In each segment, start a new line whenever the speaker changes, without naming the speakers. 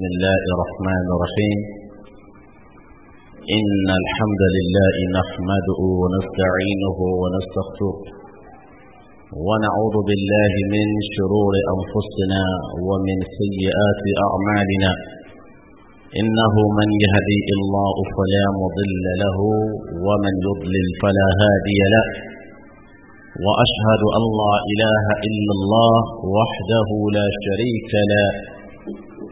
بسم الله الرحمن الرحيم إن الحمد لله نحمده ونستعينه ونستغفره ونعوذ بالله من شرور أنفسنا ومن سيئات أعمالنا إنه من يهدي الله فلا مضل له ومن يضلل فلا هادي له وأشهد أن لا إله إلا الله وحده لا شريك له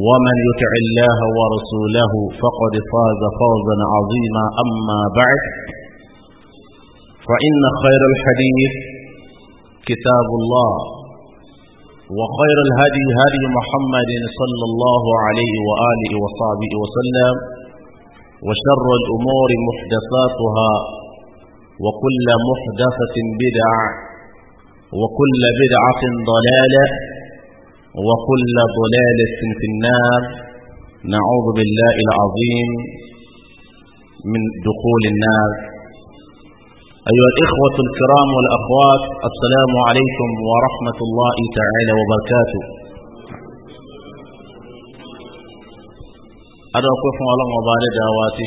ومن يطع الله ورسوله فقد فاز فوزا عظيما أما بعد فإن خير الحديث كتاب الله وخير الهدي هدي محمد صلى الله عليه وآله وصحبه وسلم وشر الأمور محدثاتها وكل محدثة بدع وكل بدعة ضلالة وكل ضلالة في النار نعوذ بالله العظيم من دخول النار أيها الإخوة الكرام والأخوات السلام عليكم ورحمة الله تعالى وبركاته أقول الله مبارد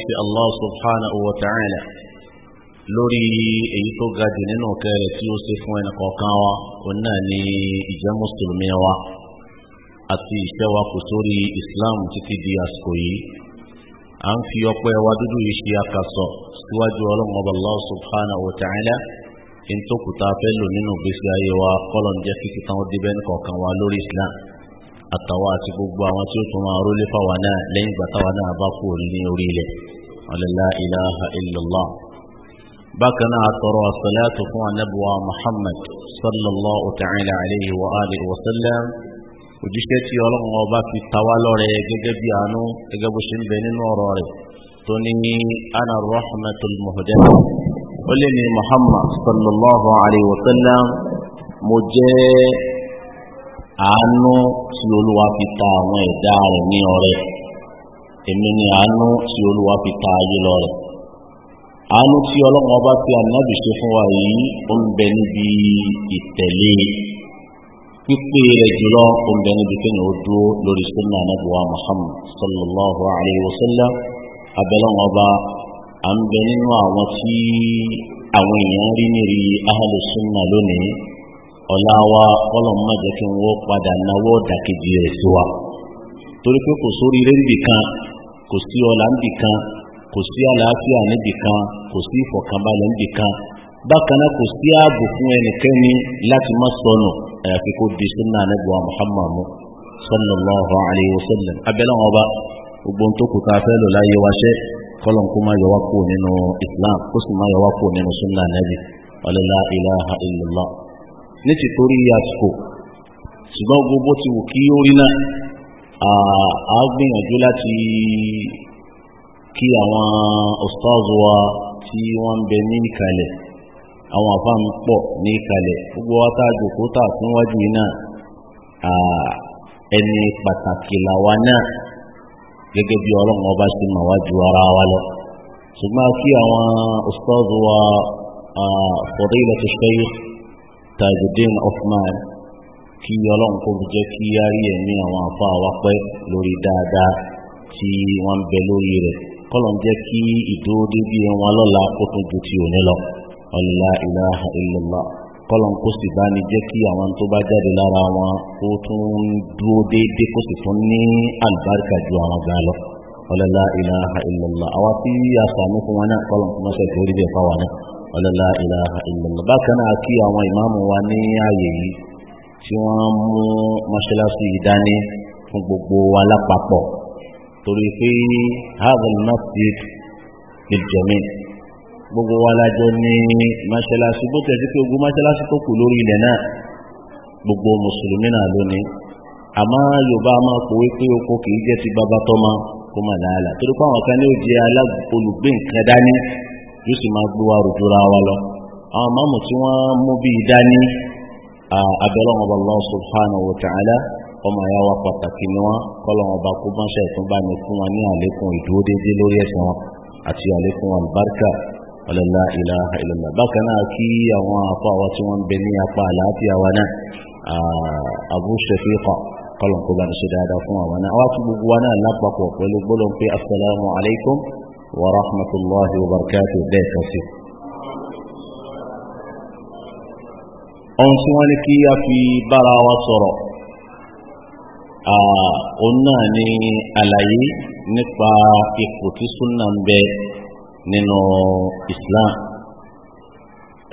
في الله سبحانه وتعالى lórí èyí tó ga jù nínú kẹrẹ tí ó ṣe fún ẹnì kọ̀ọ̀kan wa òun náà ni ìjẹ́ mùsùlùmí wa. àti ìṣẹ́ wa kò sórí Islam títí di àsìkò yìí a ń fi ọpẹ́ wa dúdú yìí ṣe àkàsọ̀ síwájú ọlọ́run ọba Allah subhanahu wa ta'ala in tó kùtà fẹ́ lò nínú ìgbésí ayé wa kọ́lọ̀n jẹ́ kí kíkan ó débẹ́ nìkọ̀ọ̀kan wa lórí Islam àtàwa àti gbogbo àwọn tí ó tún máa rólé fáwa náà lẹ́yìn ìgbà táwa náà bá kú ní orí ilẹ̀ la ilaha illallah bákan náà àtọ̀rọ̀ àsàlátù fún anábùwà Muhammad sallallahu ta'ala alayhi wa alihi wa sallam òjíṣẹ́ tí ọlọ́run ọba fi ta wá lọ́rẹ gẹ́gẹ́ bí àánú gẹ́gẹ́ bó ṣe ń bẹ nínú ọ̀rọ̀ rẹ̀ tó ní ana rahmatul muhdan ó lè ní muhammad sallallahu alayhi wa sallam mo jẹ́ àánú tí olúwa fi ta àwọn ẹ̀dá rẹ̀ ní ọ̀rẹ́ èmi ni àánú tí olúwa fi ta ayé lọ́rẹ àánú tí ọlọ́run ọba fi ànábì ṣe fún wa yìí ó ń bẹ níbi ìtẹ̀lé pípé rẹ̀ jùlọ oúnjẹ níbi kí ni ó dúró lórí sunna anabuwa muhammad sallallahu alayhi wa sallam abẹ́lẹ́wọ̀n ọba à ń bẹ nínú àwọn tí àwọn èèyàn rí nírí ahlu sunna lónìí ọ̀la wa ọlọ́run má jẹ́ kí wọ́n padà náwó dàkejì rẹ̀ sí wa torí pé kò sórí rẹ̀ kan kò sí ọlá níbì kan kò sí àlàáfíà níbì kan kò sí ìfọ̀kànbalẹ̀ níbì kan bákan náà kò sí ààbò fún ẹnikẹ́ni láti má sọnù àyàfi kó di sunna anabiwa muhammadu sallallahu alayhi wa sallam abẹ́lẹ́ wọn bá gbogbo tó kù tá a fẹ́ lò láyé wa kó má yọ wá kúrò nínú islam kó sì má yọ wá kúrò nínú sunna anabi ọlọ́lá ilaha illallah ní ti torí àsìkò ṣùgbọ́n gbogbo ti wù kí ó rí náà a gbìyànjú láti kí àwọn ustaz wa tí wọ́n ń bẹ ní ìkàlẹ̀ àwọn àfáà ń pọ̀ ní ìkàlẹ̀ gbogbo wa tá a jòkó tà síwájú yìí náà ẹni pàtàkì làwa náà gẹ́gẹ́ bí ọlọ́run ọba ṣe mà wá ara wa lọ ṣùgbọ́n kí àwọn ustaz wa fadilatu shaykh Tajuddin Uthman kí ọlọ́run kò jẹ́ kí á rí ẹ̀mí àwọn àfáà wa pẹ́ lórí dáadáa tí wọ́n ń bẹ lórí rẹ̀ kọ́lọ̀ ń jẹ́ kí ìdúró débí wọn lọ́la kó tó ju ti òní lọ. أن لا إله إلا الله kọlọ̀ kó sì bá ní jẹ́ kí àwọn tó bá jáde lára wọn kó tún dúró déédéé kó sì tún ní àlùbáríkà ju àwọn gan lọ ọlọ́lá ìlàhà ìlọ́lá àwa tí a sàmú fún wọn náà kọlọ̀ kó mọ́sẹ̀ tó rí bẹ́ẹ̀ fáwa náà ọlọ́lá ìlàhà ìlọ́lá bákan náà kí àwọn ìmáàmù wa ní ààyè yìí tí wọ́n mú mọ́ṣáláṣí yìí dání fún gbogbo wa lápapọ̀ torí pé hazel masjid lil gbogbo wa la jọ ní mọ́ṣáláṣí bó tẹ̀sí pé ogun mọ́ṣáláṣí tó lórí ilẹ̀ náà gbogbo mùsùlùmí náà lónìí àmọ́ yorùbá máa pòwe pé oko kì í jẹ́ ti bàbá kó mà láàlà torí pé àwọn kan ní ó jẹ́ olùgbé nǹkan dání yóò sì máa gbé wa rojora wa lọ àwọn máàmù tí wọ́n mú bí i dání ọmọ wa pàtàkì ni wọn kọ́lọ̀ wọn bá kó fún ní àlékún ìdúró déédéé ọ̀lẹ́lá ìlàhà ìlàlá bákan náà kí àwọn àpá wa tí wọ́n ń bẹ ní apá àlàáfíà wa náà ah, Abu Shafiqa kọlọ̀ kó bá ní ṣe dáadáa fún àwọn náà wá tún gbogbo wa náà lápapọ̀ pẹ̀lú gbọ́dọ̀ pé asalaamu alaykum wa rahmatulahi wa barakatuh bẹ́ẹ̀ kan ohun tí wọ́n ní kí a fi bára wa sọ̀rọ̀ ah, òun náà àlàyé nípa ipò tí súnà ń bẹ nínú Islam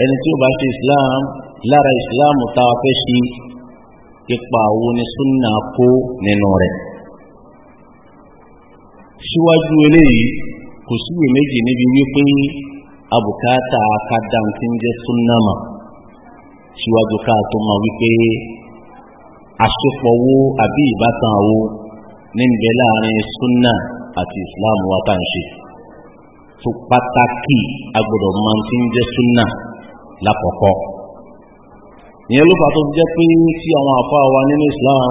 ẹni tí ó bá ṣe Islam lára Islam táwa fẹ́ ṣe ipa wo ni súnà kó nínú rẹ̀ síwájú eléyìí kò síwè méjì níbi wípé abùkátà akádàm tí ń jẹ́ súnà mà síwájú ká tó mọ̀ wípé àṣepọ̀ àbí ìbátan wo ní ń bẹ láàrin súnà àti Islam wa tá ń ṣe. tó pàtàkì agbọ́dọ̀ máa ti ń jẹ́ súnà lákọ̀ọ́kọ́ ìyẹn ló fà tó jẹ́ pé tí àwọn àfa wa nínú Islam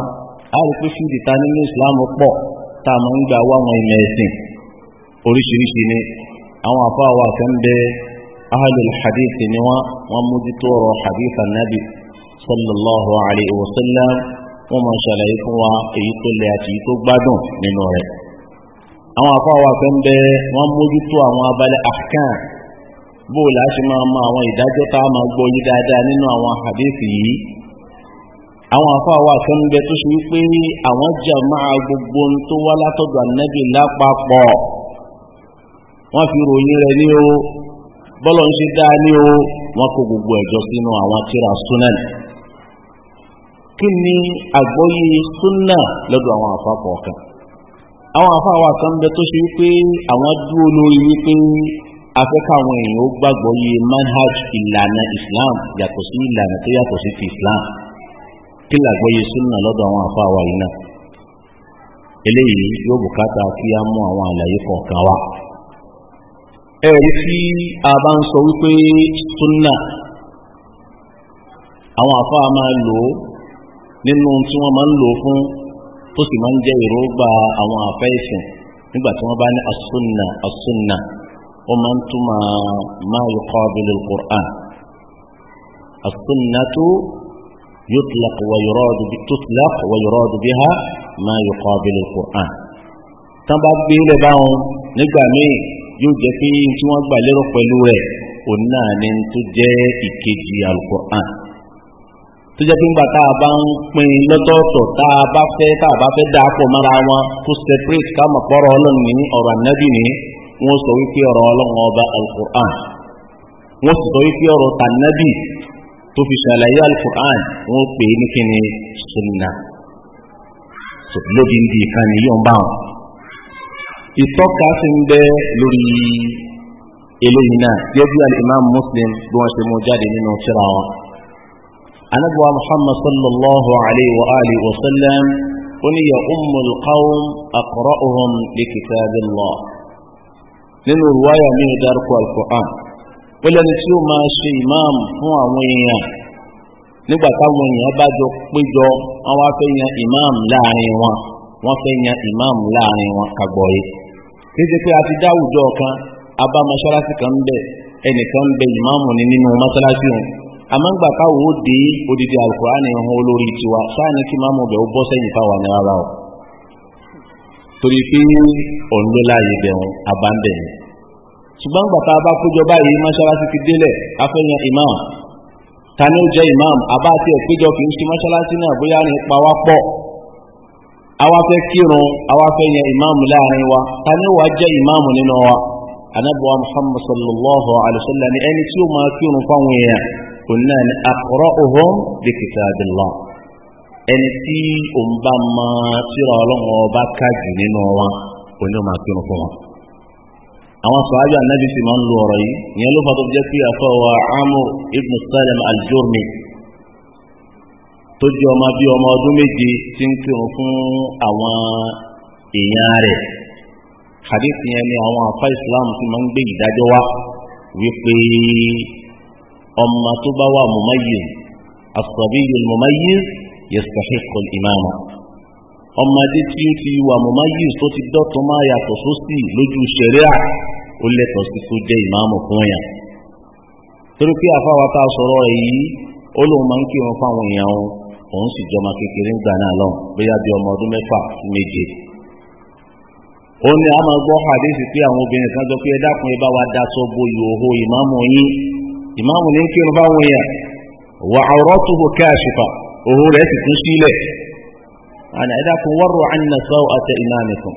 a rí pé fíìdì ta nínú Islam pọ̀ tá a máa ń gbà wá àwọn ìmọ̀ ẹ̀sìn oríṣiríṣi ni àwọn àfa wa hadith ni wọn wọn mójútó hadith anabi sallallahu alayhi wa sallam wọn máa ṣàlàyé fún wa èyí tó àwọn àfáwà kan bẹ wọn mójútó àwọn abalị afghan bó la ṣe máa mọ àwọn ìdájọ́ tá a máa gbọ́ yí dáadáa nínú àwọn àdéhùn yìí àwọn àfáwà ń bẹ tó ṣe wípé àwọn jà máa gbogbo tó wá fi ròyìn ní o ń gbogbo ẹjọ sínú àwọn tíra kí ni àwọn àwọn àfáwà kan bẹ tó ṣe wípé àwọn dúró lórí wípé afẹ́ká àwọn èèyàn ó gbàgbọ́ yé manhaj ìlànà islam yàtọ̀ sí ìlànà tó yàtọ̀ sí ti islam kí làgbọ́ yé súnà lọ́dọ̀ àwọn àfáwà yìí náà eléyìí yóò bùkátà kí a mú àwọn àlàyé kọ̀ọ̀kan wá ẹ̀rí tí a bá ń sọ wípé súnà àwọn àfáà máa lò nínú tí wọ́n máa ń lò fún tó sì máa ń jẹ́ ìrógbà àwọn àfẹ́sìn nígbà tí wọ́n bá ní asúnà asúnà ó máa ń túmọ̀ máa yọ kọ́bílì qur'an asúnà tó يطلق ويراد تطلق ويراد بها ما يقابل القرآن tán bá gbé lè báwọn nígbà míì yóò jẹ́ pé tí wọ́n gbà lérò pẹ̀lú rẹ̀ òun náà ni tó jẹ́ ìkejì alukur'an tó jẹ́ pé ńgbà tá a bá ń pín lọ́tọ̀ọ̀tọ̀ tá a bá fẹ́ tá a bá fẹ́ dà pọ̀ mọ́ra wọn tó separate ká mọ̀ pọ́rọ̀ ọlọ́run ní ọ̀rọ̀ ànábì ní wọ́n sọ wípé ọ̀rọ̀ ọlọ́run ọba alukur'an wọ́n sì sọ wípé ọ̀rọ̀ tànábì tó fi ṣàlàyé alukur'an wọ́n pè é ní kíni sunna lóbi ń di ìkànnì yóò bá wọn. ìtọ́ka ti ń bẹ lórí eléyìí náà gẹ́gẹ́ bí alimami muslim bí wọ́n ṣe mú jáde nínú síra wọn anabuwa muhammad sallallahu alaihi wa alihi wa sallam ó ní ya ummul qawm aqra'uhum li kitabillah nínú ruwaya mi dárúkọ alquran ó lẹni tí ó máa ṣe imam fún àwọn èèyàn nígbà táwọn èèyàn bá jọ péjọ wọn wá fẹ́ yan imam láàrin wọn wọn fẹ́ yan imam láàrin wọn kagbọ yìí kéde pé a ti dá kan abá mọ́ṣáláṣí kan bẹ ẹnìkan bẹ ìmáàmù ni nínú mọ́ṣáláṣí amangba káwọn di, dé odidi alukurani ọhún olórí tiwa sáàni kí máa mú bẹ̀ ó bọ́ sẹ́yìn fáwọn ní ara o torí pé òun ló láàyè bẹ̀rùn àbámbẹ̀ ni ṣùgbọ́n gbàtà bá kójọ báyìí mọ́ṣáláṣí ti délẹ̀ afẹ́yàn imam ta ni ó jẹ́ imam àbá àti ẹ̀péjọ kì í ṣe mọ́ṣáláṣí náà bóyá ní ipa wá pọ̀ àwa fẹ́ kírun àwa fẹ́ imam láàrin wa ta ni ó wá jẹ́ imam nínú wa anabuwa muhammad sallallahu alaihi wa sallam ẹni tí ó máa kírun fáwọn èèyàn onáà ni aqra'uhum bi kitabillah ẹni tí o ba bá ma síra ọlọ́run ọba kájù nínú wa oní ọmọ akínú fún wa. àwọn sọ̀hájú Awọn sì máa ń lo ọ̀rọ̀ yìí ìyẹn ló fà tó jẹ́ pé àfọwọ́ amur ibn ibnu Salem jurmi tó méje ń fún àwọn èèyàn hadith yẹn ni àwọn afa islam ti ń Ọma tó bá wà mọ̀máyìí asọ̀bíyìí mọ̀máyìí yẹsùkàṣẹ́kọ̀ ìmáàmà ọmọdé tí ó ti wà mọ̀máyìí tó ti dọ́tọ̀ máa yàtọ̀ sósì lójú ṣẹ̀ríà ó lẹ́tọ̀ọ́ sí kó jẹ́ ìmáàmù fún torí pé àfáwà tá a sọ̀rọ̀ rẹ̀ ó lóun máa ń kí wọn fáwọn èèyàn òun òun sì jọmọ kékeré ń gbà náà lọ bóyá ọmọ ọdún mẹ́fà sí méje ó ní a máa gbọ́ hadiisi pé àwọn obìnrin kan jọ pé ẹ ìmáàmù ní kírun fáwọn èèyàn wà awratuhu kashifa òhun rẹ̀ sì tún sílẹ̀ àná ẹ̀dá kun warru anna sawata imamikum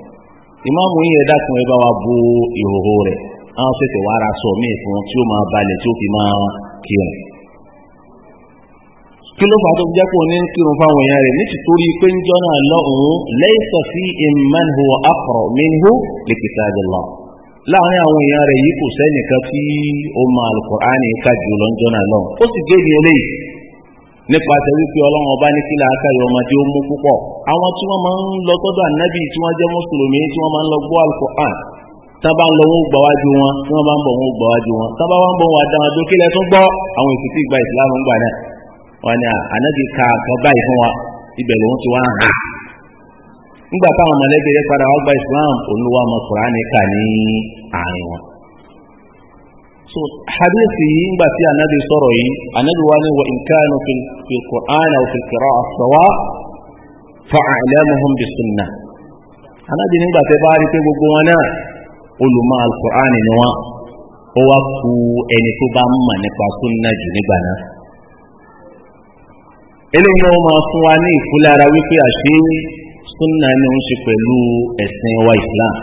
ìmáàmù yìí ẹ̀dá kun ẹ bá wa bo ìhòhò rẹ̀ àwọn fẹ́fẹ́ wàá ra sọ míì fún tí ó máa balẹ̀ tí ó fi máa kírun kí ló fà á tó jẹ́ kó ní kírun fáwọn èèyàn rẹ̀ nítorí pé ń jọ́nà lọ́hùn-ún laysa fi man huwa aqra minhu li kitabillah láàrin àwọn èèyàn rẹ̀ yìí kò sẹ́nìkan tí ó mọ alukur'ani ká jù lọ́njọ́ náà lọ. ó sì gé o yìí nípasẹ̀ wípé ọlọ́run ọba ní kí làákàyè ọmọdé ó mú púpọ̀. àwọn tí wọ́n máa ń lọ tọ́jú ànábì tí wọ́n jẹ́ mùsùlùmí tí wọ́n máa ń lọ gbọ́ alukur'an tábà ń lọ wọn ó gbà wájú wọn tí wọ́n bá ń bọ̀ wọn ó gbà wájú wọn wọn wọn ka nígbà táwọn mọ̀lẹ́bí rẹ̀ padà wá gba islam olúwa ọmọ kùránì kà ní àárín wọn. so hadithi yìí nígbà tí anabi sọ̀rọ̀ yìí anabi wa ni wa nkánu fi qur'an aw fi kira asawa fa'alamuhum bi sunna anabi nígbà tẹ bá rí pé gbogbo wọn náà olùmọ̀ alukur'an ni wọn ó wá ku ẹni tó bá ń mọ̀ nípa sunna jù nígbà náà eléyìí wọn máa fún wa ní ìfúlára wípé àṣírí súnà ni ń ṣe pẹ̀lú ẹ̀sìn wa islam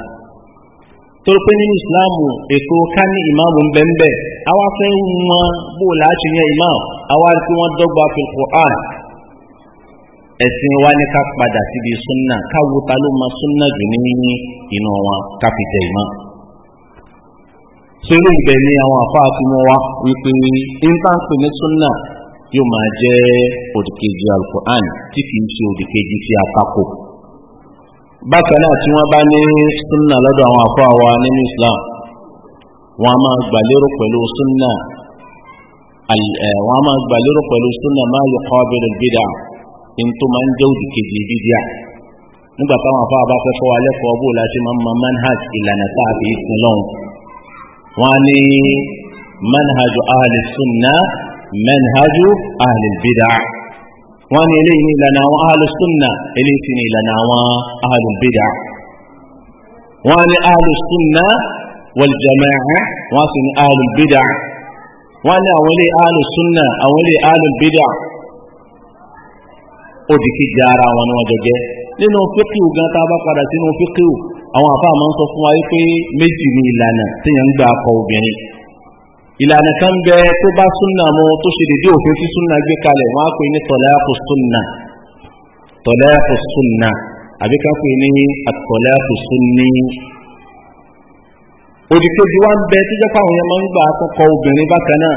tó pé nínú ìsìláàmù ètò ká ní ìmáàmù bẹ́ẹ̀bẹ́ àwa fẹ́ wọn bó láti yan ìmáàmù àwa tí wọ́n dọ́gba fi Qur'an ẹ̀sìn wa ní ká padà síbi súnà káwo ta ló ma súnà jù ní inú wọn ká fi jẹ ìmáàmù sórí ìbẹ̀ ni àwọn àfáàfimọ́ wa wípé íńtánpì ní súnà yóò máa jẹ́ òdìkejì al-Qur'an tí kìí ṣe òdìkejì ti àtakò bákan náà tí wọ́n bá ní súnà lọ́dọ̀ àwọn àfọ́ àwa nínú Islam wọ́n máa gbàlérò pẹ̀lú súnà wọ́n máa gbàlérò pẹ̀lú súnà máa yọ kọ́ abẹ́rẹ́ bídà ntó máa ń jẹ́ òdì kejì bídà nígbà táwọn afọ́ àbá fẹ́ fọ́ wa lẹ́kọ̀ọ́ bó láti máa ma manhaj ìlànà tá a fi sin lọ́hùn wọ́n ní manhaj ahli sunna manhaj ahli bídà. wani ile ni ilanawa ahalu sunna eleyi si ni ilanawa ahalu bida wani alu sunna wal jama'a wa si ni ahalu bida wani awole ahalu sunna awole ahalu bida o di ki jara wa ni wajen jɛ nínú fikiw gan ta ba padà sínú fikiw àwọn afa ma sɔ fún wa yi pé méjì ni ilana tẹ̀yẹ̀ ń gbà kọ́ obìnrin. ìlànà kan bẹ tó bá súnà mu tó ṣe dédé òfin tí súnà gbé kalẹ̀ wọn á pè ní tọ̀lẹ́àpù súnà tọ̀lẹ́àpù súnà àbí ká pè ní àtọ̀lẹ́àpù súnni. òdì kejì wa ń bẹ tó jẹ́ fáwọn yẹn máa ń gbà àkọ́kọ́ obìnrin bákan náà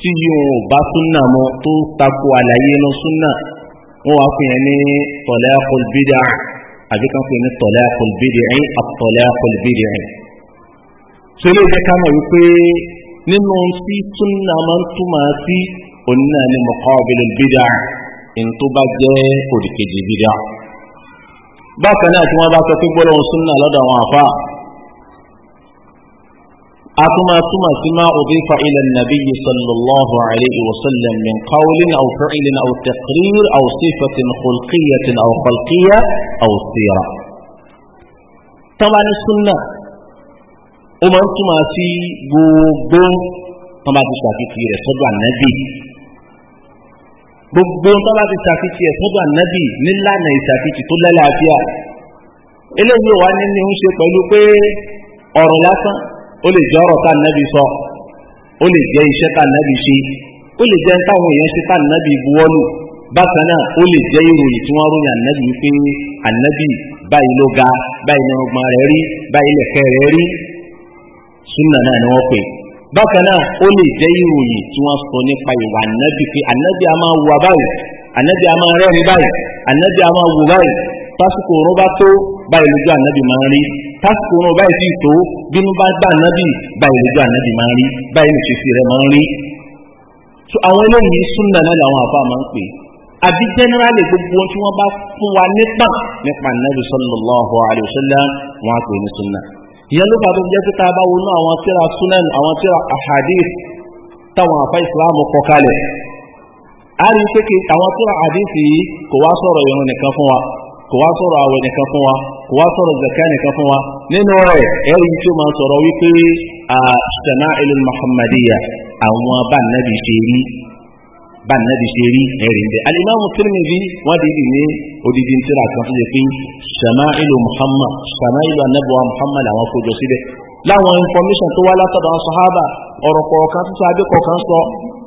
tí yóò bá súnà mu tó tako àlàyé inú súnà wọn wá pè ní tọ̀lẹ́àpù bídà àbí ká pè ní tọ̀lẹ́àpù bídìrín àtọ̀lẹ́àpù bídìrín. sọ nínú tí súnà máa ń túmọ̀ sí òun náà ni muqabil bídà ní tó bá jẹ́ òdìkejì bídà. bákan náà tí wọ́n bá sọ pé gbọ́dọ̀ súnà lọ́dọ̀ àwọn àfa a tún máa túmọ̀ sí ma udifa ila nabiyyi sallallahu alayhi wa sallam min qawlin aw fi'lin aw taqrir aw sifatin khulqiyatin aw khalqiyya aw sira. tọ́ba ní súnà ó máa ń túmọ̀ sí gbogbo wọn bá ti ṣàkíyèsí rẹ̀ sọ́dọ̀ ànábì gbogbo wọn bá ti ṣàkíyèsí rẹ̀ sọ́dọ̀ ànábì nílànà ìṣàkíyèsí tó lálàáfíà eléyìí wà nínú ń ṣe pẹ̀lú pé ọ̀rọ̀ lásán ó lè jẹ́ ọ̀rọ̀ tá ànábì sọ ó lè jẹ́ iṣẹ́ tá ànábì ṣe ó lè jẹ́ táwọn èèyàn ṣe tá ànábì buwọ́lù bákan náà ó lè jẹ́ ìròyìn tí wọ́n ròyìn ànábì wípé ànábì báyìí ló ga báyìí ni ọgbọ́n rẹ̀ rí báyìí lẹ̀kẹ́ rẹ̀ rí súnà náà ni wọ́n pè bákan náà ó lè jẹ́ ìròyìn tí wọ́n sọ nípa ìwà ànábì pé ànábì a máa wà báyìí ànábì a máa rẹ́rìn báyìí ànábì a máa wò báyìí tásìkò òun bá tó báyìí lójú ànábì máa rí tásìkò òun báyìí sì tó bínú bá gbà ànábì báyìí lójú ànábì máa rí báyìí lè ṣèṣì rẹ̀ máa rí. so àwọn eléyìí súnà náà làwọn àfa máa ń pè àbí jẹ́nẹ́rálì gbogbo ohun tí wọ́n bá fún wa nípa nípa ànábì sallallahu alaihi wasallam ìyẹn ló fà tó jẹ́ títa bá wọnú àwọn tíra sunan àwọn tíra ahadith táwọn afa islam kọ kalẹ̀ a rí i pé kí àwọn tíra hadith yìí kò wá sọ̀rọ̀ ìrun nìkan fún wa kò wá sọ̀rọ̀ àwẹ̀ nìkan fún wa kò wá sọ̀rọ̀ zakat nìkan fún wa nínú rẹ̀ ẹ̀rí tí ó máa sọ̀rọ̀ wípé àṣẹ̀nà ìlú muhammadiya àwọn bá ṣe rí bá nàbì ṣe rí ẹ̀rí ń bẹ. alimami Tirmidhi wọn dìde ní odidi ń tẹ́lẹ̀ àkànṣe ṣe pé sama'ilu muhammad sama'ilu anabuwa muhammad àwọn akójọ síbẹ̀. láwọn information tó wá látọ̀dọ̀ àwọn sahaba ọ̀rọ̀ kọ̀ọ̀kan tó kọ̀ọ̀kan sọ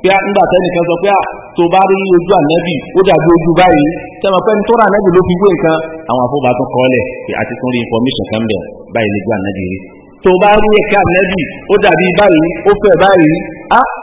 pé nígbà sọ pé à tó bá rí ojú ànábì ó dàbí ojú báyìí tẹ́mọ̀ pé ní tó rà ló fi gbé nǹkan àwọn tó pé tún rí information kan bẹ̀ báyìí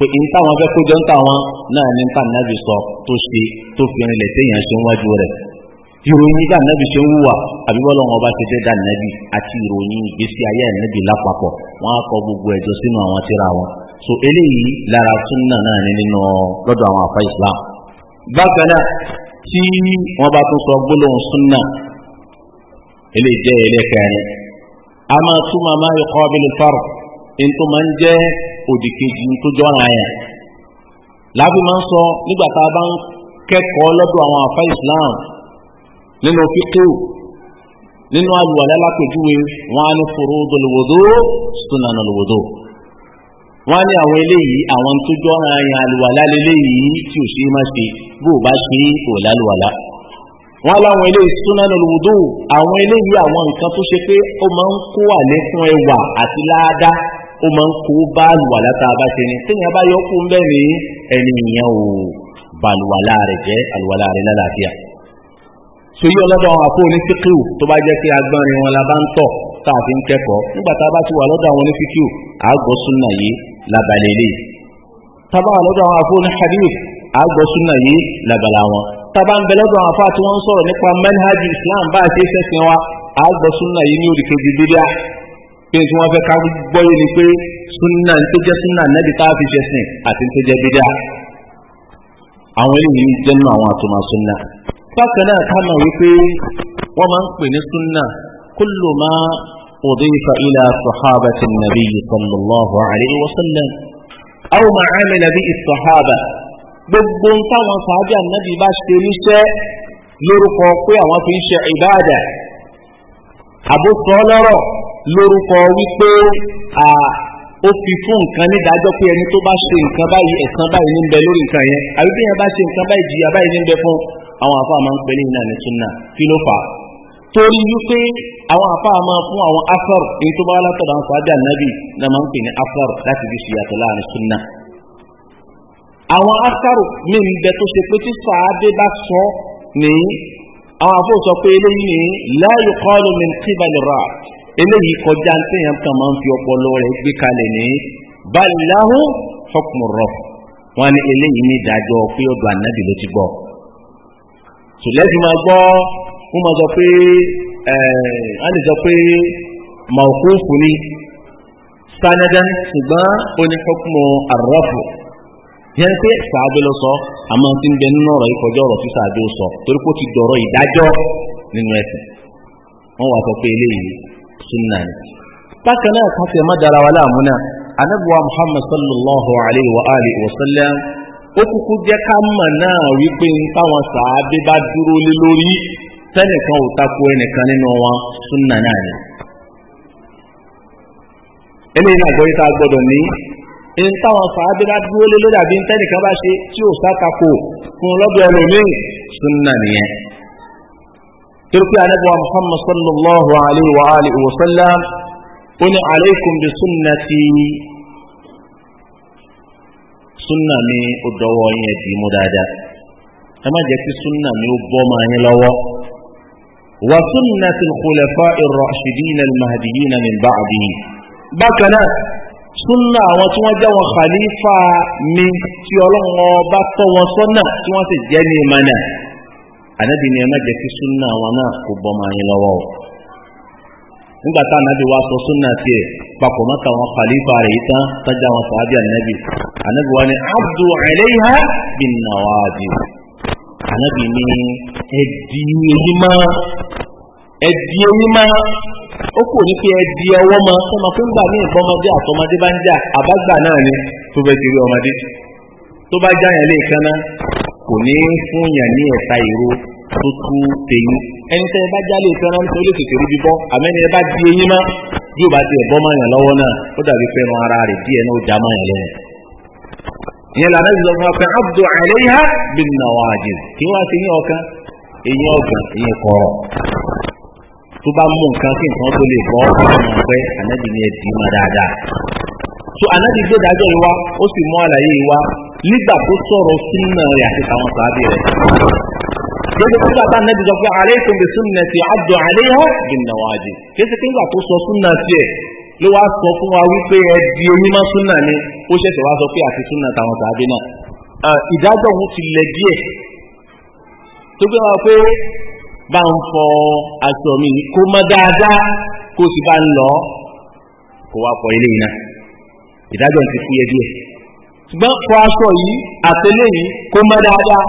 pé n táwọn fẹ́ kójọ ń táwọn náà ní nǹkan náà fi sọ tó ṣe tó fi rinlẹ̀ téèyàn ṣe ń wájú rẹ̀ ìròyìn bá nàbì ṣe ń wùwà àbíbọ́lọ́ wọn bá ti dẹ́dà nàbì àti ìròyìn ìgbésí ayé nàbì lápapọ̀ wọn á kọ gbogbo ẹ̀jọ́ sínú àwọn tíra wọn so eléyìí lára súnà náà ní nínú lọ́dọ̀ àwọn àfa Islam bákan náà tí wọ́n bá tún sọ gbólóhùn súnà eléyìí jẹ́ ẹlẹ́kẹ̀ẹ́rin òdì kejì tó jọra yẹn láàbí máa ń sọ nígbà tá a bá ń kẹ́kọ̀ọ́ lọ́dọ̀ àwọn àfa Islam nínú fíkú nínú àlùwàlá lápèjúwe wọn á ní furudul wudu sunanul wudu wọn á ní àwọn eléyìí àwọn tó jọra yẹn àlùwàlá lélẹ́yìí tí ò ṣe é má ṣe bó o bá ṣe é kò lálùwàlá wọ́n láwọn ilé sunanul wudu àwọn eléyìí àwọn nǹkan tó ṣe pé ó máa ń kó àlékún ẹwà àti láàdá ó máa ń kó báàlùwàlá tá a bá ṣe ni téèyàn bá yọ kó ń bẹ́ẹ̀ ní ẹni ìyẹn ò bàlùwàlá rẹ̀ jẹ́ àlùwàlá rẹ̀ lálàáfíà soyi ọlọ́dọ̀ àwọn afọ onífíkìw tó bá jẹ́ pé agbọ́nrin wọn la bá ń tọ̀ tá a fi ń kẹ́kọ̀ọ́ nígbà tá a bá ti wà lọ́dọ̀ àwọn onífíkìw àgọ́ súnà yìí labalẹ̀ lè tábà wà lọ́dọ̀ àwọn afọ oníhadith àgọ́ súnà yìí labala wọn tábà ń bẹ lọ́dọ̀ àwọn islam bá a ṣe fẹ́sìn wa àgọ́ kí n tí wọ́n fẹ́ ká gbọ́yé ni pé súnà tó jẹ́ súnà nẹ́bi tá a fi ṣe sìn àti tó jẹ́ bídà àwọn eléyìí jẹ́ nínú àwọn àtúmọ̀ súnà. bákan náà ká mọ̀ wípé wọ́n máa ń pè ní súnà kullu ma udifa ila sahabati nabiyyi sallallahu alayhi wa sallam aw ma amila bi sahaba gbogbo ń táwọn sàájà ànábì bá ṣe níṣẹ́ lórúkọ pé àwọn fi ń ṣe ìbáàdà àbúsọ lọ́rọ̀ lórúkọ wípé ó fi fún nǹkan nídàájọ́ pé ẹni tó bá ṣe nǹkan báyìí ẹ̀san báyìí ní ń bẹ lórí nǹkan yẹn àbí bí yẹn bá ṣe nǹkan báyìí jìyà báyìí ní ń bẹ fún àwọn àfa máa ń pẹ̀lú ìlànà ìtúnà kí ló fà á torí wípé àwọn àfa máa fún àwọn afar èyí tó bá wá látọ̀dọ̀ àwọn sàájà nàbì náà máa ń pè ní afar láti fi ṣe yàtọ̀ láàrin súnà àwọn afar mi ń bẹ tó ṣe pé tí sàádé bá sọ ní àwọn àfọ sọ pé eléyìí la yuqalu min qibali ra'at eléyìí kọjá téèyàn kan máa ń fi ọpọlọ rẹ̀ gbé kalẹ̀ ní balilahu hukmurraf wọn ni eléyìí ní ìdájọ́ pé ọ̀dọ̀ ànábì ló ti gbọ́ sùlẹ́sì máa gbọ́ wọ́n máa sọ pé wọ́n eh, lè sọ pé maukufu ni sanadan ṣùgbọ́n ó ní hukmu arrafu yẹn pé sàábé ló sọ àmọ́ tí ń bẹ nínú ọ̀rọ̀ yìí kọjá ọ̀rọ̀ tí sàábé sọ torí kó ti dọ̀rọ̀ ìdájọ́ nínú ẹ̀sìn wọ́n wá sọ pé eléyìí sunna ni bákan náà ká fẹ́ má dára wa muhammad sallallahu Alaihi wa alihi wa sallam nínú wọn náà ni. eléyìí náà gbọ́dọ̀ a gbọ́dọ̀ ní abi táwọn sàábé bá ṣe tí fún nìyẹn. turki anabuwa muhammad sallallahu alaihi wa alihi wa sallam ó ní aleikum bi sunnati sunna mi ó dọwọ́ yín di mú dáadáa ẹ má jẹ́ kí sunna mi ó bọ́ máa yín lọ́wọ́ wa sunnati al-khulafa'i ar-rashidina al-mahdiyina min ba'di bákan náà súnà àwọn tí wọ́n jẹ́ wọn khalifa mi tí ọlọ́run ọba tọ́ wọn sọ́nà tí wọ́n sì jẹ́ ní ìmọ̀nà anabi ni ẹ má jẹ́ kí súnà wọn náà kó bọ́mọ yín lọ́wọ́ o nígbà tá ànábì wá sọ papọ̀ wọn kàlífà rẹ̀ yìí tán wọn wa ni abdu alayha bin nawadi anabi ni ẹdí ẹyí má ẹdí ẹyí ó kò ní pé ẹdí ọwọ́ ma sọmọ pé ńgbà ní ìbọmọdé àtọmọdé bá ń jà àbágbà náà ni tó ti ọmọdé tó bá yẹn lè kò ní fún yàn ní ẹ̀ta ìró tó tú tèyí ẹni tẹ́ ẹ bá jálè fẹ́ràn tó lè tètè ríbi bọ́ àmẹ́ni ẹ bá di eyín mọ́ bí ó bá ti ẹ̀bọ́ mọ́ yàn lọ́wọ́ náà ó dàbí fẹ́ràn ara rẹ̀ díẹ̀ náà ó já mọ́ yàn lẹ́yìn. ìyẹn lànà ìlọ fún ọkàn abdu alayha bin nawajid kí wọ́n ti yín ọkàn eyín ọ̀gàn eyín kọ̀rọ̀ tó bá mú nǹkan kí nǹkan tó lè bọ́ ọmọ ọ̀pẹ́ ànábì dì í mọ́ dáadáa. so ànábì gbé dájọ́ yìí wá ó sì nígbà tó sọ̀rọ̀ súnmọ́ rẹ̀ àti àwọn sàábì rẹ̀. Gẹ́gẹ́ bí bàbá Nẹ́bí sọ pé alaykum bi sunnati addu alayha bin nawajid. Kéṣe kí nígbà tó sọ súnmọ́ sí ẹ̀ ló wá sọ fún wa wípé ẹ di onímọ̀ súnmọ́ ni ó ṣẹ̀ṣẹ̀ wá sọ pé àti súnmọ́ tàwọn sàábì náà. Ìdájọ́ òun ti lẹ díẹ̀ tó gbé wa pé bá ń fọ aṣọ mi kó mọ́ dáadáa kó sì bá ń lọ kó wá fọ ilé yìí náà. Ìdájọ́ ṣùgbọ́n fọ aṣọ yìí àtẹlẹ́ kó má dáadáa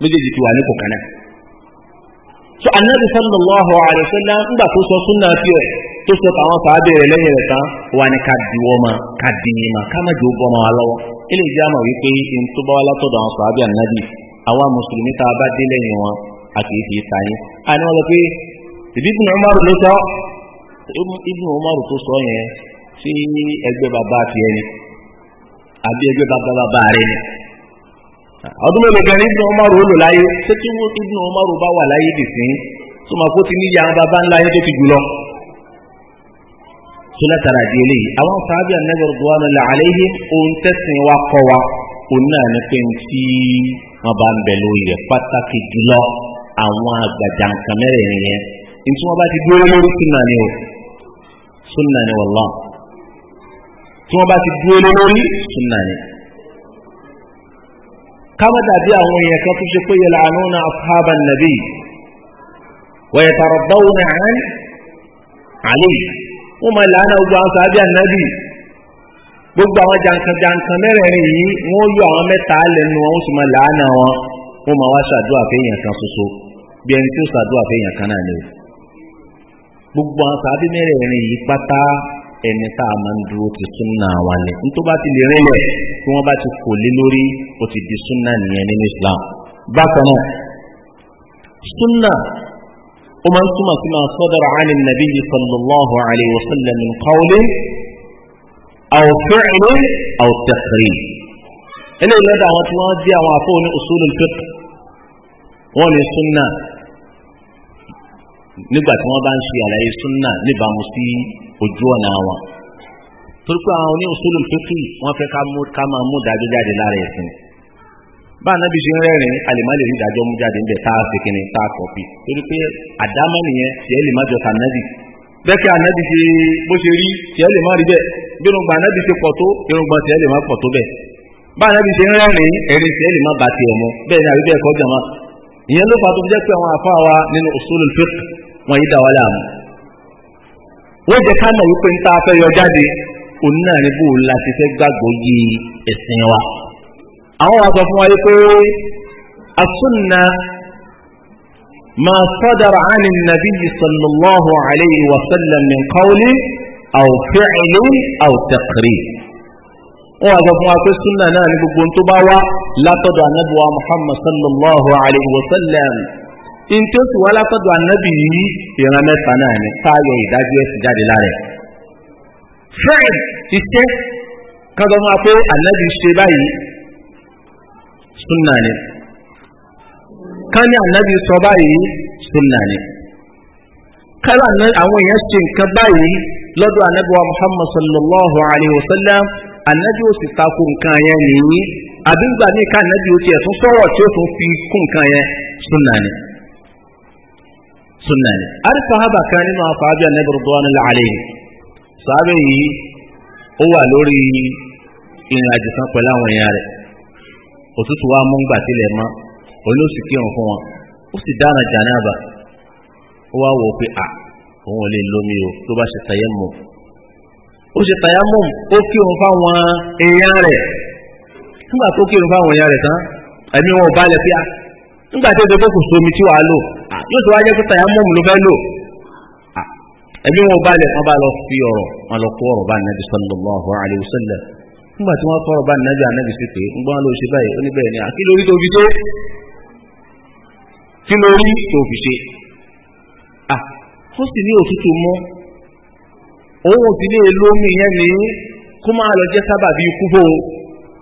méjèèjì ti wà ní so anabi sallallahu alayhi wa sallam ńgbà tó sọ súnà tí ẹ tó sọ táwọn fàábẹ rẹ lẹ́yìn rẹ tán wà ní di wọn ma ká di yín ma ká má jò bọ́ ọmọ wa lọ́wọ́ ilé ìjà mà wípé n tó bá wà látọ̀dọ̀ àwọn fàábẹ anabi a bá dé lẹ́yìn wọn a kì í fi ta yín. a wọn lọ pé ló sọ tó sọ yẹn àbí ẹgbẹ́ bàbá bàbá rẹ̀ ni ọdún mélòó kan ní Ibn Umar lò láyé ṣé tí wọ́n Ibn Umar bá wà láyé dìsín tó máa kó ti ní ìyá bàbá ńlá yẹn tó ti di eléyìí àwọn sábẹ́ tó wà tẹ̀sìn wa kọ́ wa òun náà ní pé tí wọ́n bá ń bẹ̀ pàtàkì jùlọ àwọn àgbàjà yẹn bá ti dúró lórí ni o ni tí wọ́n bá ti dúró lé lórí sunna ni. káwọn dàbí àwọn èèyàn kan tó ṣe pé yẹlẹ àánú na afáàbà nàbí wọ́n tọrọ báwo ní àán àlè wọ́n máa làánà gbogbo àwọn sàbí ànábì gbogbo àwọn jankan-jankan mẹ́rẹ̀ẹ̀rin yìí wọ́n yọ àwọn mẹ́ta lẹ́nu wọn sì máa làánà wọn wọ́n máa wá ṣàdúrà fẹ́yìn kan ṣoṣo bí ẹni tó ṣàdúrà fẹ́yìn kan náà ni o gbogbo àwọn sàbí mẹ́rẹ̀ẹ̀rin yìí pátá ẹni tá a máa ń dúró ti súnà wa ni n tó bá ti lè rinlẹ̀ tí wọ́n bá ti kò lé lórí ó ti di súnà nìyẹn nínú Islam bákan náà súnà ó máa ń túmọ̀ sí máa sọ́dọ̀rọ̀ àní nàbí yìí sallallahu alayhi wa sallam min qawlin
aw fi'lin aw taqrir
àwọn tí wọ́n jẹ́ àwọn afọ́ ní usulul fiqh wọ́n ní súnà nígbà tí wọ́n bá ń ṣe àlàyé súnà níbàámu sí ojú ọ̀nà wọn. torí pé àwọn oníṣòlù fífi wọ́n fẹ́ ká máa mú dájọ́ jáde lára ẹ̀sìn. bá a nábì ṣe ń rẹ́rìn àlèmálè rí ìdájọ́ mú jáde níbẹ̀ tá a ṣe kìnnì tá a kọ̀ọ̀pì torí pé àdámọ́ nìyẹn tiẹ̀ lè má jọ tànàbì bẹ́ẹ̀kẹ́ ànábì ṣe bó ṣe rí tiẹ̀ lè má rí bẹ́ẹ̀ bí irùngbọ̀n ànábì ṣe pọ̀ tó irùngbọ̀n tiẹ̀ lè má pọ̀ tó bẹ́ẹ̀ bá ànábì ṣe ń rẹ́rìn ẹ̀rín tiẹ̀ lè má bàtì ẹ̀ mọ́ bẹ́ẹ̀ ni àbí bẹ́ẹ̀ kọjá ma ìyẹn ló fà tó jẹ́ pé àwọn àfáà wa nínú usulul wọn yìí dà wá láàmú wọ́n jẹ́ ká mọ̀ wípé níta fẹ́ yọ jáde òun náà ní bóun la ti fẹ́ gbàgbọ́ yí ẹ̀sìn wa àwọn wa sọ fún wa yìí pé asúnà máa sọ́dọ̀rọ̀ àní nàbí sallallahu alayhi wa sallam min qawli aw wọ́n wá sọ fún wa pé súnà náà ní gbogbo tó bá wá látọ̀dọ̀ anábìwá muhammad sallallahu alayhi wa sallam. ntẹ́sù wa látọ̀dọ̀ ànábì yìí ìran mẹ́ta náà ni káyọ̀ ìdájú ẹ̀sìn jáde lára ẹ̀. fred iṣẹ́ kan sọ pé ànábì ṣe báyìí súnà ni kan ní sọ báyìí súnà ni àwọn èèyàn ṣe nǹkan báyìí wa muhammad sallallahu alayhi wa sallam ànábì ó sì takò nǹkan yẹn nìyí àbí ní ká ànábì ó tiẹ̀ tún sunna ni ari sahaba kan nínú àwọn sahabi anabi rudwanu alayhi sahabi yìí ó wà lórí ìrìn kan wa mú gbà tilẹ̀ ma òun ló sì kírun fún wọn ó o si jànáàbà ó wá wò ó pé òun o tó bá ṣe tayammum ó ṣe tayammum ó kírun fáwọn èèyàn rẹ̀ nígbà tó kírun fáwọn èèyàn tán wọn ò balẹ̀ Ah, yóò tó wá jẹ́ pípa ẹ̀mọ́ mú ló fẹ́ lò ah, ẹbí wọn balẹ̀ wọn bá lọ fi ọ̀rọ̀ wọn lọ kó ọ̀rọ̀ bá nàbì sallallahu alaihi wasallam nígbà tí wọ́n kọ́rọ̀ bá nàbì ànàbì sí pé ń gbọ́n ló ṣe báyìí ó ní bẹ́ẹ̀ ni àti ah, lórí tó fi ṣe kí lórí tó fi ṣe ó sì ní òtútù mọ́ òun ò sì ní èlò omi yẹn ní kó máa lọ jẹ́ sábàbí ikú fóun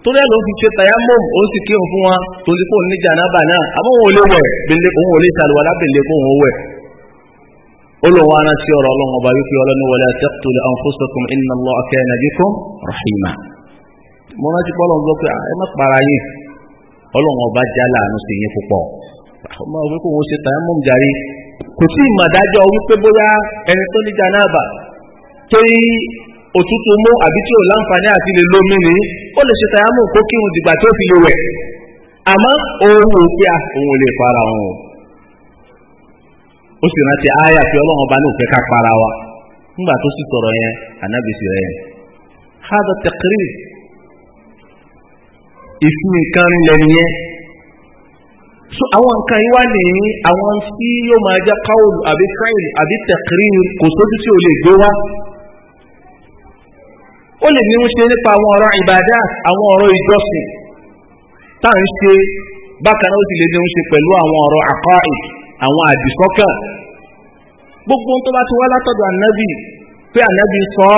torí ẹ̀ ló fi ṣe tayamom ó sì kírun fún wa tó ti kó ní jànábà náà àmọ́ òun ò lè wẹ̀ bẹ̀lẹ̀ òun ò lè ṣàlùwà lábẹ̀lẹ̀ kó òun wẹ̀. olùwà ara sí ọ̀rọ̀ ọlọ́run ọba wípé ọlọ́ni wala inna Allaha kana bikum rahima. mo rántí pé ọlọ́run sọ ah, ẹ má para yín ọlọ́run ọba já láàánú sí yín púpọ̀. ọmọ òwe kò wọ́n ṣe òtútù mú àbí tí ò láǹfààní àti lè lómi o ó lè ṣe tàyámù kó kírun dìgbà tó fi lè wẹ̀ àmọ́ òun ò pé ah, òun lè para o ó sì rántí aya fi ọlọ́run ọba ní òfẹ́ ká para wa nígbà tó sì sọ̀rọ̀ yẹn ànábìsì rẹ̀ yẹn. hádà tẹ̀kírì ìfún nǹkan so àwọn nǹkan yìí wá ní àwọn tí yóò máa àbí àbí kò sójú tí ò lè ó lè ní ṣe nípa àwọn ọ̀rọ̀ ìbàdá àwọn ọ̀rọ̀ ìjọsìn tá à ń ṣe bákan náà ó sì lè ní ṣe pẹ̀lú àwọn ọ̀rọ̀ àkọ́ì àwọn àdìsọ́kàn gbogbo tó bá ti wá látọ̀dọ̀ ànábì pé ànábì sọ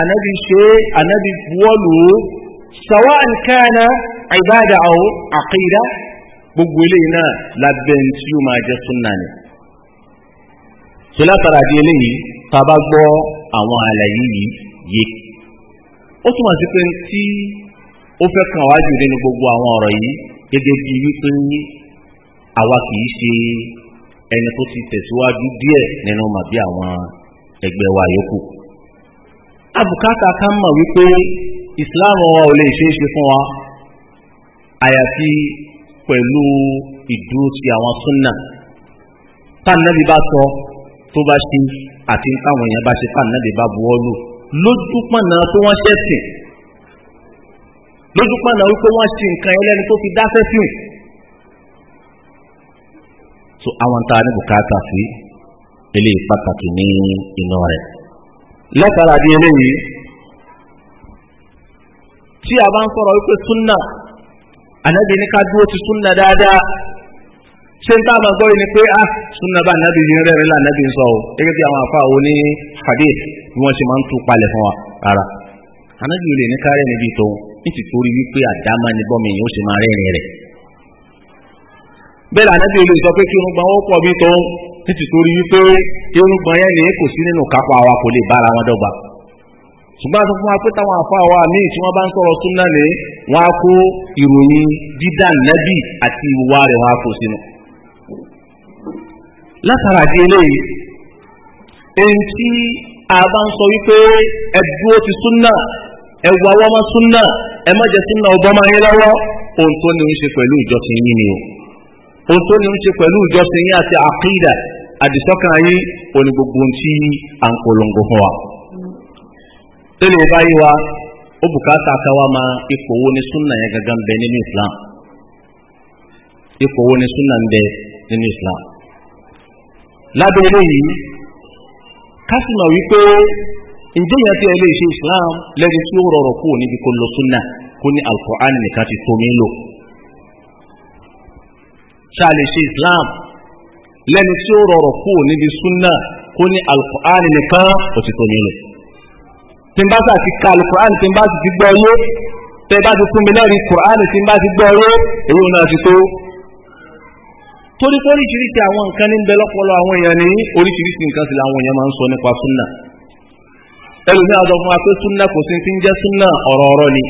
ànábì ṣe ànábì buwọ́lù sàwọ́ àǹkáàná ìbàdà àwọn àkìdá gbogbo eléyìí náà lábẹ́ tí ó máa jẹ́ súnà ni sọlá tàràdí eléyìí tá a bá gbọ́ àwọn àlàyé yìí yé ó túmọ̀ sí pé tí ó fẹ́ kàn wá jù nínú gbogbo àwọn ọ̀rọ̀ yìí gẹ́gẹ́ bí wípé àwa kì í ṣe ẹni tó ti tẹ̀síwájú díẹ̀ nínú màbí àwọn ẹgbẹ́ wa yòókù. abùkátà ká mọ̀ wípé ìsìláàmù wa ò lè ṣeé ṣe fún wa àyàfi pẹ̀lú ìdúró ti àwọn súnà táànàbí bá sọ tó bá ṣe àti táwọn èèyàn bá ṣe táànàbí bá buwọ́ lù lójúpọ̀nà pé wọ́n ṣẹ̀sìn lójúpọ̀nà wípé wọ́n ṣe nǹkan ẹlẹ́ni tó fi dáṣẹ́ sí mi. so àwọn tá a ní bùkátà sí eléyìí pàtàkì ní iná rẹ̀ lẹ́tara bí eléyìí tí a bá ń sọ̀rọ̀ wípé súnà ànábì ká dúró ti súnà dáadáa. ṣé n táàbà gbọ́ yìí ni pé ah sunna bá nàbì yìí rẹ̀ rẹ̀ là nàbì sọ o gẹ́gẹ́ bí àwọn bí wọ́n ṣe máa ń palẹ̀ fún wa rárá anájú ní kárẹ́ níbi tó wípé àdámá ni bọ́mi yìí ó ṣe máa rẹ́rìn rẹ̀ bẹ́ẹ̀ sọ pé kí irun gbọ́n ó pọ̀ bí tó wípé irun gbọ́n yẹn ni kò wọn dọ́gba ṣùgbọ́n látara di eléyìí èyí tí a bá ń sọ wípé ẹdúró ti súnà ẹwà wọ́mọ súnà ẹ má jẹ súnà ọba máa yín lọ́wọ́ ohun tó ní ń ṣe pẹ̀lú ìjọsìn yín ni o ohun tó ní ń ṣe pẹ̀lú ìjọsìn yín àti àkídà àdìsọ́kàn yín òní gbogbo ohun à ń polongo fún wa. tẹ́lẹ̀ báyìí wa ó bùkátà káwa máa ipò wo ni súnà yẹn ni súnà lábẹ́ eléyìí kásìmọ̀ wípé ǹjẹ́ yẹn ti ẹ̀ lè ṣe Islam lẹ́ni tí ó rọrọ̀ kú níbi kó lọ súnà kó ní Al-Qur'an nìkan ti tó mí lò ṣáà lè ṣe Islam lẹ́ni tí ó rọrọ̀ kú níbi súnà kó ní al nìkan ó ti tó mí lò tí n bá sà ti ka al tí n bá sì ti gbọ́ yé tẹ́ bá ti fún mi lẹ́rìí Qur'an tí n bá ti gbọ́ yé èyí ò náà ti tó torí pé oríṣiríṣi àwọn nǹkan ní ń bẹ lọ́pọlọ àwọn èèyàn ní oríṣiríṣi nǹkan sì làwọn èèyàn máa ń sọ nípa súnà ẹlòmí àjọ fún wa pé súnà kò sí ti ń súnà ni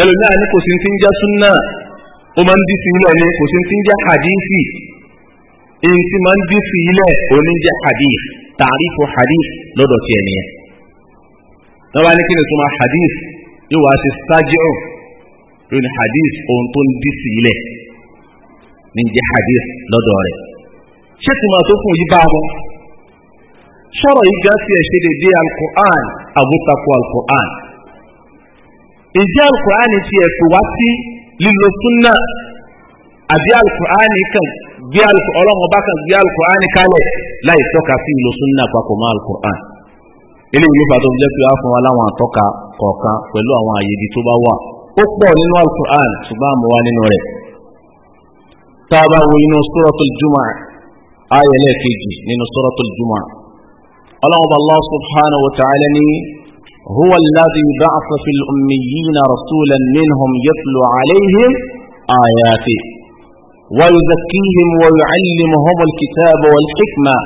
ẹlòmí àní kò sí ti ń súnà ó máa ń ni kò sí ti ń hadithi èyí tí máa ń dí fi ilẹ̀ òní jẹ́ hadith hadith lọ́dọ̀ tiẹ̀ nìyẹn. ní kí ni hadith yóò wá ṣe in hadith ohun tó ń bí sílẹ̀ ní jẹ́ hadith lọ́dọ̀ rẹ̀ ṣé tìmọ̀ tó fún yìí bá wọn sọ̀rọ̀ yìí gan sí ẹ̀ṣẹ́ dédé alukur'an àbútakọ alukur'an ìjẹ́ alukur'an ti ẹ̀pẹ̀ wá sí lílo súnà àbí alukur'an kan gbé ọlọ́run ọba kan gbé alukur'an kalẹ̀ láì tọ́ka sí ìlò súnà papọ̀ mọ́ alukur'an eléyìí ló fà tó ń jẹ́ pé wá fún wa láwọn àtọ́ka kọ̀ọ̀kan pẹ̀lú àwọn àyèdí tó bá wà ó pọ̀ nínú alukur'an ṣùgbọ́n àmọ́ wa nínú rẹ̀ tá a bá wo inú suratul jumu'ah ayé lẹ́ẹ̀kejì nínú suratul jumu'ah ọlọ́run bá lọ́wọ́ subhanahu wa ta'ala ní هو الذي بعث في الأميين رسولا منهم يتلو عليهم آياته ويزكيهم ويعلمهم الكتاب والحكمة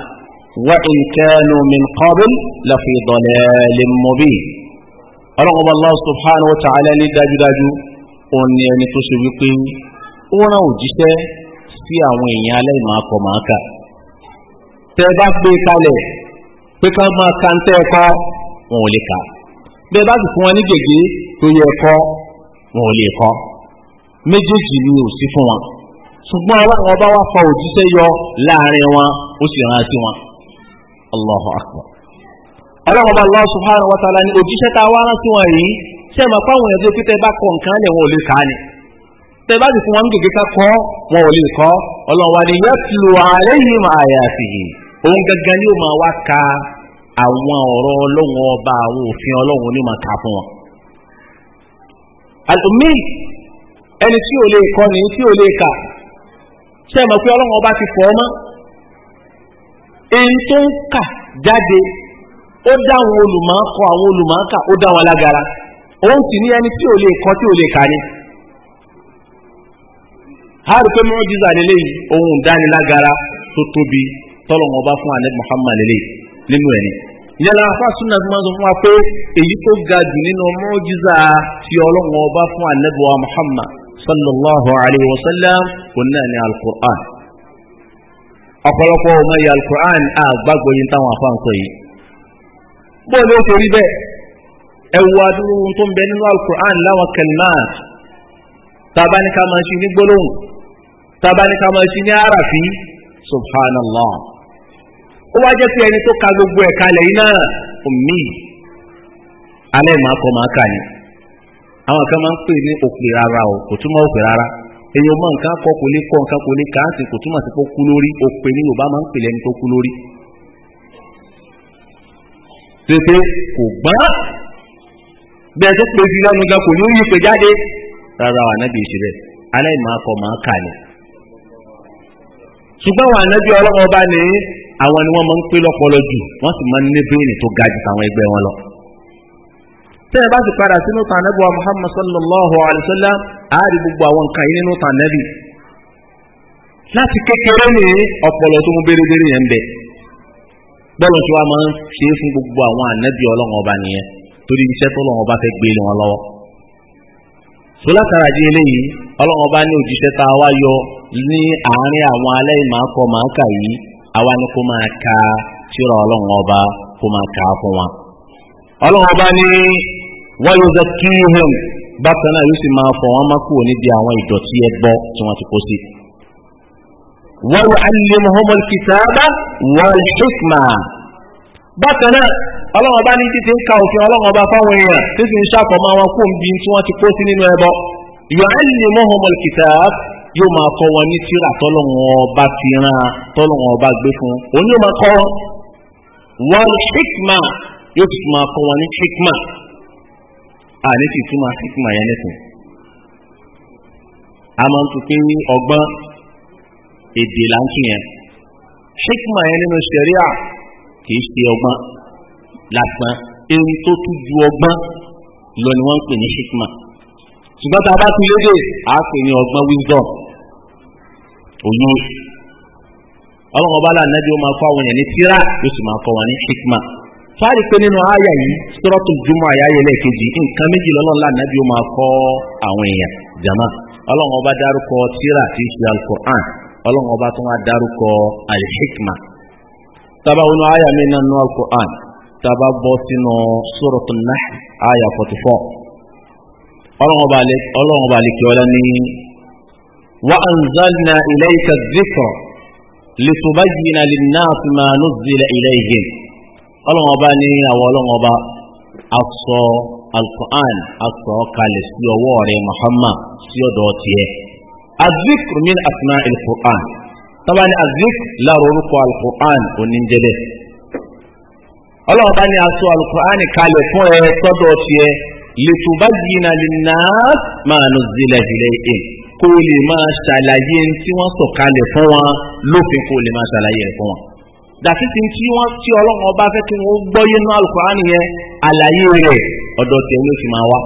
وإن كانوا من قبل لفي ضلال مبين ọlọ́run bá Allah subhanahu wa ta'ala ní dájúdájú òun ni ẹni tó ṣe wípé ó rán òjíṣẹ́ sí àwọn èèyàn aláìmọ̀ọ́kọ̀ máa kà tẹ bá gbé kalẹ̀ pé ká máa ka ń tẹ́ ẹ kọ́ wọn ò lè kà bẹ bá sì fún wọn ní gègé tó yẹ kọ́ wọn ò lè kọ́ méjèèjì ni ò sí fún wọn ṣùgbọ́n ọlọ́run ọba wa fa òjíṣẹ́ yọ láàrin wọn ó sì rán sí wọn Allahu akbar ọlọ́run bá Allah subhanahu wa ta'ala ní òjíṣẹ́ tá a wá rántí wọn yìí ṣe máa fáwọn èèyàn tó kí tẹ́ bá kọ nǹkan lẹ̀ wọn ò lè kà á ni tẹ́ bá sì fún wọn gègé ká kọ́ wọn ò lè kọ́ ọlọ́run wa ni yatlu alayhim ayatihi òun gangan ni ó máa wá ka àwọn ọ̀rọ̀ ọlọ́run ọba àwọn òfin ọlọ́run ni máa kà fún wọn. àlùmí ẹni tí ò lè kọ́ ni tí ò lè kà ṣe máa fi ọlọ́run ọba ti fọ́ mọ́ èyí tó ń kà jáde ó dá àwọn olùmọ̀ kọ àwọn olùmọ̀ kà ó dá wọn lágara òun sì ní ẹni tí ò lè kọ tí ò lè kà ni hàrí pé mọ́jísà lélẹ̀ yìí ohun ìdánilágara tó tóbi tọ́lọ̀wọ́ bá fún àlẹ́ Muhammad lélẹ̀ nínú ẹ̀ ni. ìyára afá súnà tó máa sọ fún wa pé èyí tó ga jù nínú mọ́jísà tí ọlọ́wọ́ bá fún àlẹ́ bọ̀wá Muhammad sallallahu alayhi wa sallam kò náà ní alukur'an. ọ̀pọ̀lọpọ̀ ọmọ yìí alukur'an àgbàgbọ́ yìí táwọn afá ń sọ yìí.
bọ́ọ̀lù ó torí bẹ́ẹ̀
ẹ wo adúrú ohun tó ń bẹ nínú alukur'an láwọn kẹlmáàt tábà ní ká máa ṣe ní gbólóhùn tábà ní ká máa ṣe ní àràfí subhanallah ó wá jẹ́ pé ẹni tó ka gbogbo ẹ̀ kalẹ̀ yìí náà ummi alẹ́ máa kọ́ máa kà ní àwọn kan máa ń pè ní òpè rárá o kò túmọ̀ òpè rárá èèyàn kọ kò lè kọ nǹkan kò lè kà á sì kò túmọ̀ sí kú ṣe pé kò gbọ́n bẹ́ẹ̀ tó pé jùlọ nìkan kò ní yí pè jáde rárá ànábì ìṣẹ̀lẹ̀ aláìmọ̀ọ́kọ̀ máa kà ní. ṣùgbọ́n àwọn ànábì ọlọ́wọ́ bá ní àwọn ni wọ́n máa ń pé lọ́pọlọ jù wọ́n sì máa ń ní tó ga jù ẹgbẹ́ wọn lọ. tẹ́ ẹ bá sì padà sínú tàn wa Muhammad sallallahu alayhi bọ́ọ̀lù tí wàá máa ń ṣe fún gbogbo àwọn ànábì ọlọ́run ọba nìyẹn torí iṣẹ́ tọ́lọ́run ọba fẹ́ gbé wọn lọ́wọ́. sọlátara di eléyìí ọlọ́run ọba ní òjíṣẹ́ tá a wá yọ ní àárín àwọn alẹ́ ìmàkọ màákà yìí àwa ni kó máa ka tírà ọlọ́run ọba kó máa kà á fún wa. ọlọ́run ọba ní
wáyé ọjọ́ kí
bákan náà fọ má àwọn ìdọ̀tí ẹgbọ́ tí ويعلمهم الكتاب والحكمة بكنا الله ọba ní títí ń ka òfin ọlọ́run ọba fáwọn èèyàn tó sì ń ṣàkómọ àwọn kó ń bí tí wọ́n ti kó sí nínú ẹbọ يعلمهم الكتاب yóò máa kọ́ wọn ní tírà tọ́lọ́run ọba ti rán tọ́lọ́run ọba gbé fún òun yóò máa kọ́ wọn hikma yóò sì máa kọ́ wọn ní hikma àní sì tún yẹn lẹ́sìn. a máa ń tún pé ọgbọ́n èdè là ń kí yẹn ṣíkìmà yẹn nínú ṣẹ̀ríà kì í ṣe ọgbọn lásán erin tó tún ju ọgbọn lọ ni wọn ń pè ní ṣùgbọ́n tá a bá ní ọgbọn wisdom òye ọlọ́run ọba aláàdájú ó máa kọ́ àwọn èèyàn ní tíra ó sì máa wọn ní pé nínú àyà yìí sọ́rọ́tù jùmọ̀ lẹ́ẹ̀kejì nǹkan méjì máa kọ́ jama ọlọ́run ọba dárúkọ tíra ọlọ́run ọba tó wá dárúkọ alhikma tábà wọnú àyà mi náà nù alquran tábà bọ́ sínú suratul nahl àyà 44 ọlọ́run ọba àlekè ọlá ní wa anzalna ilayka dhikra litubayyina linnasi ma nuzzila ilayhim ọlọ́run ọba ní àwọn ọlọ́run ọba asọ alquran asọ kalẹ̀ sí ọwọ́ rẹ̀ muhammad sí ọ̀dọ̀ tiẹ̀ azikr min asma al-Qur'an tọ́ba ni azikr lára orúkọ al-Qur'an oníjẹ́dẹ́ ọlọ́run bá ní aṣọ al-Qur'an kalẹ̀ fún ẹ tọ́dọ̀ tiẹ̀ litubayyina linnas ma nuzzila ilayhim kó o lè máa ṣàlàyé tí wọ́n sọ kalẹ̀ fún wọn lófin kó o lè máa ṣàlàyé rẹ̀ fún wọn. dàtí tí tí wọ́n tí ọlọ́run ọba fẹ́ kí wọ́n gbọ́yé náà al yẹn àlàyé rẹ̀ ọ̀dọ̀ tẹ̀ ló fi máa wá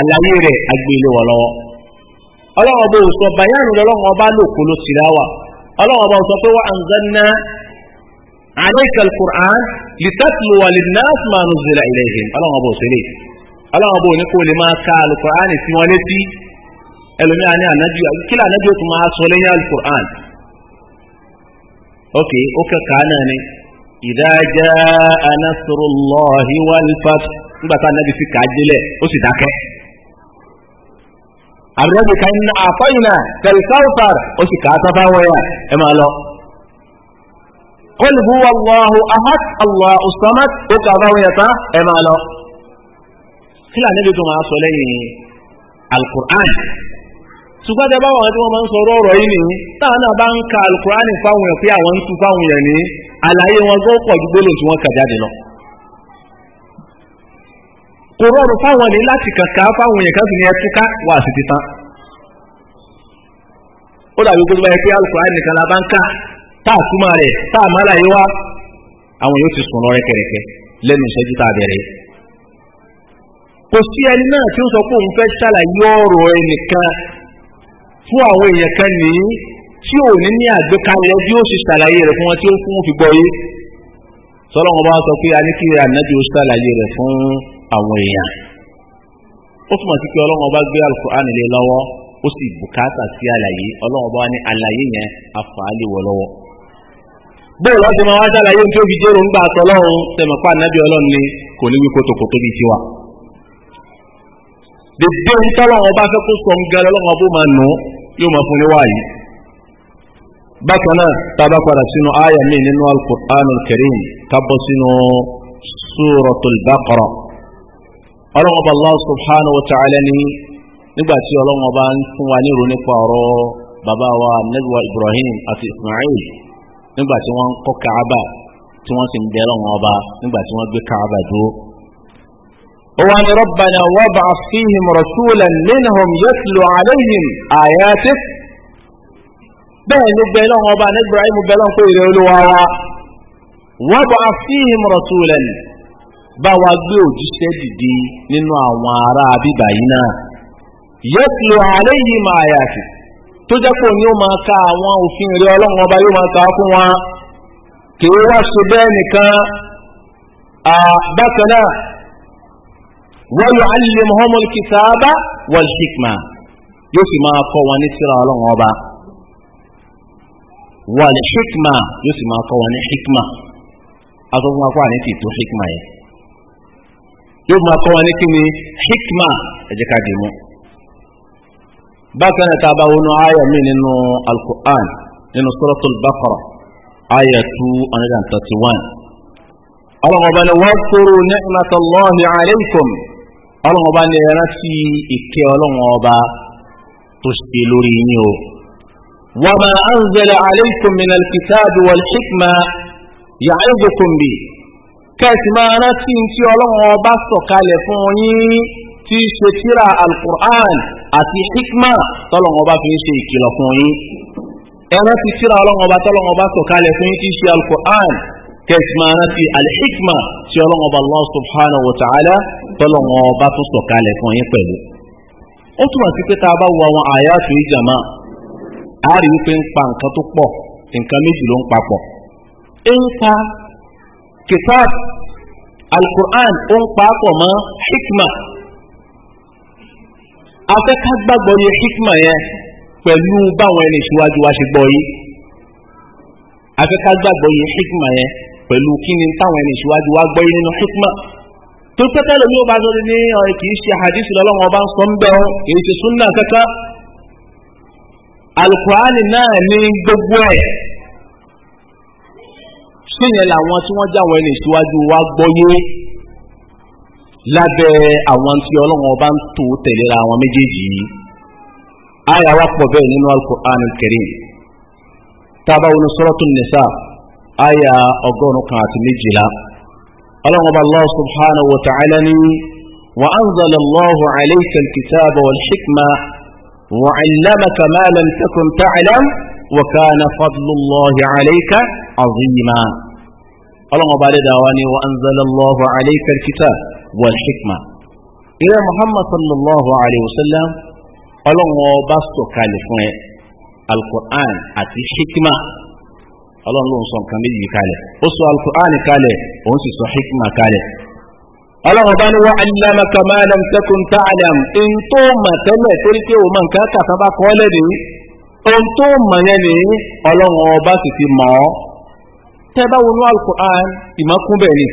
àlàyé rẹ̀ agbélé wọ̀ ọlọ́run ọba ò sọ bayanu lọ́lọ́run ọba lòkó ló ti ráwà ọlọ́run ọba ò sọ pé wa anzalna alayka al-Qur'an litatluwa lin-nas ma nuzila ilayhim ọlọ́run ọba ò sẹ́lẹ̀ ọlọ́run ọba ò ní kó lè máa ka al-Qur'an sí wọn létí ẹlòmíà ní ànájú kílà ànájú tó máa sọ lẹ́yìn al ok ó kẹ́kàá náà ni idha jaa nasrullahi wal fath nígbà tá ànájú sì kàá délẹ̀ ó sì dákẹ́ àbúrẹ́bì ká iná àfọ́yìnà tẹ̀lifáwùfàr ó sì kà á sábà wọ̀nyà ẹ máa lọ. kọ́lùbù wàlláhu ahad allahu samad ó kà á bá wọ̀nyà tán ẹ máa lọ. kílà níbi tó máa sọ lẹ́yìn alukur'an ṣùgbọ́n tẹ bá wọn máa ń sọ ọ̀rọ̀ yìí nìyí táwọn náà bá ń ka alukur'an fáwọn ẹ̀ pé àwọn ń tu fáwọn ẹ̀ ní àlàyé wọn gbọ́ pọ̀ ju gbólóhùn tí wọ́n kà jáde lọ kò rọrùn fáwọn ní láti kàkà fáwọn èèyàn kan sì ní ẹtúká wà sí ti tán. ó dàbí gbogbo ẹ pé alukóra nìkan la bá ń kà tá a túmọ̀ rẹ̀ tá a máa láyé wá àwọn yóò ti sùn lọ rẹ́kẹ̀rẹ́kẹ́ lẹ́nu ìṣẹ́jú tá a bẹ̀rẹ̀ yìí. kò sí ẹni náà tí ó sọ pé òun fẹ́ ṣàlàyé ọ̀rọ̀ ẹnìkan fún àwọn èèyàn kan nìyí tí ò ní ní àgbékalẹ̀ bí ó sì ṣàlàyé rẹ̀ fún wọn tí ó fún fi gbọ́ yé sọlọ́wọ́n bá sọ pé a ní kí ànájú àwọn èèyàn ó túmọ̀ sí pé ọlọ́run ọba gbé lé lọ́wọ́ ó sì bùkátà sí àlàyé ọlọ́run ọba ní àlàyé yẹn afàálẹ̀wọ̀ lọ́wọ́ bóòlù ọ̀sẹ̀ máa wá ṣàlàyé tí ó fi òǹgbà àtọ́lọ́run ọlọ́run ni kò ní wí kótókótó bíi tiwa ọba fẹ́ kó sọ ń gan ọlọ́run ọba ó máa nù yóò máa fún ní wáyé bákan náà tábà padà sínú àyà ọlọ́run ọba allah subhanahu wa ta'ala ni nígbà tí ọlọ́run ọba ń fún wa ní ìròyìn nípa ọ̀rọ̀ bàbá wa nabi wa ibrahim àti ismail nígbà tí wọ́n ń kọ́ kaaba tí wọ́n sì ń bẹ ọlọ́run ọba nígbà wọ́n gbé kaaba dúró. وعن ربنا وابعث فيهم رسولا منهم يتلو عليهم آياتك bẹ́ẹ̀ ló bẹ lọ́wọ́ ọba nígbà ibrahim bẹ lọ́wọ́ pé ìrẹ́ olúwa wa wab'ath fihim rasulan bá wa gbé òjíṣẹ́ dìde nínú àwọn ará bíbà náà yẹtùlù ààrẹ yìí máa yàtì tó jẹ́ pé òní ó máa ka àwọn òfin ọlọ́run ọba yóò máa ka fún wa kì í wá ṣe bẹ́ẹ̀ nìkan bákan náà wọ́n yọ alẹ́ muhammed kìtàbá wal yóò sì máa kọ́ wọn ní síra ọlọ́run ọba wal hikma yóò sì máa hikma a fún wa kó hikma yẹn. yóò máa kọ́ wa ní kí ni hikma ẹ jẹ́ ká dì mú. bákan náà tá a bá wọnú àyà mi nínú al-Qur'an nínú suratul Baqara àyà two hundred and thirty one. ọlọ́run ọba ni wadhkuru ni'matallahi alaykum ọlọ́run ọba ni ẹ̀rọ sí ìkẹ́ ọlọ́run tó ṣe lórí yín o. wa ma anzala alaykum min al-kitabi wal-hikma ya'idukum kẹ́sì máa rántí tí ọlọ́run ọba sọ̀kalẹ̀ fún yín tí ṣe tíra alukur'an àti hikma tọ́lọ́run ọba fi ń ṣe ìkìlọ̀ fún yín ẹ rántí tíra ọlọ́run ọba tọ́lọ́run ọba sọ̀kalẹ̀ fún yín tí ṣe alukur'an kẹ́sì máa rántí alihikma tí ọlọ́run ọba Allah subhanahu wa ta'ala tọ́lọ́run ọba tún sọ̀kalẹ̀ fún yín pẹ̀lú. ó túmọ̀ sí pé tá a bá wo àwọn àyà tó yí jàmá a rí wípé ń pa nǹkan tó pọ̀ nǹkan kitab alukur'an ó ń paapọ̀ mọ́ hikma afẹ́ká gbàgbọ́ ní hikma yẹn pẹ̀lú báwọn ẹni ìṣíwájú wa ṣe gbọ́ yìí afẹ́ká gbàgbọ́ ní hikma yẹn pẹ̀lú kí ni táwọn ẹni ìṣíwájú wa gbọ́ yìí nínú hikma tó tẹ́tẹ́ lómi ó bá sọ ní kì í ṣe hadith lọ́lọ́wọ́ ọba ń sọ ń bẹ́ ọ kì súnà kankan alukur'an náà ní gbogbo ẹ̀ pé yẹn làwọn tí wọ́n jáwọ́ ẹni ìṣíwájú wa gbọ́yé lábẹ́ àwọn tí ọlọ́run ọba ń tò tẹ̀léra àwọn méjèèjì yìí àyà wa pọ̀ bẹ́ẹ̀ nínú alukur'an karim tábà wọn sọ́rọ́tù nìsa àyà ọgọ́rùn kan àti méjìlá ọlọ́run ọba allah subhanahu wa ta'ala ni wa anzala allahu alayka alkitaba wal hikma wa 'allamaka ma lam takun ta'lam wa kana fadlu allahi alayka azima ọlọ́run ọba adẹ́dáwá ni wa anzalallahu alayka alkitab wal hikma ìrẹ́ muhammad sallallahu alayhi wa sallam ọlọ́run ọba sọ̀kalẹ̀ fún ẹ alkur'an àti hikma ọlọ́run ló ń sọ nǹkan méjì kalẹ̀ ó sọ alkur'an kalẹ̀ òun sì sọ hikma kalẹ̀ ọlọ́run ọba ni wa allamaka ma lam takun ta'lam in tó mà tẹ́lẹ̀ torí pé òun mà nǹkan kàtàbà kọ́ lẹ́nu tó mà yẹn ni ọlọ́run ọba sì fi mọ̀ ọ́ tẹ́ bá wọnú alukur'an ìmọ̀kúnbẹ̀ ni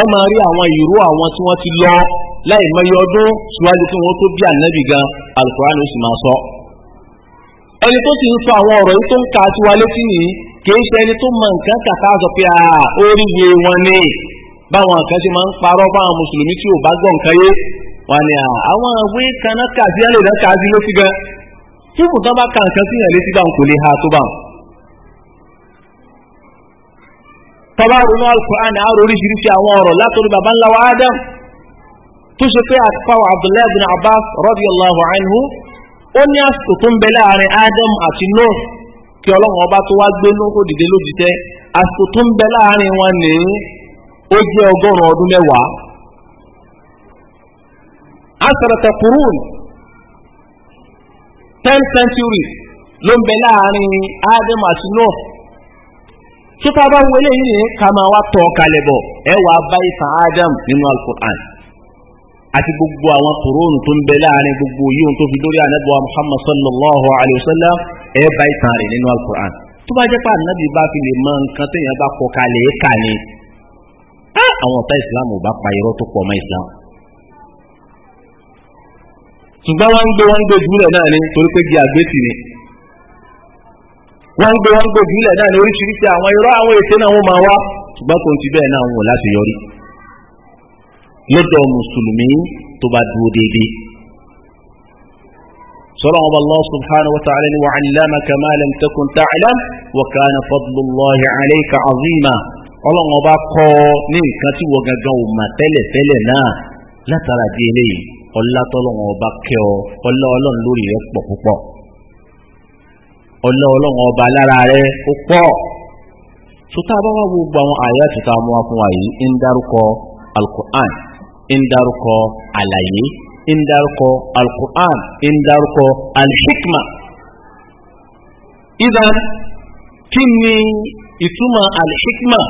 ẹ máa rí àwọn ìró àwọn tí wọ́n ti lọ láì mọyì ọdún síwájú tí wọ́n tó bí ànábì gan alukur'an ó sì máa sọ. ẹni tó ti ń sọ àwọn ọ̀rọ̀ yìí tó ń ka sí wa létí yìí kì í ṣe ẹni tó mọ nǹkan kàkà pé à ó wọn ni báwọn ṣe ń parọ́ bá gbọ́ ka gan ka nǹkan sí ha tó tọ́ba ronú alukur'an àárò oríṣiríṣi àwọn ọ̀rọ̀ látọ̀rí baba ńlá wa adam tó ṣe pé àtìpáwọ̀ abdullahi bin abbas radiyallahu anhu ó ní àsìkò tó ń bẹ láàrin adam àti nuh kí ọlọ́run ọba tó wá gbé nuhu dìde àsìkò tó ń bẹ láàrin wọn ní ó jẹ́ kurun ten centuries ló ń bẹ láàrin adam àti tí tá a bá wọlé yìí ni ká máa wá tọ́ kalẹ̀ bọ̀ ẹ wàá bá ìtàn Adam nínú alukur'an àti gbogbo àwọn kòrónù tó ń bẹ láàrin gbogbo yóò tó fi dórí anabiwa Muhammad sallallahu alayhi wa sallam ẹ bá ìtàn rẹ̀ nínú alukur'an tó bá jẹ́ pé anabi bá fi lè mọ nǹkan tó yẹn bá kọ kalẹ̀ ẹ kà ní. àwọn ọ̀tá Islam ò bá pa irọ́ tó pọ̀ mọ́ Islam. ṣùgbọ́n wọ́n ń gbé wọ́n ń gbé jùlọ náà ni torí pé di àgbẹ̀tì ni wọ́n ń gbé wọ́n ń gbé ìbílẹ̀ náà ní oríṣiríṣi àwọn irọ́ àwọn ète náà wọ́n máa wá ṣùgbọ́n tó ń ti bẹ́ẹ̀ náà wọ̀ láti yọrí lọ́dọ̀ mùsùlùmí tó bá dúró déédéé. سورة الله سبحانه وتعالى وعلمك ما لم تكن تعلم وكان فضل الله عليك عظيما ọlọ́run ọba kọ́ ní nǹkan tí wọ́n gangan ò mà tẹ́lẹ̀tẹ́lẹ̀ ọba kẹ́ ọ ọlá ọlọ́run ọlọ́ ọlọ́run ọba lára rẹ ó pọ̀ tuta bá wà gbogbo àwọn àyà tuta mú wa fún wa yìí ń dárúkọ alukur'an ń dárúkọ àlàyé ń dárúkọ alukur'an ń dárúkọ alihikma idan kí ni ìtumọ̀ alihikma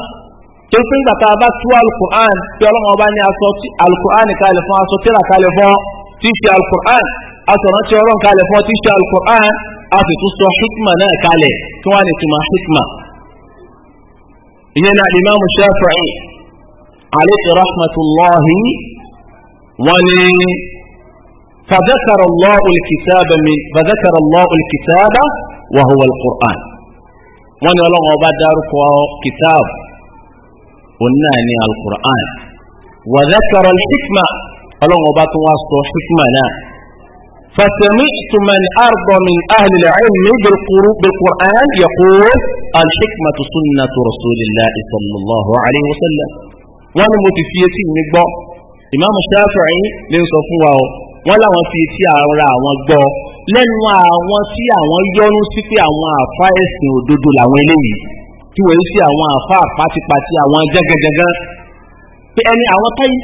tó fi ń gbàtà bá tú alukur'an tí ọlọ́run ọba ní aṣọ alukur'an kalẹ̀ fún aṣọ tíra kalẹ̀ fún tí ṣe alukur'an aṣọ rántí ọlọ́run kalẹ̀ fún tí ṣe alukur'an a sì tún sọ hikma náà kalẹ̀ kí wọ́n lè túmọ̀ hikma. ìyẹn náà Imam Shafi'i alayhi rahmatullahi wọ́n ní فذكر الله الكتاب من فذكر الله wọ́n ní ọlọ́run ọba dárúkọ kitab òun náà ní alukur'an wàdákàrọ̀ hikma ọlọ́run ọba tó wá sọ hikma náà فسمعت من أرضى من أهل العلم بالقرآن يقول الحكمة سنة رسول الله صلى الله عليه وسلم وانا متفيتي نقبع إمام الشافعي لنصفوه ولا وفيتي أورا وقبع lẹ́nu àwọn tí àwọn yọ́nú sí pé àwọn àfa ẹ̀sìn òdodo làwọn eléyìí tí wọ́n sí àwọn àfa àpátípatì àwọn jẹ́gẹ́jẹ́gán pé ẹni àwọn táyì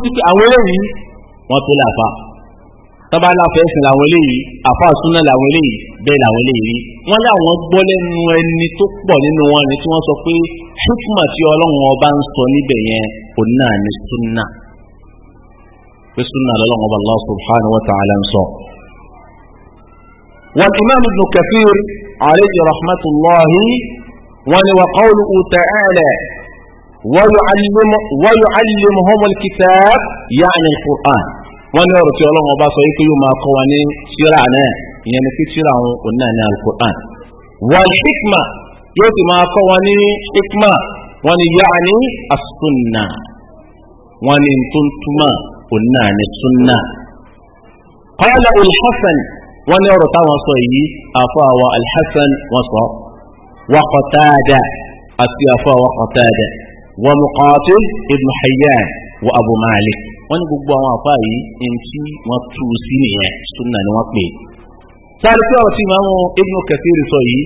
sí pé àwọn eléyìí wọ́n tó lè àfa tọ́ba aláfẹ́ ẹ̀sìn làwọn eléyìí àfàsúná làwọn eléyìí bẹ́ẹ̀ làwọn eléyìí wọ́n láwọn gbọ́ lẹ́nu ẹni tó pọ̀ nínú wọn ni tí wọ́n sọ pé hikma tí ọlọ́run ọba ń sọ níbẹ̀ yẹn òun náà ni sunna pé sunna lọ́lọ́run ọba Allah subhanahu wa ta'ala ń sọ. wal imam ibn kathir alayhi rahmatulahi wọn ni wa qawluhu ta'ala wa yu'allimuhumul kitab ya'ni al-Qur'an wọ́n ní ọ̀rọ̀ tí ọlọ́run ọba sọ yìí pé yóò máa kọ́ wa ní tíra náà ìyẹn ni pé tíra àwọn òun náà ní alukur'an wal hikma yóò sì máa kọ́ wa ní hikma wọ́n ní yaani asunna wọ́n ní tuntuma òun náà ní sunna. qala alhassan wọ́n ní ọ̀rọ̀ táwọn sọ yìí àfọ àwọn alhassan wọ́n sọ wa àti àfọ àwọn qatada wa muqatil ibn hayyan wa abu malik wọ́n ní gbogbo àwọn àfa yìí ní tí wọ́n tú sí nìyẹn súnà ni wọ́n pè. sáré pé ọ̀rọ̀ tí ìmáàmù Ibn Kathir sọ yìí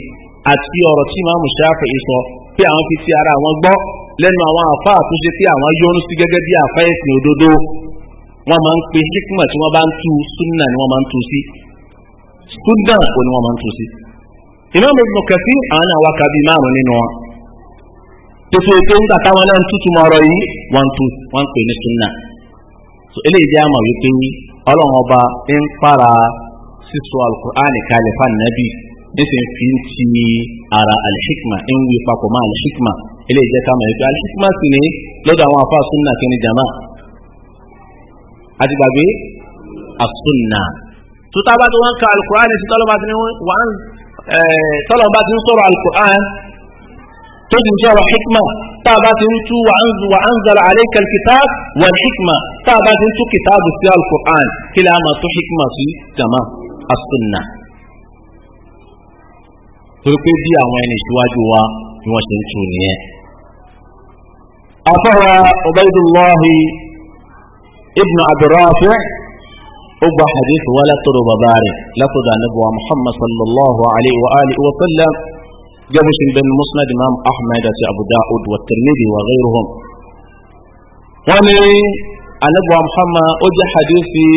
àti ọ̀rọ̀ tí ìmáàmù Shafi'i sọ pé àwọn fi ti ara àwọn gbọ́ lẹ́nu àwọn àfa àtúnṣe tí àwọn yọ́nú sí gẹ́gẹ́ bí àfa ẹ̀sìn òdodo wọ́n máa ń pe hikma tí wọ́n bá ń tú súnà ni wọ́n máa ń tú sí súnà kò ni wọ́n máa ń tú sí. ìmáàmù Ibn Kathir àwọn àwọn akabi márùn nínú wọn tó tó ètò eléyìí àmọ̀ wípé ọlọ́run ọba ń para sísọ alukur'ani kalẹ̀ fanabi nísìn fi ń ara alihikma ń wí papọ̀ mọ́ alihikma eléyìí jẹ́ kámọ̀ wípé alihikma sì ní lọ́dọ̀ àwọn jama àti gbàgbé asunna tó wọn ka alukur'ani sí tọ́lọ́ تجد جوا حكمة تابات انتو وعنز وعنزل عليك الكتاب والحكمة تابات انتو كتاب في القرآن كلا ما تو حكمة في جماعة السنة تلقي دي عوين شواجوا
وشنتوني
أفهى عبيد الله ابن عبد الرافع أبا حديث ولا ترب بارك لقد نبوى محمد صلى الله عليه وآله وسلم gẹ́gẹ́ ṣe ń bẹnu musnad imam ahmed àti abu da'ud wa tirmidhi wa ghayruhum. wọ́n ní anabuwa muhammad ó jẹ́ hadithi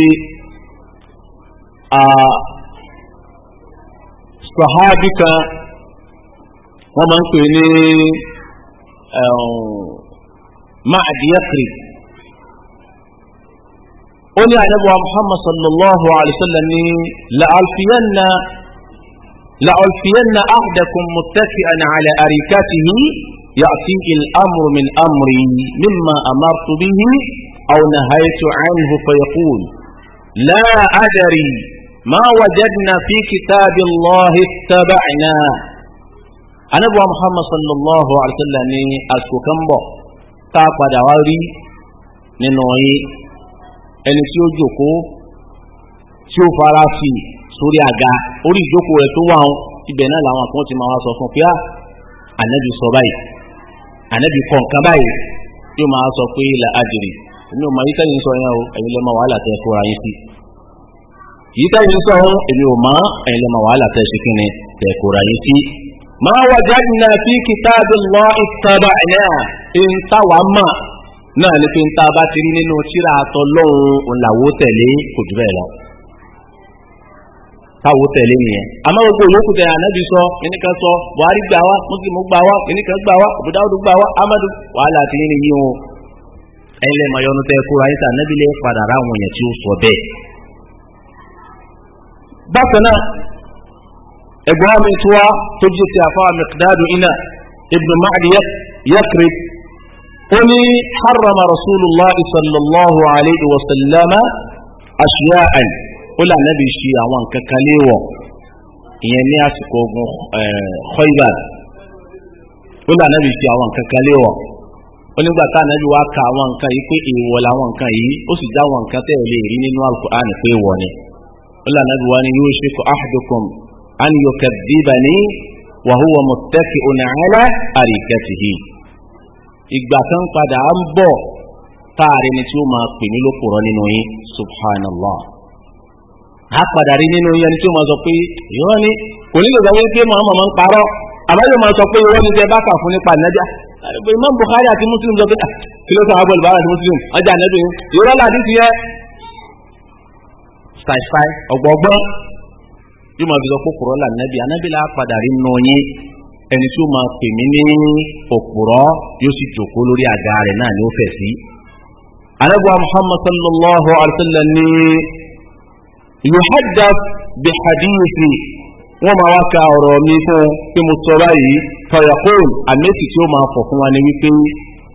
a sahabi kan wọ́n máa ń pè ní ma'ad yaqrib ó ní anabuwa muhammad sallallahu alayhi wa sallam ní la'alfiyanna. لألفين أحدكم متكئا على أريكته يأتيه الأمر من أمري مما أمرت به أو نهيت عنه فيقول لا أدري ما وجدنا في كتاب الله اتبعنا anabuwa muhammad sallallahu alaihi wasallam ni àsìkò kan bọ̀ tá a padà wá rí nínú sórí àga orí ìjókòó rẹ̀ tó wà ọ́n ibẹ̀ náà làwọn kan ti máa wá sọ fún pé à ah, ànábì sọ báyìí ànábì kọ̀ nǹkan báyìí yóò máa sọ pé là ájìrì èmi ò mọ yíká yìí sọ yẹn o ẹ̀yin lẹ́mọ wàhálà tẹ́ fúra yín sí yíká yìí sọ ọ́n èmi ò mọ ẹ̀yin lẹ́mọ wàhálà tẹ́ sí kí ni tẹ́ fúra yín sí. máa wajadna fi kitabillahi ittaba'na ń táwa mọ̀ náà ní pé ń tá bá ti rí nínú tíra àtọ lọ́hùn-ún làwọ̀ tẹ̀lé kò jù bẹ́ẹ̀ lọ táwo tẹ̀lé nìyẹn àmọ́ gbogbo olókùn tẹ̀lé ànábì sọ ẹnìkan sọ buhari gbà wá mùsùlùmù gbà wá ẹnìkan gbà wá ọ̀bùdáwùdù gbà wá amadu wàhálà àti yín nìyí o ẹlẹ́ mayọ́nu tẹ́ kóra ayé tà nábì lè padà rà àwọn èèyàn tí ó sọ bẹ́ẹ̀. bákan náà ẹ̀gbọ́n mi tó wá tó jí ti àfa miqdadu iná ibnu mahdi yakrib ó ní harrama rasulullah sallallahu alayhi wa sallama ashiya'an ó là nẹ́bi ṣe àwọn nǹkan kan léèwọ̀ ìyẹn ní àsìkò ogun Khaybar ó là nẹ́bi ṣe àwọn nǹkan kan léèwọ̀ ó nígbà tá nẹ́bi wá ka àwọn nǹkan yìí pé èèwọ̀ làwọn nǹkan yìí ó sì já àwọn nǹkan tẹ́ ò lè rí nínú Al-Qur'an pé èèwọ̀ ni ó là nẹ́bi wá ní yushiku ahadukum an yukadhibani wa huwa muttaki'un 'ala arikatihi ìgbà kan padà ń bọ̀ táàrin tí ó máa pè ní lókùrọ̀ nínú yín subhanallah a padà rí nínú yẹn tí ó máa sọ pé ìwọ ni kò nílò sọ pé Muhammad máa ń parọ́ àbájọ́ máa sọ pé ìwọ ni tẹ bá fún nípa nàjà Imam Bukhari àti Muslim sọ pé ah, kí ló sọ àwọn bọ̀lù bàbá àti Muslim ọjà nàjà yẹn ìrọ́ làdí ti yẹ ṣàìṣàì ọ̀gbọ̀gbọ́n yóò máa fi sọ pé kùrọ́ lànàbí anábì là padà rí nù yín ẹni tí ó máa pè mí ní òpùrọ́ yóò sì jòkó lórí àga rẹ̀ náà ni ó fẹ̀ sí. anábì Muhammad sallallahu alaihi wa sallam yuhaddath bi hadithi wọ́n máa wá ka ọ̀rọ̀ mi fún pé mo sọ báyìí fayaqul àmẹ́sì tí ó máa fọ̀ fún wa ni wípé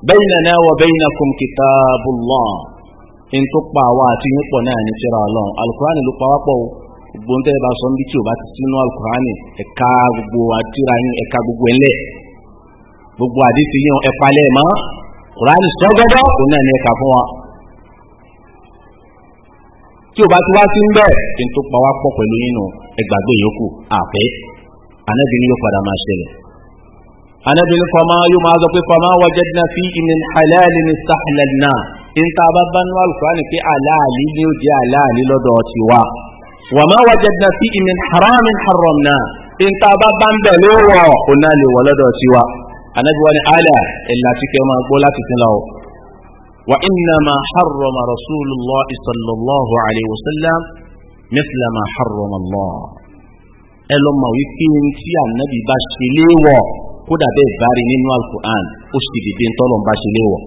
baynana wa baynakum kitabullah in tó pa àwa àti yín pọ̀ náà ní tírà ọlọ́run alukurani ló pa wápọ̀ gbogbo tẹ́ bá sọ níbi tí o bá ti sínú alukurani ẹ̀ka gbogbo àtìrà yín ẹ̀ka gbogbo ẹ̀lẹ́ gbogbo àdìsí yín ẹ̀palẹ̀ mọ́ kurani sọ́gọ́dọ́ òun náà ní ẹ̀ka fún wa tí o bá ti wá sí ń bẹ́ẹ̀ kí n tó pa wá pọ̀ pẹ̀lú yín nù ẹgbàgbé yòókù àfẹ́ Ànábì ni yóò padà máa ṣẹlẹ̀ Ànábì ni fama yóò máa sọ pé fama wajadna fi min halali ni sahilalina nta bá bá nínú alukurani pé aláàlí ni ó jẹ́ aláàlí lọ́dọ̀ ti wa wàmá wajadna fi min harami haramna nta bá bá ń bẹ̀ ló wọ̀ kó náà lè wọ̀ lọ́dọ̀ ti wa Ànábì wa ni ala ẹ̀ láti kẹ́ máa وإنما حرم رسول الله صلى الله عليه وسلم مثل ما حرم الله ẹlọmọ wípé ohun tí ànábì bá ṣe léèwọ̀ kódà bẹ́ẹ̀ bá rí nínú alukur'an ó sì dìde ntọ́lọ̀ bá ṣe léèwọ̀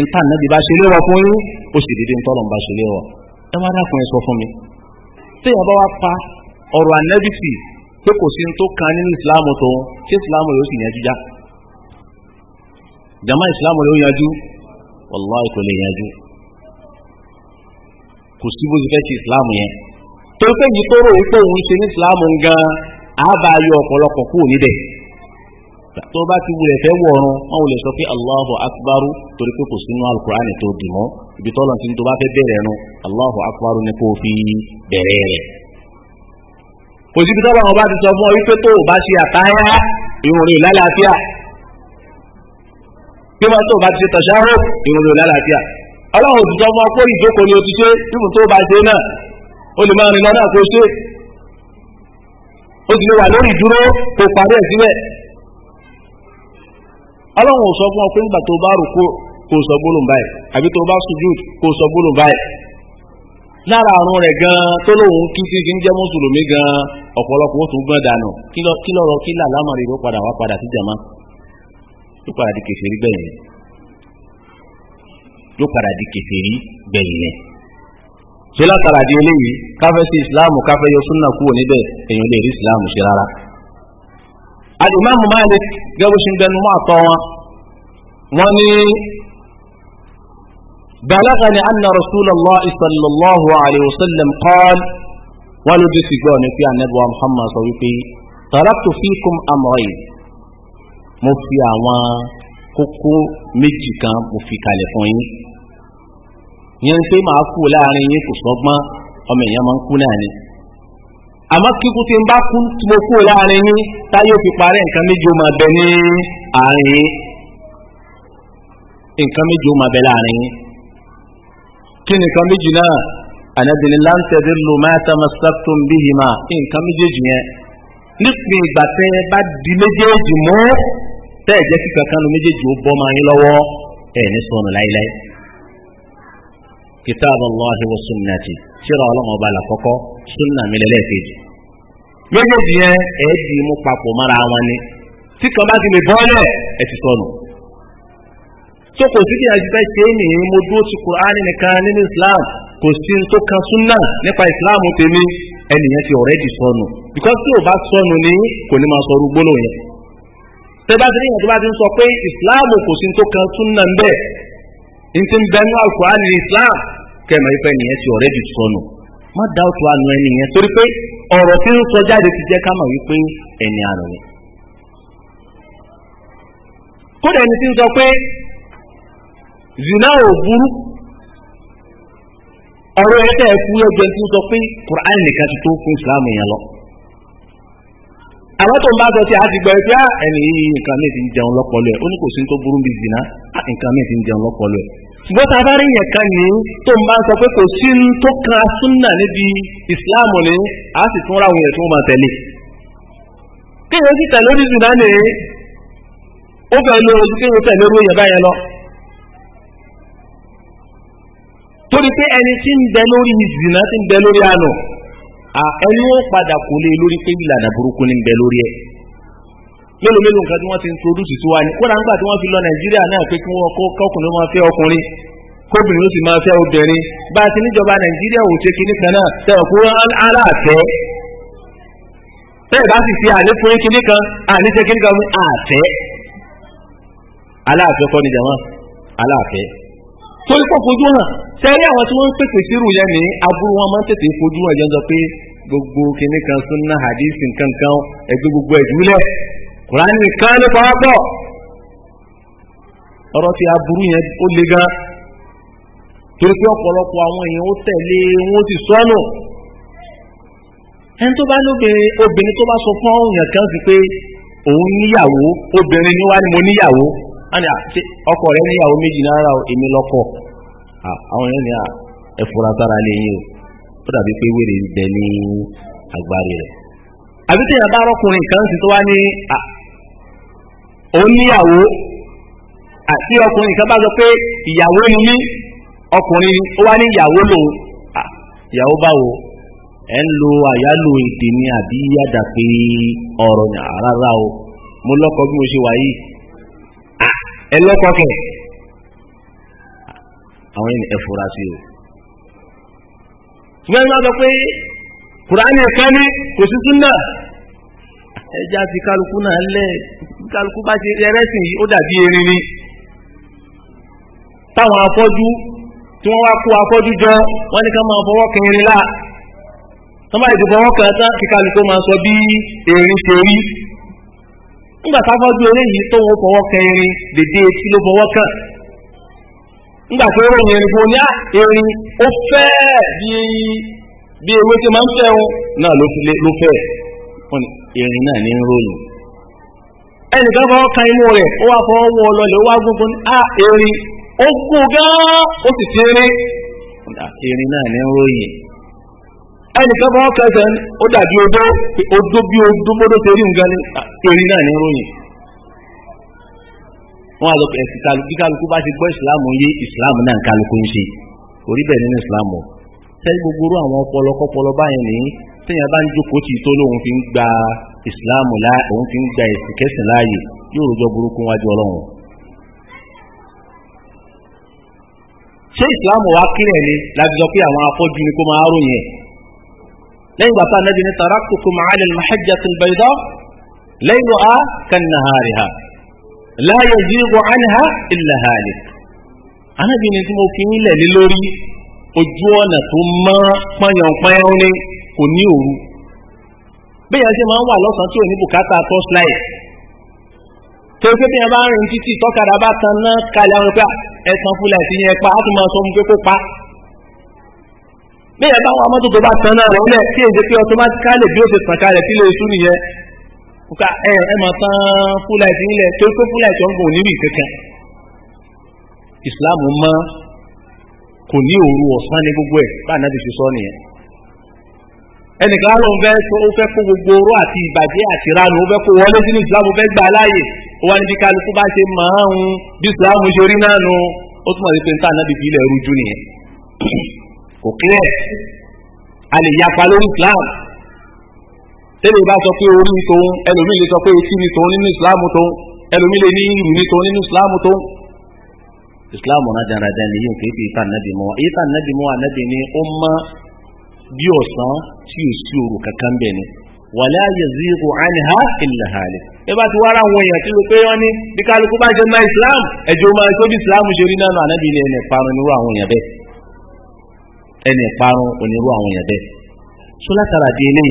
níta ànábì bá ṣe léèwọ̀ fún yín ó sì dìde ntọ́lọ̀ bá ṣe léèwọ̀ ẹ wá dákun sọ fún mi tí ìyàbá wa pa ọ̀rọ̀ ànábì sí pé kò sí tó kan nínú ìsìlámù tòun tí ìsìlámù yóò sì yanjú já jama ìsìlámù yóò yanjú wàláì kò lè yanjú kò sí si islam yẹn tó fẹ́ yìí tó rò ó pé òun islamu nga islam gan àbá ayọ̀ ọ̀pọ̀lọpọ̀ kúrò níbẹ̀ ti wọn sọ pé ibi tó ní tó nu Allahu akbaru ni kò fi rẹ̀. kò síbi tó bá wọn bá ti sọ fún ọ bí wọ́n tó bá ti ṣe tàṣáhó ìròyìn ò lálàáfíà ọlọ́run òtítọ́ fún ọpọ́ ìjókòó ni o ti ṣe ibùn tó bá ṣe náà ó lè máa rìn lọ náà kó ṣe ó
ti lè wà lórí ìdúró kó parí ẹ̀ síbẹ̀
ọlọ́run ò fún ọ pé tó bá rò kó kó sọ gbólóhùn báyìí àbí tó bá kó sọ báyìí lára padà wá padà sí jama. yóò padà di kèfèrí gbẹ̀yìn yóò padà di kèfèrí gbẹ̀yìn lẹ̀ ṣé látara di eléyìí káfẹ́ sí ìsìláàmù káfẹ́ yọ súnà kúrò níbẹ̀ èèyàn lè rí ìsìláàmù ṣe rárá alimami Malik gẹ́gẹ́ sí gbẹnu mọ́ àtọ́ wọn wọ́n ní balagani anna rasulallah sallallahu alayhi wa sallam qal wọ́n ló dé sí gbọ́ ní pé anabi wa muhammad sọ wípé mo fi àwọn kókó méjì kan mo fi kalẹ̀ fún yín yẹn pé màá kú láàrin yín kò sọ́gbọ́n ọmọ èèyàn máa ń kú náà ni àmọ́ kíkú tí ń bá kú tí mo kú láàrin yín táyé òfi parẹ́ nǹkan méjì ó máa bẹ ní àárín yín nǹkan méjì ó máa bẹ láàrin yín kí nìkan méjì náà ànábìnrin láǹtẹ̀dẹ̀ ló máa tamassaktum bihima nǹkan méjèèjì yẹn nípìn ìgbà tẹ́ bá di méjèèjì mú tẹ́ẹ̀ jẹ́ kí kankan nu méjèèjì ó bọ́ máa yín lọ́wọ́ ẹ̀ ní sọnù láíláí. kitab Allahi wa ṣíra ọlọ́run ọba làkọ́kọ́ mi lẹ́lẹ́kejì. méjèèjì yẹn ẹ̀ mú papọ̀ ni tí kan bá ti lè ẹ̀ ti sọnù. tó kò sí a fẹ́ ṣe é mo ti nìkan nínú Islam kò sí tó kan sunna nípa Islam tèmi ẹnìyẹn ti ọ̀rẹ́ di sọnù because tí ò bá ni kò ní máa sọ tẹ́bá ti rí ìyàn tó bá ti ń sọ pé islam kò sí tó kan súnà ń bẹ̀ ń ti ń bẹnu alukóra ní islam kẹ́mọ̀ ìfẹ́ nìyẹn ti ọ̀rẹ́ jù sọnù má dá òtún àánú ẹni yẹn torí pé ọ̀rọ̀ tí ń sọ jáde ti jẹ́ ká wípé ẹni àrùn ni.
kódà ẹni tí ń sọ pé
zina ò burú ọ̀rọ̀ ẹ̀ tẹ́ ẹ fún ẹgbẹ́ tí ń sọ pé Qur'an nìkan ti tó fún islam yẹn lọ àwọn tó ń bá sọ tí a ti gbọ́ pé ah, ẹni yìí nǹkan mi ti ń jẹun lọ́pọlọ ẹ̀ ó ní kò sí tó burú bí zina ah, nǹkan mi ti ń jẹun lọ́pọlọ ẹ̀ ṣùgbọ́n tá a bá rí yẹn kan ní tó ń bá sọ pé kò sí tó kan súnà níbi ìsìláàmù ni a sì tún ra àwọn èèyàn tí wọ́n máa tẹ̀lé kéèyàn sì tẹ̀lé orí zina ni ó fẹ́ lo ojú kéèyàn tẹ̀lé orí yẹn báyẹn lọ torí pé ẹni tí ń bẹ lórí zina ti ń bẹ lórí àná ẹnu ó padà kò lè lórí pé ìlànà burúkú ní bẹ lórí ẹ mélòó mélòó nǹkan tí wọ́n ti introduce sí wa ni kódà nígbà tí wọ́n fi lọ nàìjíríà náà pé kí wọ́n kó kọkùnrin máa fẹ́ ọkùnrin kóbìnrin ó sì máa fẹ́ obìnrin bá a ti níjọba nàìjíríà ò ṣe kinní kan náà tẹ̀wọ̀ kó aláàtẹ́ bẹ́ẹ̀ bá sì ṣe àlékún kinní kan àníṣe kinní kan fún àtẹ́ aláàfẹ́ kọ́ ni jàmá aláàfẹ́ torí pọ̀ fojú hàn sẹ́rí àwọn tí wọ́n ń pèsè sírù yẹn ní aburú wọn máa ń tètè fojú hàn jẹ́ pé gbogbo kìnnì kan súnná hadisi kankan ẹgbẹ́ gbogbo ẹ̀dúlẹ̀ kùránì nìkan ló fọwọ́ ọ̀rọ̀ tí aburú yẹn ó le gan torí pé ọ̀pọ̀lọpọ̀ àwọn èèyàn ó tẹ̀lé wọn ó sì sọnù ẹni tó bá lóbìnrin obìnrin kan sí pé òun níyàwó obìnrin ni ní mo níyàwó ọkọ rẹ níyàwó méjì náírà èmi lọ́kọ àwọn o. ó dàbí pé wèrè ń bẹ ní agbárí rẹ̀ àbí tí yàrá ọkùnrin kan sì tó wá ní oníyàwó àti ọkùnrin kan bá sọ pé ìyàwó ni mí ọkùnrin ó wá ní ìyàwó lò ìyàwó báwo ẹ ń lo àyálò èdè ni àbí yàdà pé ọ̀rọ̀ ni rárá o mo lọ́kọ bí mo ṣe wà yìí ẹ lọ́kọ kẹ̀ àwọn ẹni ẹ fura sí o. ṣùgbọ́n ìmọ̀ sọ pé kùránì ẹ̀kẹ́ ní kò sí súnà ẹjá ti kálukú náà lẹ̀ kálukú bá ti ẹrẹ́sìn ó dàbí erin ni táwọn afọ́jú tí wọ́n wá kó afọ́jú jọ wọ́n ní ká máa fọwọ́ kẹrin lá wọ́n bá ìdìbò wọn kàn tán kí kálukú máa sọ bí erin ṣe rí nígbà táfọ́jú yìí tó wọ́n fọwọ́ kẹrin dèdè etí ló fọwọ́ kàn nígbà tí ó rò yẹn fún ní erin ó fẹ́ bí ewé tí máa ń fẹ́ òun náà ló fẹ́ erin náà ní ròyìn ẹnìkan fọwọ́ ka imú rẹ̀ ó wá fọwọ́ wọ lọlẹ̀ ó wá gúngun á erin ó gún gan ó sì ti rí erin náà ní ròyìn ẹnìkan fọwọ́ kẹsẹ̀ ó dàbí odó odó bí odó rí nǹkan erin náà ní ròyìn. wọ́n á lọ pẹ̀ ẹ̀sìn kálukú kálukú bá ti gbọ́ ìsìláàmù yé ìsìláàmù náà kálukú ń ṣe kò rí bẹ́ẹ̀ nínú ìsìláàmù sẹ́yìn gbogbo àwọn ọpọlọ kọpọlọ báyìí ní téèyàn bá ń jókòó tì tó lóun fi ń gba ìsìláàmù láà òun fi ń gba ẹ̀sìn kẹsìn láàyè yóò rọjò burúkú wájú ọlọ́run. ṣé ìsìláàmù wa kílẹ̀ ni láti sọ pé àwọn afọ́jú ni kó máa ròyìn ẹ̀ lẹ́yìn bàtà nẹ́bi ní taraktukum la yazigu anha illa halik anábì ni tí mo fi nílẹ̀ lé lórí ojú ọ̀nà tó mọ́ pányánpányán ní kò ní òru bẹ́ẹ̀ ṣe máa ń wà lọ́sàn-án tí ò ní bùkátà first light tó pé bí wọn bá ń rìn títí tọ́kadà bá tan náà kalẹ̀ àwọn pé ah, ẹ̀sán fúlẹ̀ ti yẹn pa á tún máa sọ fún pé kó pa bẹ́ẹ̀ bá wọn mọ́tò tó bá tan náà rẹ̀ kí èdè pé automatically bí ó ṣe tàn kalẹ̀ sílé iṣu nìyẹn nka ẹ ẹ máa tán fúláìtì nílẹ̀ tó tó fúláìtì ọ̀gbọ̀n onírú ìkankan ìsìláàmù mọ́ kò ní òru ọ̀sán ní gbogbo ẹ̀ bá ànábì ṣe sọ nìyẹn ẹnìkan á lọ fẹ́ ó fẹ́ kó gbogbo oró àti ìbàjẹ́ àti ìranu ó fẹ́ kó wọlé sínú ìsìláàmù fẹ́ gbà láàyè ó wá níbi kálukú bá ṣe máa ń bí ìsìláàmù ṣe rí náà nu ó túmọ̀ sí pé níta ànábì fi ilẹ̀ rújú nìyẹn kò kílẹ̀ a lè yapa lórí ìsìláàmù tẹ́lẹ̀ bá sọ pé orí ni tòun ẹlòmíì lè sọ pé etí ni tòun nínú ìsìláàmù tòun ẹlòmíì lè ní ìlú ni tòun nínú ìsìláàmù tòun. ìsìláàmù náà dára dára ni yóò kéèké ìta nàbì mọ́ wa ìta nàbì mọ́ wa ni ó má bí ọ̀sán tí ò sí òru kankan bẹ́ẹ̀ ni wàlẹ́ àyè zi kò àní ha ilẹ̀ ha lẹ̀. ẹ bá ti wára àwọn èèyàn tí ó pé wọ́n ní bí kálukú bá jẹ́ máa islam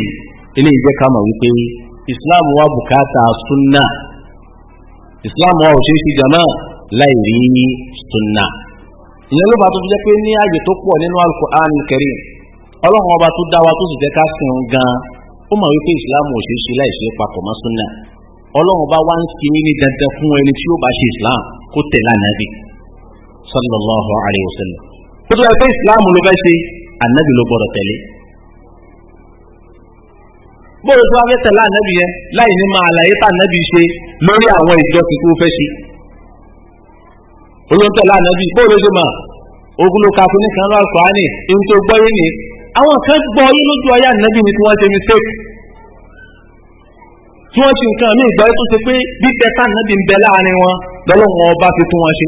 ẹ̀jọ̀ máa ilé ìjẹ́ ká mọ̀ wípé islam wa bùkátà sunna islam wa ò ṣe é ṣe jama láì rí sunna ìyẹn ló bá tó fi jẹ́ pé ní ààyè tó pọ̀ nínú al-Qur'an al-Karim ọlọ́run ọba tó dá wa tó sì jẹ́ ká sìn gan ó mọ̀ wípé islam ò ṣe é ṣe láì ṣe papọ̀ mọ́ sunna ọlọ́run bá wá ń fi ní dandan fún ẹni tí ó bá ṣe islam kó tẹ̀lé ànábì sallallahu alayhi wa sallam kó tó yẹ pé islam ló fẹ́ ṣe ànábì ló gbọ́dọ̀ tẹ̀lé bóòlù tó wá fẹ́ tẹ̀lé ànábì yẹn láì ní máa àlàyé tá ànábì ṣe lórí àwọn ìjọ tuntun fẹ́ ṣe olóńtò lánàbí bóòlù ṣe mà ogun ló ka fún ní kan lọ́wọ́ kùránì ní tó gbọ́ yín ni àwọn kan gbọ́ yín lójú ayé ànábì ni tí wọ́n ṣe mistake tí wọ́n ṣe nǹkan ní ìgbà yẹn tó ṣe pé bí tẹ́tà ànábì ń bẹ láàrin wọn lọ́lọ́wọ́n ọba fi tún wọn ṣe.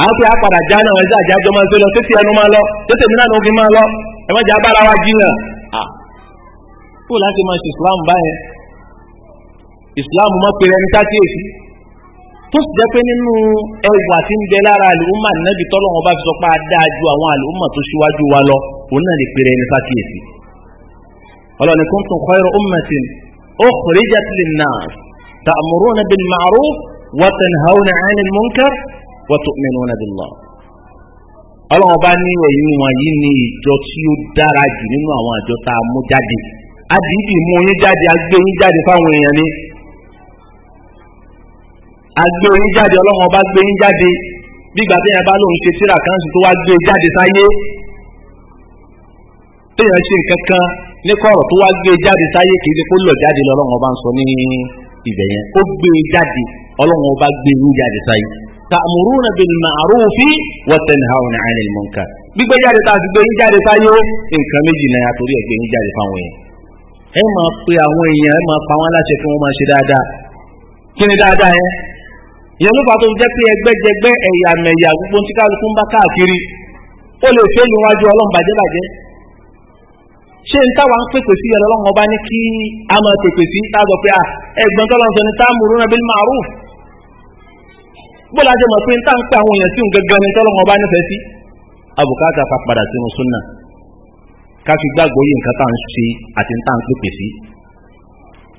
àwọn fi àpàdà já náà ẹ̀sẹ̀ àjájọ́ máa ń tó lọ títí ẹnu máa lọ títí mi náà ló fi máa lọ ẹ̀ mọ́jà bára wa jiyàn kó láti máa ṣe Islam báyẹn Islam mọ́ pèrè ẹni sákèèsí tó sì jẹ́ pé nínú ẹwà tí ń bẹ lára àlùmọ́ ànábì tọ́lọ́wọ́n bá fi sọ pé a dáa ju àwọn àlùmọ́ tó ṣíwájú wa lọ òun náà lè pèrè ẹni sákèèsí ọlọ́ni kuntum khayra ummatin ukhrijat lin-nas wa tu'minuna billah. ọlọ́run bá ní ẹ̀yin wọ̀nyí ní ìjọ tí ó dára jù nínú àwọn àjọ tá a mú jáde àdìdì mú yín jáde agbé yín jáde fáwọn èèyàn ni agbé yín jáde ọlọ́run ọba gbé yín jáde bígbà téèyàn bá lóun ṣe tíra kan sì tó wá gbé jáde sáyé téèyàn ṣe nǹkan kan ní kọ̀rọ̀ tó wá gbé jáde sáyé kì í ṣe kó lọ jáde lọ́lọ́run ọba ń sọ ní ibẹ̀ yẹn ó gbé jáde ọlọ́run ọba gbé yín jáde sáyé ta'muruna bil ma'rufi wa tanhauna 'anil munkar gbígbé jáde tá a ti gbé yín jáde sáyé nǹkan méjì náà àtòrí ẹgbẹ́ yín jáde fáwọn èèyàn ẹ máa pe àwọn èèyàn ẹ máa pa wọn láṣẹ kí wọ́n máa ṣe dáadáa kí ni dáadáa yẹn ìyẹn ló fà tó fi jẹ́ pé ẹgbẹ́jẹgbẹ́ ẹ̀yà mẹ̀yà gbogbo tí kálukú ń bá káàkiri ó lè fẹ́ níwájú ọlọ́run bàjẹ́bàjẹ́ ṣé n táwa ń pèpè sí ẹ̀rọ ọlọ́run ọba ní kí a máa pèpè sí táwọn pé ẹ̀gbọ́n tọ́lọ́ bó la ṣe mọ̀ pé níta ń pẹ́ àwọn èèyàn tí òun gẹ́gẹ́ ni tọ́lọ́mọ bá nífẹ̀ẹ́ sí abùkátà ká padà sínú súnà ká fi gbàgbọ́ yìí nǹkan tá à ń ṣe àti níta ń pèpè sí.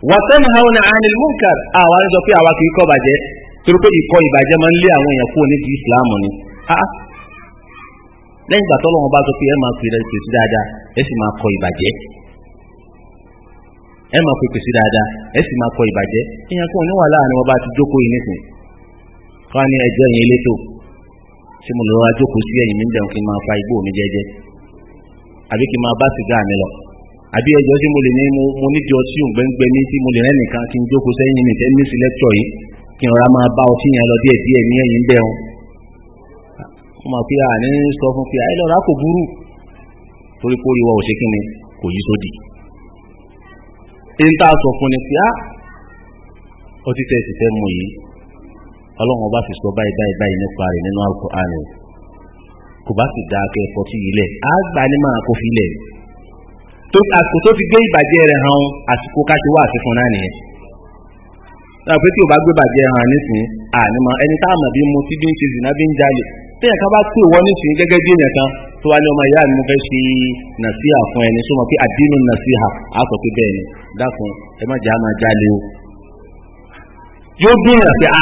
wàtẹ́ni hauna anil munkar àwa ń sọ pé àwa kì í kọ́ bàjẹ́ torí pé ìkọ́ ìbàjẹ́ máa ń lé àwọn èèyàn kúrò níbi ìsìláàmù ni. Ah, ah. lẹ́yìn ìgbà tọ́lọ́mọ bá sọ pé ẹ máa pèrè pèsè dáadáa ẹ sì máa kọ ìbàjẹ́ ẹ máa pèpè sí dáadáa ẹ sì máa kọ ìbàjẹ́ ìyẹn kúrò níwàhálà ni wọ́n bá ti jókòó yìí nísìnyí ká ní ẹjọ́ yẹn létò tí mo lọ wá jókòó sí ẹ̀yìn mi ń bẹ̀rù kí n máa fa igbó mi jẹ́jẹ́ àbí kí n máa bá sìgá mi lọ àbí ẹjọ́ tí mo lè ní mo nídìí ọtí òǹgbẹ́ngbẹ́ ní tí mo lè rẹ́ nìkan kí n jókòó sẹ́yìn mi tẹ́ sí lẹ́tọ̀ yìí kí n rọra máa bá ọtí yẹn lọ díẹ̀ díẹ̀ ní ẹ̀yìn bẹ̀rù mo máa fi àní sọ fún fi àyè lọ́ra kò burú torí kó rí wa ni kò yí sódì ń tá a sọ fún ni pé á ọtí tẹ́ ti fẹ́ mu yìí ọlọ́run ọba fi sọ báyìí báyìí báyìí nípa rẹ̀ nínú Al-Kùránì kò bá sì dáa kẹ́ tí yìí lẹ̀ á gbà ní máa kó fi lẹ̀ àsìkò tó fi gbé ìbàjẹ́ rẹ̀ hàn àsìkò káṣí wà sí fún náà nìyẹn náà pé tí o bá gbé bàjẹ́ hàn ẹni tá a mọ̀ bí mo ti ṣe téèyàn ká bá pè wọ́n nísìnyí gẹ́gẹ́ bí kan tó ní ọmọ ìyá a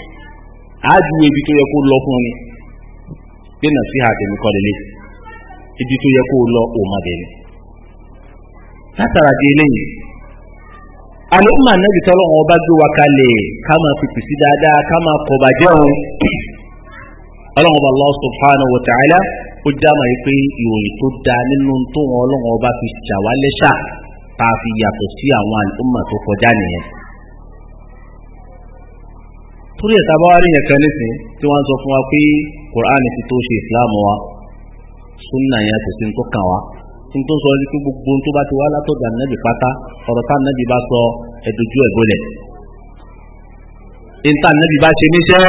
àájúwe ibi tó yẹ kó lọ fún ni pé nà sí àtẹ̀mí kọ́ lélẹ̀ ibi tó yẹ kó lọ òmàdẹ̀ni. látara di eléyìí àlùmọ̀ anábì tọ́lọ́ wọn bá gbé wa ọba Allah subhanahu wa ta'ala ó dáma yìí pé ìròyìn tó da nínú tó wọn ọba fi ṣàwálẹ́ṣà tá a fi yàtọ̀ sí àwọn tó kọjá torí ẹ̀ta bá wá rí yẹn kan nísìn tí wọ́n sọ fún wa pé kùránì ti tó ṣe ìsìláàmù wa súnà yẹn kò sí tó kàn wá tí tó sọ ní pé gbogbo tó bá ti wá látọ̀dà nẹ́bì pátá ọ̀rọ̀ tá nẹ́bì bá sọ ẹ̀dójú ẹ̀ gbọ́lẹ̀ níta nẹ́bì bá ṣe níṣẹ́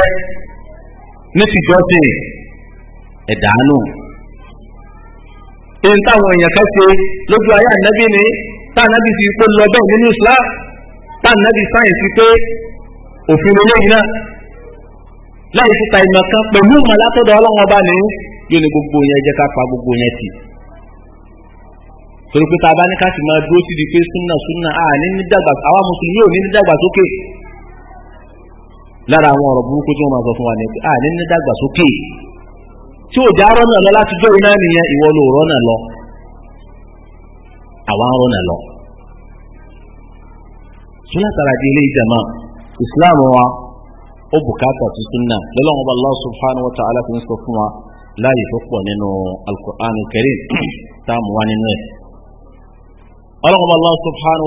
ní tìjọ́sìn ẹ̀dánù èyí táwọn èèyàn kan ṣe lójú ayé ànẹ́bì ni tá ànẹ́bì ti pé lọ nínú ìsìláàmù tá ànẹ́bì sáyẹ̀nsì òfin eléyìí náà láì fi ta ìmọ̀ kan pẹ̀lú ìmọ̀ látọ̀dọ̀ ọlọ́wọ́n bá ní yóò ní gbogbo yẹn jẹ́ ká pa gbogbo yẹn tì torí pé tá bá ní ká sì máa dúró sí di pé súnà súnà a ní ní dàgbà àwa mùsùlùmí ò ní ní dàgbà sókè lára àwọn ọ̀rọ̀ burúkú tí wọ́n máa sọ fún wa ní pé a ní ní dàgbà sókè tí ò já rọ́nà lọ láti jó iná nìyẹn ìwọ ló rọ́nà lọ àwa ń rọ́nà lọ. súnà tàràdí ilé ìjàmá. اسلام و ابكاتا السنة للهم الله سبحانه وتعالى في نسكفهما لا يفقه من القرآن الكريم تام وانينو للهم الله سبحانه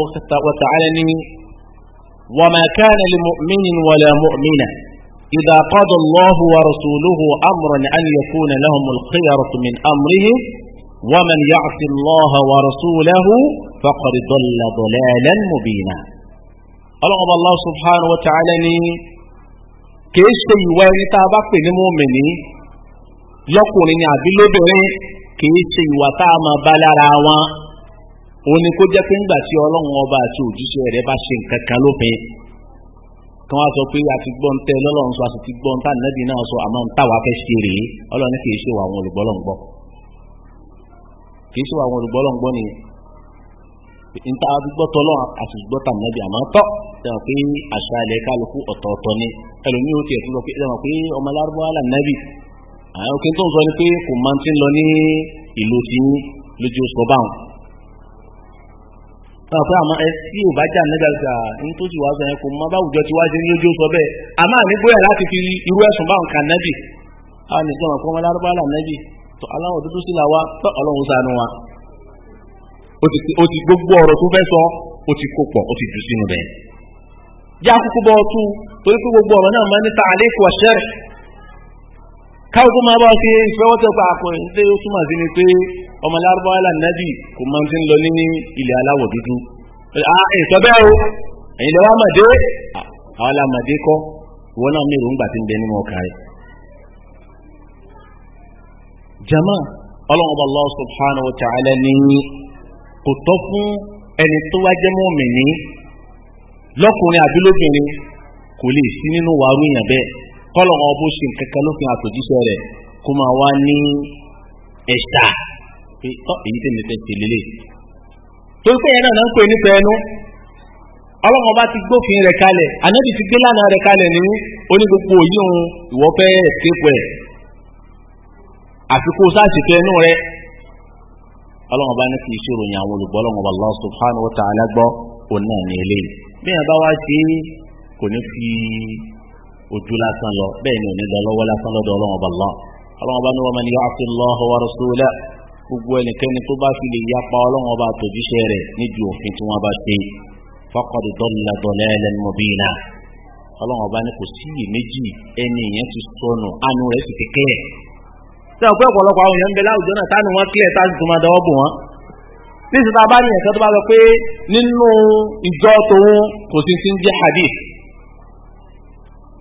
وتعالى نمي وما كان لمؤمن ولا مؤمنة إذا قضى الله ورسوله أمرا أن يكون لهم الخيرة من أمره ومن يعص الله ورسوله فقد ضل ضلالا مبينا ọlọ́run Allah subhanahu wa ta'ala ni kìí ṣe ìwà ẹni tá a bá pè ní mùmínì lọ́kùnrin ni àbí lóbìnrin kìí ṣe ìwà tá a máa bá lára wọn òun ni kó jẹ́ pé ńgbà tí ọlọ́run ọba àti òjíṣẹ́ rẹ̀ bá ṣe nǹkan kan lópin kan wá sọ pé a ti gbọ́ tẹ lọ́lọ́run sọ a sì ti gbọ́ ń nẹ́bí náà sọ àmọ́ ń táwa fẹ́ ṣe rèé ọlọ́run kìí ṣe wà àwọn olùgbọ́lọ́ngbọ́ kìí ṣe wà àwọn olùgbọ́lọ́ngbọ́ nìyẹn nta gbọ́tọ̀ lọ́wọ́ àti gbọ́tà nàbì àmọ́ tọ́ sẹ́wọ̀n pé àṣà ilẹ̀ kálukú ọ̀tọ̀ọ̀tọ̀ ni ẹlòmíì ó tiẹ̀ tún lọ pé sẹ́wọ̀n pé ọmọ alárúbáwá là nàbì àwọn òkè tó ń sọ ni pé kò máa ti ń lọ ní ìlú ti ń lójú sọ báwọn. sẹ́wọ̀n pé àmọ́ ẹ tí ò bá jà nàbì àgbà ní tó sì wá sọ yẹn kò mọ báwùjọ ti wájú ní lójú sọ bẹ́ẹ̀ àmọ́ àní bóyá láti fi irú ẹ̀sùn báwọn kan nàbì àwọn ìṣẹ́ wọn kọ́ ọmọ alárúbáwá là nàbì ó ti gbogbo ọrụ tó fẹ́ sọ ó ti kó pọ̀ Dị ti jù sínú bẹ́ẹ̀. bí akókó gbogbo ọrụ náà máa ní tààlẹ́ kò ṣẹ́rẹ̀ káwọn tó máa bá ṣe ìfẹ́wọ́tẹ̀ pa àkùnrin sí ni pé ọmọ lárúbáwá kò máa ti lọ ní dúdú. o ẹ̀yin lọ́wọ́ àmàdé àwọn làmàdé kọ́ ìwọ náà mérò ńgbà tí ń bẹ nínú ọkà jama ọlọ́run ọba Allah kò tọ́ fún ẹni tó wá jẹ́ mùmínì lọ́kùnrin àbí lóbìnrin kò lè sí nínú wàrú yàn bẹ́ẹ̀ kọ́lọ̀ wọn bó ṣe nǹkankan rẹ̀ kó máa wá ní ẹ̀ṣà pé tọ́ èyí tẹ̀lé torí pé náà ń pè ẹnu ti gbófin rẹ̀ kalẹ̀ ànábì ti gbé lánàá rẹ̀ kalẹ̀ ní onígbogbo òyìn òun ọlọ́run bá ní kì í ṣòro yẹn àwọn olùgbọ́ ọlọ́run ọba Allah subhanahu wa ta'ala gbọ́ òun náà ní eléyìí bí yẹn bá wá ṣe é kò ní fi ojú lásán lọ bẹ́ẹ̀ ni ò ní lọ lọ́wọ́ lásán lọ́dọ̀ ọlọ́run ọba Allah ọlọ́run ọba ní wa man ya'si Allah wa rasulahu gbogbo ẹnikẹ́ni tó bá fi lè yapa ọlọ́run bá ṣe rẹ̀ tẹ́ ọ̀pẹ́ ọ̀pọ̀lọpọ̀ àwọn èèyàn ń bẹ láwùjọ náà tánu wọn kílẹ̀ tá tó máa dọwọ́ bò wọ́n ní ìsìta bá ní ẹ̀sẹ̀ tó bá sọ pé nínú ìjọ tòun kò sí sí ń jẹ́ hadith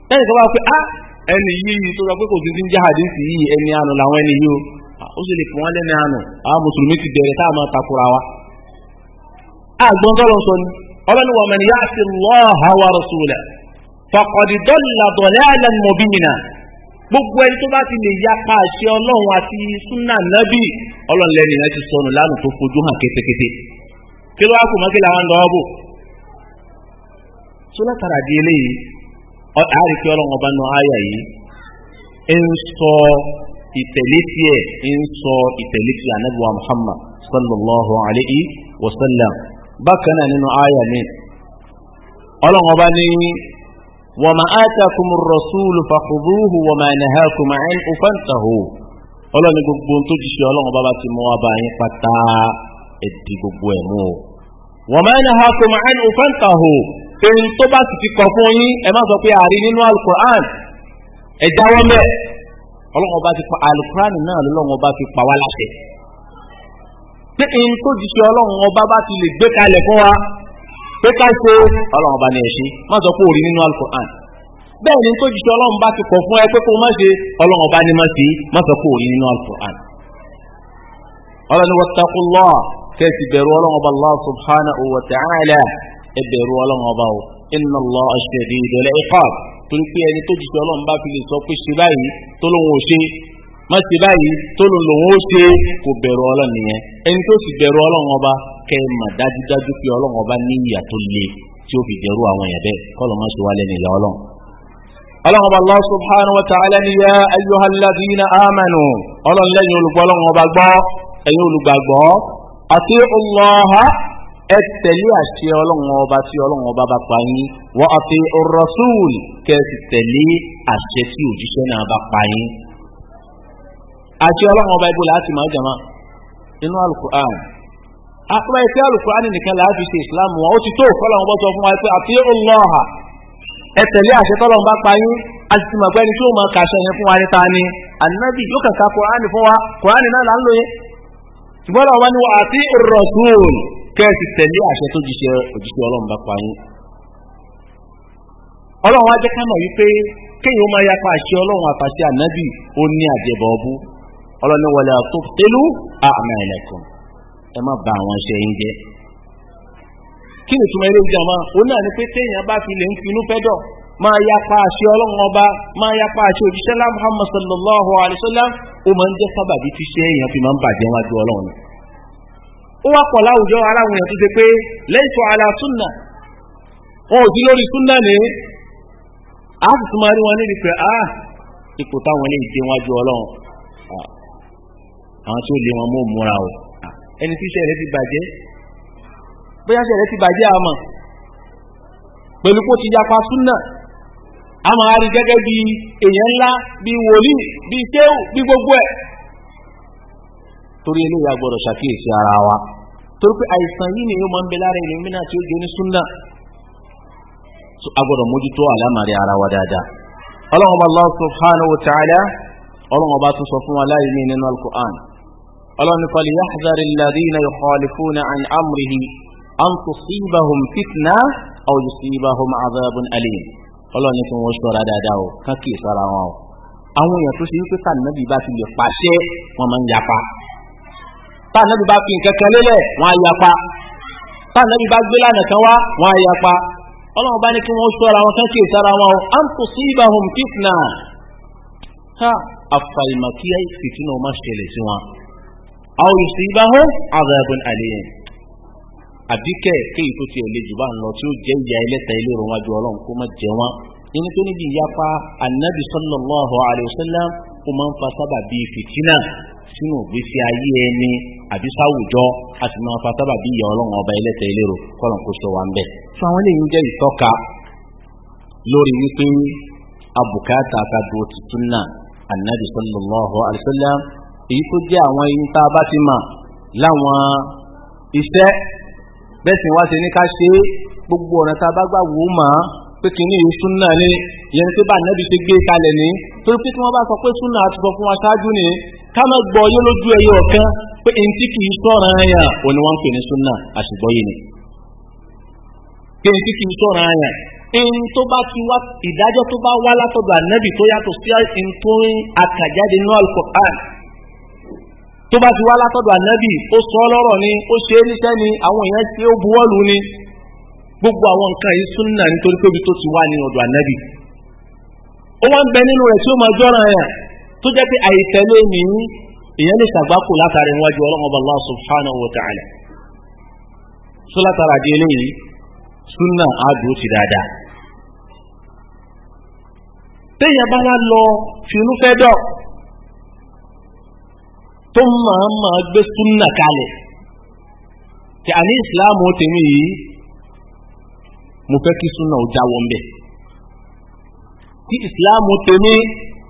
lẹ́yìn tó bá pé ah, ẹni tó pé kò sí sí ń jẹ́ yìí ẹni làwọn ẹni ah, ó sì lè fún wọn lẹ́ni àwọn mùsùlùmí ti bẹ̀rẹ̀ máa takura wa ah, sọ ni gbogbo ẹni tó bá ti lè yapa àṣẹ ọlọ́run àti súnà nábì ọlọ́run lẹ́nu yẹn ti sọnù lánàá tó fojú hàn kétékété kí ló wá kò mọ́ kí làwọn lọ́wọ́ bò sọlá tara di eléyìí àárín kí ọlọ́run ọba náà áyà yìí Muhammad sallallahu alayhi wa sallam bákan náà nínú mi ọlọ́run ọba wama atakum ar-rasulu fakhudhuhu wama nahakum anhu fantahu ọlọ́ni gbogbo tó ti ṣe ọlọ́run bàbá ti mú wá bá yín pátá ẹ̀dì gbogbo ẹ̀ mú o wama nahakum anhu fantahu ohun tó bá sì ti kọ̀ fún yín ẹ má sọ pé àárín nínú alukur'an ẹ jáwọ́ mẹ́ ọlọ́run bá ti pa alukur'an náà lọ́lọ́run bá fi pa wá láṣẹ pé ohun tó ti ṣe ọlọ́run ọba bá ti lè gbé kalẹ̀ fún wa pé ká ṣe ọlọ́run ọba ni ẹ̀ ṣe má sọ pé òrí nínú alukur'an bẹ́ẹ̀ ni tó jíṣẹ́ ọlọ́run bá ti kọ̀ fún ẹ pé kó má ṣe ọlọ́run ọba ni má ṣe má sọ pé òrí nínú alukur'an. ọlọ́ni wọ́tàkùlọ́ kẹ́sì bẹ̀rù ọlọ́run ọba Allah subhanahu wa ta'ala ẹ bẹ̀rù ọlọ́run ọba o inna Allah shadidul iqab tó ń pè ẹni tó jíṣẹ́ ọlọ́run bá fi lè sọ pé ṣe báyìí tó lóun ò ṣe ma ṣe báyìí tó lò lòun ó ṣe kò bẹ̀rù ọlọ́run nìyẹn ẹni tó sì bẹ̀rù ọlọ́run ọba kẹ́ ẹ mà dájúdájú pé ọlọ́run ọba ní ìyà tó le tí ó fi dẹ̀rù àwọn èèyàn bẹ́ẹ̀ kọ́lọ́ ya lẹ́yìn olùgbọ́ àti ọlọ́run ọba ibo láti máa jama inú alukur'an àpá ẹ̀fẹ́ alukur'an nìkan láti ṣe islam wọn ó ti tó fún wa pé àti ọlọ́ọ̀hà ẹ tẹ̀lé àṣẹ tọ́lọ̀ bá pa a ti mọ̀ pé ẹni tí ó máa kàṣẹ yẹn fún wa níta ni anabi yóò kur'an fún wa kur'an náà là ń lò ṣùgbọ́n àti rọ̀sùn kẹ́ẹ̀sì tẹ̀lé àṣẹ tó ọlọ́run bá ọlọ́run ọlọ́ni wọlé àtúntẹ́lú àmàlẹ́kùn ẹ má bà àwọn ṣe yín jẹ́ kí ni túnmọ̀ eré ìjà a náà ni pé téèyàn bá fi lè ń finú fẹ́dọ̀ máa yapa àṣẹ ọlọ́run ọba máa àṣẹ òjíṣẹ́ lá muhammad sallallahu alayhi wa sallam ó máa ń jẹ́ sábàbí tí ṣe èèyàn fi máa ń bàjẹ́ wájú ọlọ́run ó ṣe pé lẹ́yìn ala sunna wọn ò sí sunna ni a sì tún máa rí wọn níbi pé ah ipò táwọn àwọn tí ó lé wọn mú múra o ẹni tí iṣẹ́ ti bàjẹ́ bóyá iṣẹ́ rẹ̀ ti bàjẹ́ àmọ́ pẹ̀lú kó ti yapa súnà àmọ́ àárí gẹ́gẹ́ bí èèyàn ńlá bí wòlíì bí tẹ́wù bí gbogbo ẹ̀ torí eléyà gbọ́dọ̀ ṣàkíyèsí ara wa torí pé àìsàn yìí ni yóò máa ń bẹ lára ìlú mìíràn tí ó gé ní súnà a gbọ́dọ̀ mójútó àlámàrí ara wa dáadáa ọlọ́run ọba wa ọlọ́run ọba tún ọlọ́ni falyahdhar alladhina yukhalifuna an amrihi an tusibahum fitna aw yusibahum adhabun alim ọlọ́ni fún wọn ṣọ́ra dáadáa o kán kì í sára wọn o àwọn èèyàn tó ṣe wípé tá nàbí bá ti lè pàṣẹ wọn máa ń yapa tá nàbí bá fi nǹkan kan lélẹ̀ wọn á yapa tá nàbí bá gbé lánàá kan wá wọn á yapa ọlọ́run bá ní kí wọ́n ṣọ́ra wọn kán kì í sára wọn o an tusibahum fitna ká àfàìmọ̀ kí fìtínà ó má ṣẹlẹ̀ sí wọn àwọn ìsìnbáhó azabun aliyah àbí kẹ̀kẹ́ tó tiẹ̀ lè jù bá ń lọ tí ó jẹ́ ìyá ẹlẹ́ta ilé ìrùn wájú ọlọ́run kó má jẹ wọn ẹni tó níbi ìyapa anabi sallallahu alayhi wa sallam ó máa ń fa sábà bí fìtínà sínú ìgbésí ayé ẹni àbí sáwùjọ a sì máa fa sábà bí ìyá ọlọ́run ọba ẹlẹ́ta ilé ìrùn kọ́lọ̀ kó sọ wà ń bẹ̀. fún àwọn eléyìí jẹ́ ìtọ́ka lórí wípé abùkátà ká dúró náà anabi sallallahu alayhi wa sallam èyí tó jẹ́ àwọn eyín tá a bá ti mà láwọn iṣẹ́ bẹ́sìn wá ṣe ní ká ṣe gbogbo ọ̀nà tá a bá gbà wò ó mà á pé kìíní yìí súnà ni ìyẹn pé bá nẹ́bi ṣe gbé kalẹ̀ ní torí pé tí wọ́n bá sọ pé súnà àti sọ fún wa ṣáájú ni ká má gbọ́ yóò lójú ẹyẹ ọ̀kan pé èyí tí kìí sọ̀rọ̀ ẹ̀yà òní wọ́n ń pè ní súnà àṣìgbọ́ yìí ni pé èyí tí kìí sọ̀rọ̀ ẹ̀yà èyí tó bá ti wá ìdájọ́ tó bá wá látọ̀dọ̀ ànẹ́bì tó yàtọ̀ sí tó bá ti wá látọ̀dọ̀ ànábì ó sọ lọrọ ni ó ṣe é níṣẹ́ ni àwọn èèyàn ṣe ó ni gbogbo àwọn nǹkan yìí súnà nítorí pé ibi tó ti wá ní ọ̀dọ̀ ànábì ó wá ń bẹ nínú rẹ̀ tí ó máa jọ́ra ẹ̀ tó jẹ́ pé ni èèyàn lè ṣàgbákò látàrí ọlọ́run ọba Allah subhanahu wa ta'ala tó látara di eléyìí súnà àdó ti dáadáa téèyàn bá wá lọ fínú fẹ́ tó máa máa gbé súnà kalẹ̀ tí a ní ìsìláàmù tèmi yìí mo fẹ́ kí súnà ó jáwọ́ ń bẹ̀ tí ìsìláàmù tèmi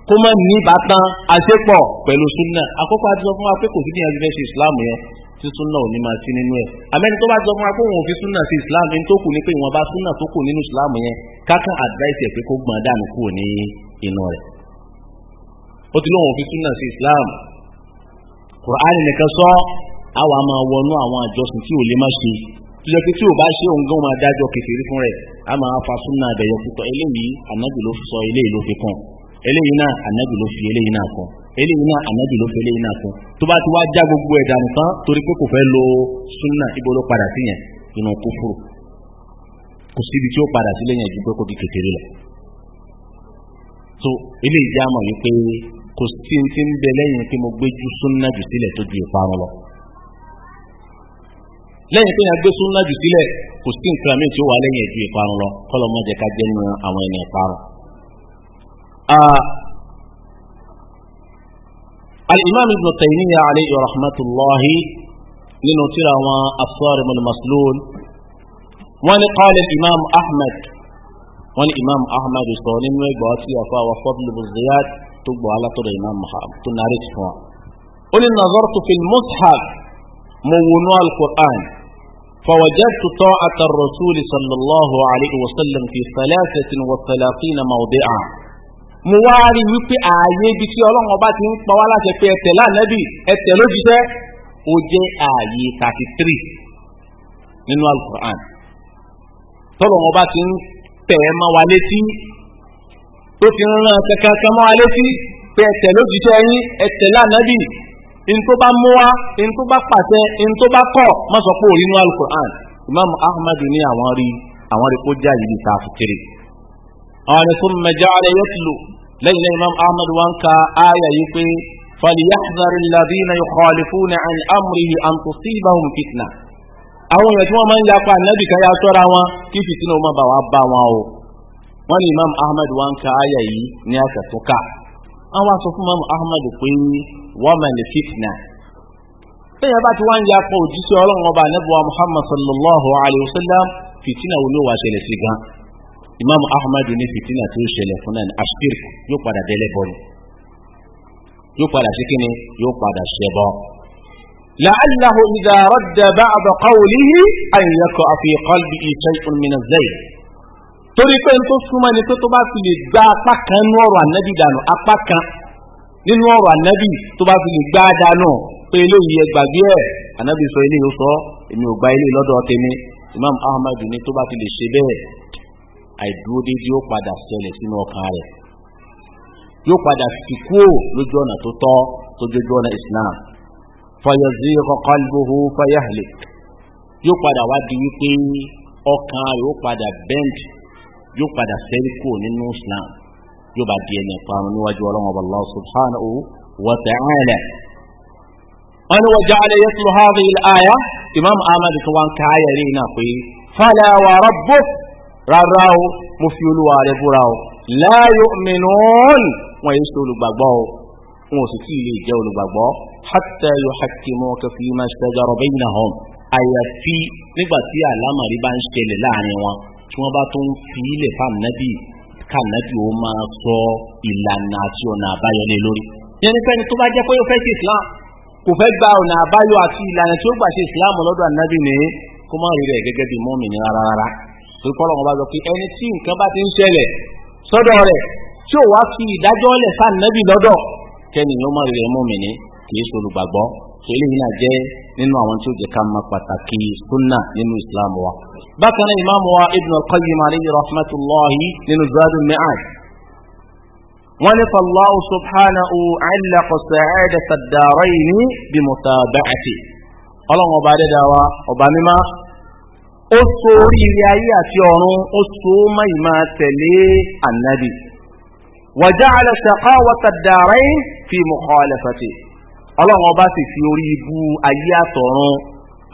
kó má ní ìbátan àṣepọ̀ pẹ̀lú súnà àkọ́kọ́ àti sọ fún wa pé kò sí ní ẹgbẹ́ ṣe ìsìláàmù yẹn tí súnà ò ní máa sí nínú ẹ̀ amẹ́ni tó bá sọ fún wa pé òun ò fi súnà sí ìsìláàmù yẹn tó kù ní pé ìwọ̀n bá súnà tó kù nínú ìsìláàmù yẹn kákan àdáìsì ẹ̀ pé kó gbọ̀n dànù kúrò ní inú rẹ̀ ó ti lóun ò fi súnà sí ìsìláàmù kùránì nìkan sọ àwa máa wọnú àwọn àjọsìn tí ò lè má ṣe tó jẹ́ pé tí ò bá ṣe òun gan máa dájọ́ kékeré fún rẹ̀ a máa fa súnà àbẹ̀yọ púpọ̀ eléyìí ànábì ló sọ eléyìí ló fi kàn eléyìí náà ànábì ló fi eléyìí náà kàn eléyìí náà ànábì ló fi eléyìí náà kàn tó bá ti wá já gbogbo ẹ̀dà nìkan torí pé kò fẹ́ lo súnà ibo ló padà sí yẹn inú kúfùrù kò síbi tí ó padà sí lẹ́yìn ẹ̀jú pé kò di kékeré lọ so eléyìí já mọ̀ wípé kò sí ti ń bẹ lẹ́yìn pé mo gbé ju súnà jù sílẹ̀ tó ju ìparun lọ. lẹ́yìn pé yẹn gbé súnà jù sílẹ̀ kò sí nǹkan míì tí ó wà lẹ́yìn ju ìparun lọ kọ́lọ́ mọ́jẹ ká jẹ́ nu àwọn ẹni ìparun. الإمام ابن تيمية عليه رحمة الله لنطير الصارم المسلول ونقال الإمام أحمد والإمام أحمد صلى الله عليه وسلم وفضل بالزياد tó gbọ́ alátọ́dọ̀ imam muhammad tó narí ti fún wa ó ní nazartu fil mushaf mo wọnú alukur'an فوجدت طاعة الرسول صلى الله عليه وسلم في ثلاثة وثلاثين موضعا mo wá rí wípé ààyè ibi tí ọlọ́run ọba ti ń pa wá láti pé ẹ̀tẹ̀ lánàbì ẹ̀tẹ̀ lójúṣẹ́ ó jẹ́ ààyè thirty three nínú alukur'an tọ́lọ́run ọba ti ń tẹ̀ ẹ́ mọ́ wa létí tó fi rán kankan kan mọ́ alé sí pé ẹ̀tẹ̀ lójúṣẹ́ yín ẹ̀tẹ̀ lánàbì in tó bá mú wá in tó bá pàṣẹ in tó bá kọ̀ má sọ pé òrínú alukur'an imam ahmad ní àwọn rí àwọn rí kó já yìí ta fìkiri. àwọn ni fún mẹjọ rẹ yóò ti lò náà imam ahmad wọn ka àyà yìí pé falyahdhari alladhina yukhalifuna an amrihi an tusibahum fitna. àwọn èèyàn tí wọ́n máa ń yapa ànábì kan yà sọ́ra wọn kí fìtínà ó má bà bá wọn o wọ́n ní imam ahmed wa ń ka àyà yìí ní àṣà tó ká àwọn aṣọ fún imam ahmed pé wọ́n mọ̀ ní fitna tẹ́yìn bá ti wá ń ya kọ òjíṣẹ́ ọlọ́run ọba anábùwà muhammad sallallahu alayhi wa sallam fitina wo ló wà ṣẹlẹ̀ sí gan imam ahmed ní fitina tó ṣẹlẹ̀ fún náà ashirk yóò padà délé bọ́ ni yóò padà sí kíni yóò padà ṣẹbọ. لعله إذا رد بعض قوله أن يقع في قلبه شيء من الزين torí pé n tó súnmọ́ ni pé tó bá fi lè gba apá kan nínú ọ̀rọ̀ ànábì dànù apá kan nínú ọ̀rọ̀ ànábì tó bá fi lè gbá dànù pé eléyìí ẹ gbàgbé ẹ̀ ànábì sọ eléyìí ó sọ èmi ò gba eléyìí lọ́dọ̀ tèmi Imam Ahmad ní tó bá fi lè ṣe bẹ́ẹ̀ àìdúró déédéé ó padà ṣẹlẹ̀ sínú ọkàn rẹ̀ yóò padà fi kúrò lójú ọ̀nà tó tọ́ tó jójú ọ̀nà Islam fayọ̀zí qalbuhu fayahlik yóò padà wá di wípé ọkàn rẹ̀ ó padà bend yóò padà sẹ́rí kó nínú islam yóò bá di ẹni parun níwájú ọlọ́run ọba allah subhanahu wa ta'ala. wọ́n ní wọ́n jẹ́ alẹ́ yẹn tún hàbí àyà imam ahmed tó wá ń ka ayẹ̀ rí náà pé fàlẹ́ wa rárá o mo fi olúwa rẹ̀ búra o la yu'minun wọn yìí sọ olùgbàgbọ́ o wọn ò sì tí ì lè jẹ́ olùgbàgbọ́ hatta yuhakkimuka fima shajara bainahum àyàfi nígbà tí àlámàrí bá ń ṣẹlẹ̀ láàrin wọn tí wọ́n bá tó ń fi ilẹ̀ fànàbí kànàbí ó máa sọ ìlànà àti ọ̀nà àbáyọ lé lórí. ẹnikẹ́ni tó bá jẹ́ pé ó fẹ́ sí islam kò fẹ́ gba ọ̀nà àbáyọ àti ìlànà tí ó gbà sí islam lọ́dọ̀ ànábì ní kó má rí rẹ̀ gẹ́gẹ́ bí mọ́mì ní rárá rárá. torí kọ́ lọ́wọ́ bá sọ pé ẹni tí nǹkan bá ti ń ṣẹlẹ̀ sọ́dọ̀ rẹ̀ tí ò wá fi ìdájọ́ lẹ̀ fànàbí lọ́dọ̀ kẹ́ni ó má rí rẹ̀ mọ́mì ní kìí ṣolùgbàgbọ́ tó eléyìí náà jẹ́ nínú àwọn tí ó jẹ́ ká mọ̀ pàtàkì sunna nínú islam wa. bákan náà ìmáàmù wa ibn al-qayyim alayhi rahmatulahi nínú zadu mi'ad. wọ́n ní fallahu subhanahu allaqa sa'adata ad-darayni bi mutaba'ati. ọlọ́run ọba dẹ́dá wa ọba mímá ó so orí ayé àti ọ̀run ó so máì máa tẹ̀lé ànábì. wàjá àlẹ́ sàkáwọ́ta ad-darayni fi mukhalafati ọlọ́run ọba sì fi orí ibu ayé àtọ̀run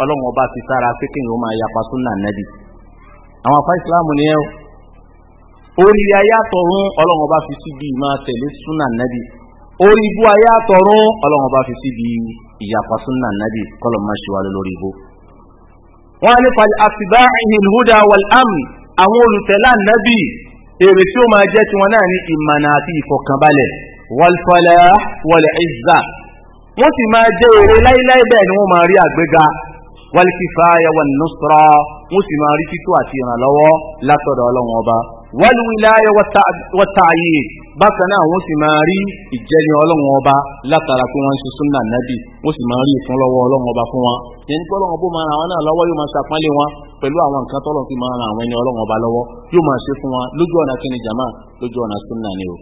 ọlọ́run ọba sì sára pé kí èèyàn máa yapa súnà nẹ́bì àwọn afá ìsìláàmù ni ẹ orí ayé àtọ̀run ọlọ́run ọba fi síbi máa tẹ̀lé súnà nẹ́bì orí ibu ayé àtọ̀run ọlọ́run ọba fi síbi ìyapa súnà nẹ́bì kọ́lọ̀ máa ṣe wà lórí ibu. wọ́n á ní falẹ̀ àfìbá ìhìn húdà wal amn àwọn olùtẹ̀lá nẹ́bì èrè tí ó máa jẹ́ tiwọn náà ní ìmànà àti ìfọ̀kànbalẹ̀ wọ́n sì máa jẹ́ èrè láíláí bẹ́ẹ̀ ni wọ́n máa rí àgbéga wal-kifaya wan-nusra wọ́n sì máa rí títú àti ìrànlọ́wọ́ látọ̀dọ̀ ọlọ́run ọba wal-wilaya wat bákan náà wọ́n sì máa rí ìjẹni ọlọ́run ọba látara pé wọ́n ń ṣe súnà nábì wọ́n sì máa rí ìfúnlọ́wọ́ ọlọ́run ọba fún wọn. yẹn tó ọlọ́run ọba máa ra àwọn náà lọ́wọ́ yóò máa ṣàpọ́nlé wọn pẹ̀lú àwọn nǹkan tọ́lọ́run fi máa ra àwọn ẹni ọlọ́run ọba lọ́wọ́ yóò máa ṣe fún wọn lójú ọ̀nà kíni jàmáà lójú ọ̀nà súnà ni o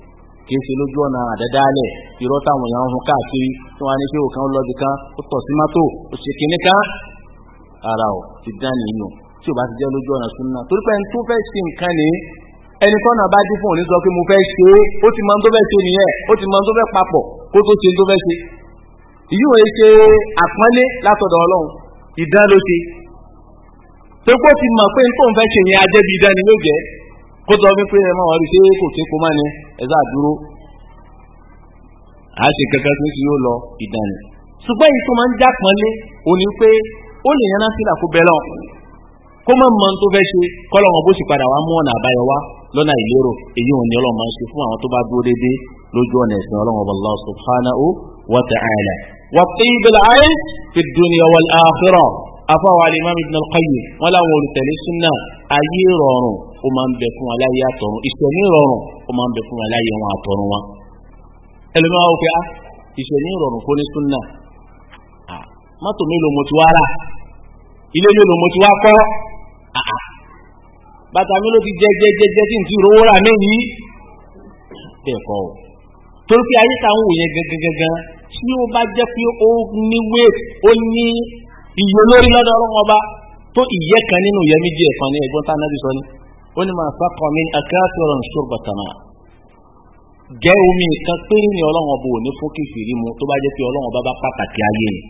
kì í ṣe lójú ọ̀nà àdẹ́dálẹ̀ irọ́ táwọn èèyàn ń hun káàkiri tí wọ́n á ní pé òkan lọ́dún kan ó tọ̀ sí mọ́tò ó ṣe kinní kan ara ò ti dán nínú tí ò bá ti jẹ́ lójú ọ̀nà súnà torí pé ẹni tó fẹ́ ṣe nǹkan ni ẹni tọ́nà bá dín fún òní sọ pé mo fẹ́ ṣe é ó ti mọ tó fẹ́ ṣe nìyẹn ó ti mọ tó fẹ́ papọ̀ kó tó ṣe tó fẹ́ ṣe ìyíwò ṣe àpọ́nlé látọ̀dọ̀ ọlọ́run ìdán ló ṣe tó ti mọ̀ pé nǹkan fẹ́ ṣe yẹn ajẹ́bi ìdán kó tọ́ wípé ẹ máa wà rí ṣé kò tí kó má ní ẹ sáà dúró a ṣe kankan tó ti yóò lọ ìdánù. ṣùgbọ́n èyí tó máa ń jápọ̀nlé òní pé ó lè yẹn náà kó bẹ́ lọ kó má mọ tó fẹ́ ṣe kọ́lọ́ wọn bó sì padà wá mú ọ̀nà àbáyọ wá lọ́nà ìlérò èyí ò ọlọ́run máa ń ṣe fún àwọn tó bá dúró déédéé lójú ọ̀nà ẹ̀sìn ọlọ́run ọba Allah subhanahu wa ta'ala. wà á tẹ́yí bẹ́lẹ̀ ayé fi dunya wal akhirah afáwọ̀ alimami ibn al-Qayyim wọn láwọn olùtẹ̀lé súnà ayé rọrùn ó máa ń bẹ fún wa láyé àtọ̀run ìṣẹ̀mí rọrùn ó máa ń bẹ fún wa láyé wọn àtọ̀run wọn ẹlòmíràn wọ́n pe á ah, ìṣẹ̀mí rọrùn kó ní súnà mọ́tò mélòó mo ti wá rà ilé mélòó mo ti wá kọ́ bàtà mélòó ti jẹ́jẹ́jẹ́jẹ́ tí n ti rówó rà méyìí bẹ́ẹ̀ kọ́ o torí pé ayé táwọn òye gangan tí ó bá jẹ́ pé ó ní wé ó ní iye lórí lọ́dọ̀ ọlọ́wọ́n ọba tó ìyẹ́ kan nínú ìyẹ́ méjì ẹ̀kan ní ẹ̀gbọ́n tá ó ní máa sákọ̀ mi akáàtúrọ̀ ṣùgbọ́ tàmà jẹ́ omi kan péré ni ọlọ́run ọba ò ní fún kìfìrí mu tó bá jẹ́ pé ọlọ́run ọba bá pàtàkì ayé ni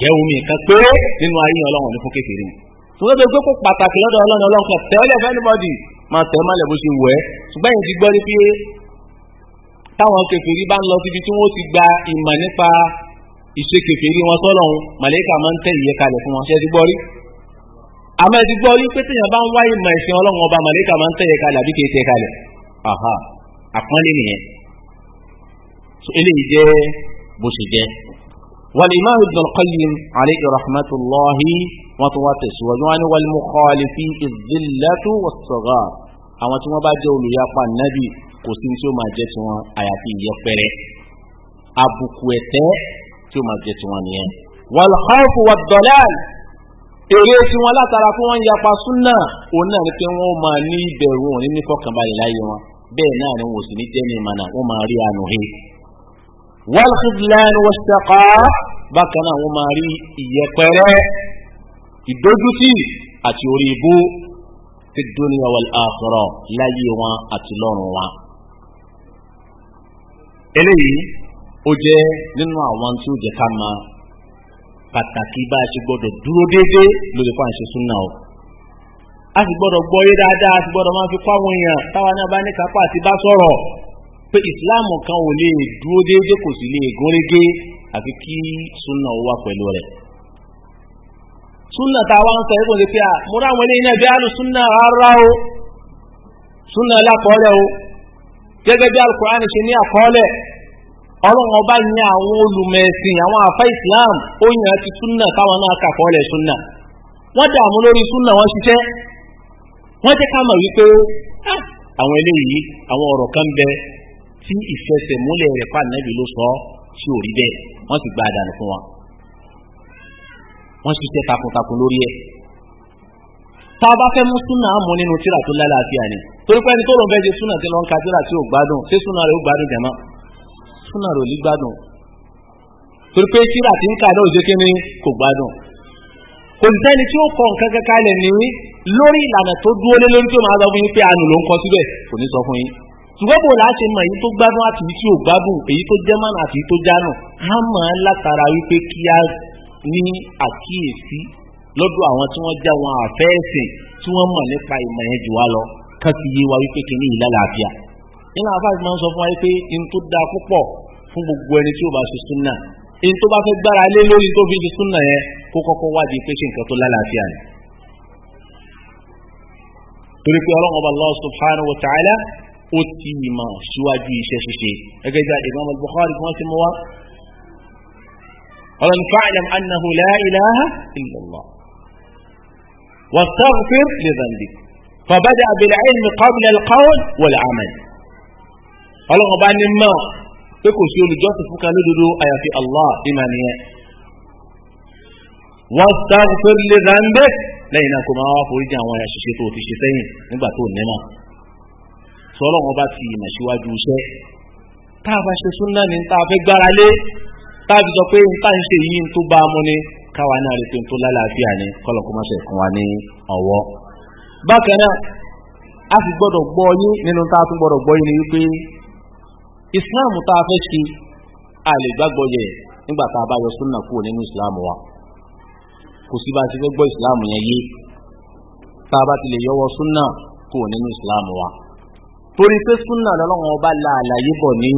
jẹ́ omi kan péré nínú ayé ọlọ́run ò ní fún kìfìrí mu ṣùgbọ́n tó gbé kó pàtàkì lọ́dọ̀ ọlọ́run ọlọ́run kan tẹ́lẹ̀ fẹ́ níbọ̀dì máa tẹ̀ mọ́lẹ̀ bó ṣe wọ̀ ẹ́ ṣùgbọ́n yìí ti gbọ́ ní pé táwọn kèfèrí bá ń lọ síbi tí wọ́n ti gba ìmọ̀ nípa ìṣe kèfèrí wọn sọ́lọ́run màlẹ́kà máa ń tẹ̀ ìyẹ́kalẹ̀ e fún wọn ṣẹ́ ti gbọ́ rí àmọ́ ẹ̀dí gbọ́ yí pé téèyàn bá ń wá ìmọ̀ ẹ̀sìn ọlọ́run ọba màlẹ́kà máa ń tẹ̀yẹ kalẹ̀ àbí kìí tẹ̀yẹ kalẹ̀ aha àpọ́nlé nìyẹn eléyìí jẹ́ bó ṣe jẹ́ والإمام ابن القيم عليه رحمة الله وطواتس وجوان والمخالفين الذلة والصغار أما تما باجة ولياقا النبي قسم تما جتما آياتي يفره أبو كويته تما جتما والخوف والضلال èrè tí wọn látara fún wọn yapa súnà òun náà ni pé wọn máa ní ìbẹ̀rù wọn ní fọkànbalẹ̀ láyé wọn bẹ́ẹ̀ náà ni wọn sì ní jẹ́ni ìmọ̀nà wọn máa rí àánú he. wal khidlan wastaqa bákan náà wọn máa rí ìyẹpẹrẹ ìdójútì àti orí ibú fi dunya wal akhirah láyé wọn àti lọ́run wọn. eléyìí ó jẹ́ nínú àwọn tí ó jẹ́ ká máa pàtàkì bá a ṣe gbọ́dọ̀ dúró déédéé lórí pa àṣẹ súnà o a sì gbọ́dọ̀ gbọ́ yé dáadáa a sì gbọ́dọ̀ máa fi kọ́ àwọn èèyàn táwa náà bá ní kápá àti bá sọ̀rọ̀ pé ìsìláàmù kan ò lè dúró déédéé kò sì lè gúnrégé àfi kí súnà ó wà pẹ̀lú rẹ̀ súnà táwa ń sọ yìí kò lè pé à mo ráwọn eléyìí náà bí àlù súnà rárá o súnà lákọọ́lẹ̀ o gẹ́gẹ́ bí àlùkùránì ọlọ́run ọba ní àwọn olùmẹ̀sìn àwọn àfa islam ó yàn ti súnà táwọn náà kà kọ́lẹ̀ súnà wọ́n dààmú lórí wọ́n ṣiṣẹ́ wọ́n jẹ́ ká mọ̀ wípé àwọn eléyìí àwọn ọ̀rọ̀ kan bẹ tí ìfẹsẹ̀múlẹ̀ rẹ̀ fànàbí ló sọ tí ò wọ́n sì gba àdánù fún wọn. wọ́n ṣiṣẹ́ takuntakun lórí ẹ̀ tá a bá fẹ́ mú mú nínú tíra tó ni torí pé ẹni tó ṣe tí gbádùn ṣé rẹ̀ ó gbádùn súnà rò ní gbádùn torí pé tíra ti ń kà náà ṣe kíni kò gbádùn kò sí sẹ́ni tí ó kọ nǹkan kankan lẹ̀ ní lórí ìlànà tó dúró lé lórí tí ó máa sọ fún yín pé àánú ló ń kọ síbẹ̀ kò ní sọ fún yín ṣùgbọ́n bò láti mọ èyí tó gbádùn àti èyí tí ò gbádùn èyí tó jẹ́ mọ́nà àti èyí tó jánù á mọ̀ látara wípé kí á ní àkíyèsí lọ́dọ̀ àwọn tí wọ́n já wọn àfẹ́ẹ̀sìn tí wọ́n mọ̀ nípa ìmọ̀ yẹn jù wá lọ ká fi yé wa wípé kí ní ìlàlàáfíà nínú àfáàsì máa ń sọ fún wa pé in tó da púpọ̀ fún gbogbo ẹni tí ó bá ṣe súnà in tó bá fẹ́ gbára lé lórí tó fi ṣe súnà yẹn kó kọ́kọ́ wádìí pé ṣe nǹkan tó lálàáfíà ni. torí pé ọlọ́run ọba Allah subhanahu wa ta'ala ó ti mọ̀ síwájú iṣẹ́ ṣíṣe gẹ́gẹ́ bí Imam al-Bukhari kan ti mú wa. ọlọ́run fa'lam annahu la ilaha illallah wastaghfir li dhanbik ọlọ́run bá ní mọ́ pé kò sí olùjọ́sìn fún kan lódodo àyàfi Allah ìmọ̀ wọ́n sá sórí lè ránbẹ́ lẹ́yìn náà kò máa wá forí jẹ àwọn àṣìṣe tó ti ṣe sẹ́yìn nígbà tó ní mọ́. sọ ọlọ́run bá ti síwájú iṣẹ́ tá a bá ṣe ni a fẹ́ gbára lé tá a fi sọ pé nta ń ṣe yìí tó bá a mú ni káwa náà rí pé tó lálàáfíà ni kọ́lọ̀ kó má ṣe a islam tá a fẹ́ ṣe a lè gbàgbọ́ yẹ nígbà tá a bá yọ súnà kúrò nínú islam wa kò sí bá a ti fẹ́ gbọ́ islam yẹn yé tá a bá ti lè yọwọ́ súnà kúrò nínú islam wa torí pé súnà lọ́lọ́wọ́n ọba la àlàyé bọ̀ ní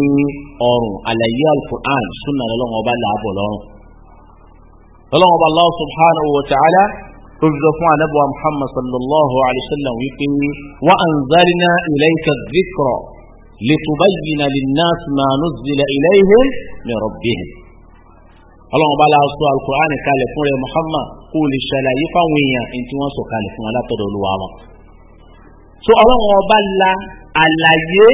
ọrùn àlàyé alukur'an súnà lọ́lọ́wọ́n ọba là bọ̀ lọ́rùn lọ́lọ́wọ́n ọba Allah subhanahu wa ta'ala tó fún anábọ̀ muhammad sallallahu alayhi wa sallam wípé wa anzalna ilayka dhikra litubayyina linnas ma nuzila ilayhim min rabbihim. ọlọ́run bá la sọ alukur'ani kalẹ̀ fún rẹ muhammad kó lè ṣàlàyé fáwọn èèyàn ní tí wọ́n sọ kalẹ̀ fún alátọ̀dọ̀ olúwa wọn. so ọlọ́run ọba la àlàyé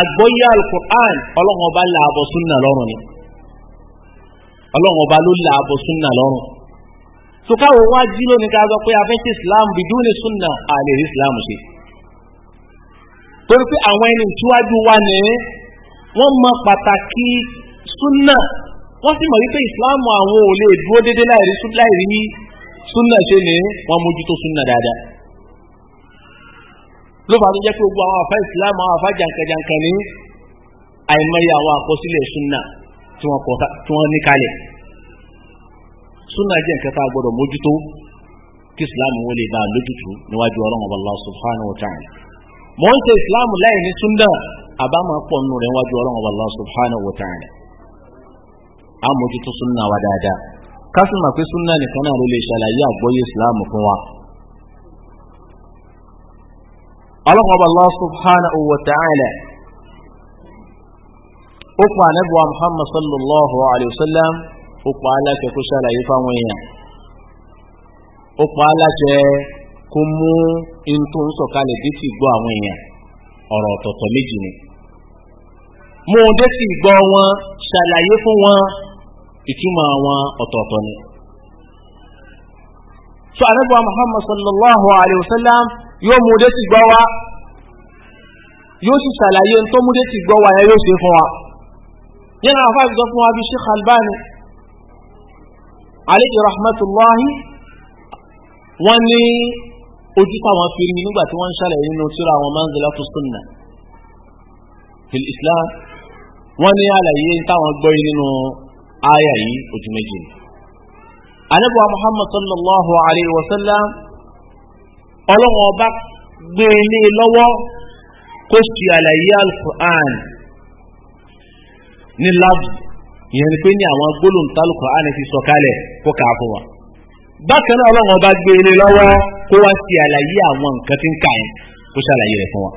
àgbọ́yé alukur'an ọlọ́run ọba la àbọ̀ súnà lọ́rùn ni ọlọ́run ọba ló la àbọ̀ súnà lọ́rùn. so káwọn wá jí lónìí ká sọ pé afẹ́ṣẹ́ islam bidúni súnà àlè islam ṣe torí pé àwọn ẹni ìtúwájú wa ní wọ́n mọ pàtàkì súnà wọ́n sì mọ̀ wípé ìsìláàmù àwọn ò lè dúró déédéé láìrí súnà ṣe ní wọ́n mójútó súnà dáadáa ló fà tó jẹ́ pé gbogbo àwọn àfá ìsìláàmù àwọn àfá jàǹkàjàǹkà ní àìmọye àwọn àkọsílẹ̀ súnà tí wọ́n ní kalẹ̀ súnà jẹ́ nǹkan tá a gbọ́dọ̀ mójútó kí ìsìláàmù wọlé bá a lójútó níwájú ọlọ́run ọba Allah subhanahu wa ta'ala mọ̀ ń ṣe ìsìláàmù láì ní súnà àbámọ̀ pọ̀ nù rẹ̀ wájú ọlọ́run ọba Allah subhanahu wa ta'ala àmójútó súnà wa dáadáa kásìmọ̀ pé súnà nìkan náà ló lè ṣàlàyé àgbọ́yé ìsìláàmù fún wa ọba Muhammad sallallahu alayhi wa sallam ó pa aláṣẹ kó ṣàlàyé fáwọn èèyàn kó mú in tó ń sọ̀kalẹ̀ dé sí gbọ́ àwọn èèyàn ọ̀rọ̀ ọ̀tọ̀ọ̀tọ̀ méjì ni mú dé sí gbọ́ wọn ṣàlàyé fún wọn ìtumọ̀ àwọn ọ̀tọ̀ọ̀tọ̀ ni so àrẹ́bọ̀ Muhammad sallallahu alayhi wa sallam yóò mú un dé sí gbọ́ wa yóò sì ṣàlàyé tó mú dé sí gbọ́ wa yẹn yóò ṣe fún wa yẹn náà fáwọn ìgbọ́ fún wa bí Sheikh Albani alayhi rahmatullahi wọ́n ní ojú táwọn fi rí nígbà tí wọ́n ń ṣàlàyé nínú tírà àwọn manzilatu sunna fil islam wọ́n ní àlàyé táwọn gbọ́ yìí nínú àyà yìí ojú méjì ni. anábọ̀ muhammad sallallahu alayhi wa sallam ọlọ́wọ́n ọba gbé ilé lọ́wọ́ kó sì àlàyé al ní lábù ìyẹn ni pé ní àwọn gbólóhùn tálùkù àná ti sọ kalẹ̀ kó kàá fún wa. bákan náà ọlọ́run ọba gbé ilé lọ́wọ́ kó wá sí àlàyé àwọn nǹkan tí ń kà yẹn kó ṣàlàyé rẹ̀ fún wa.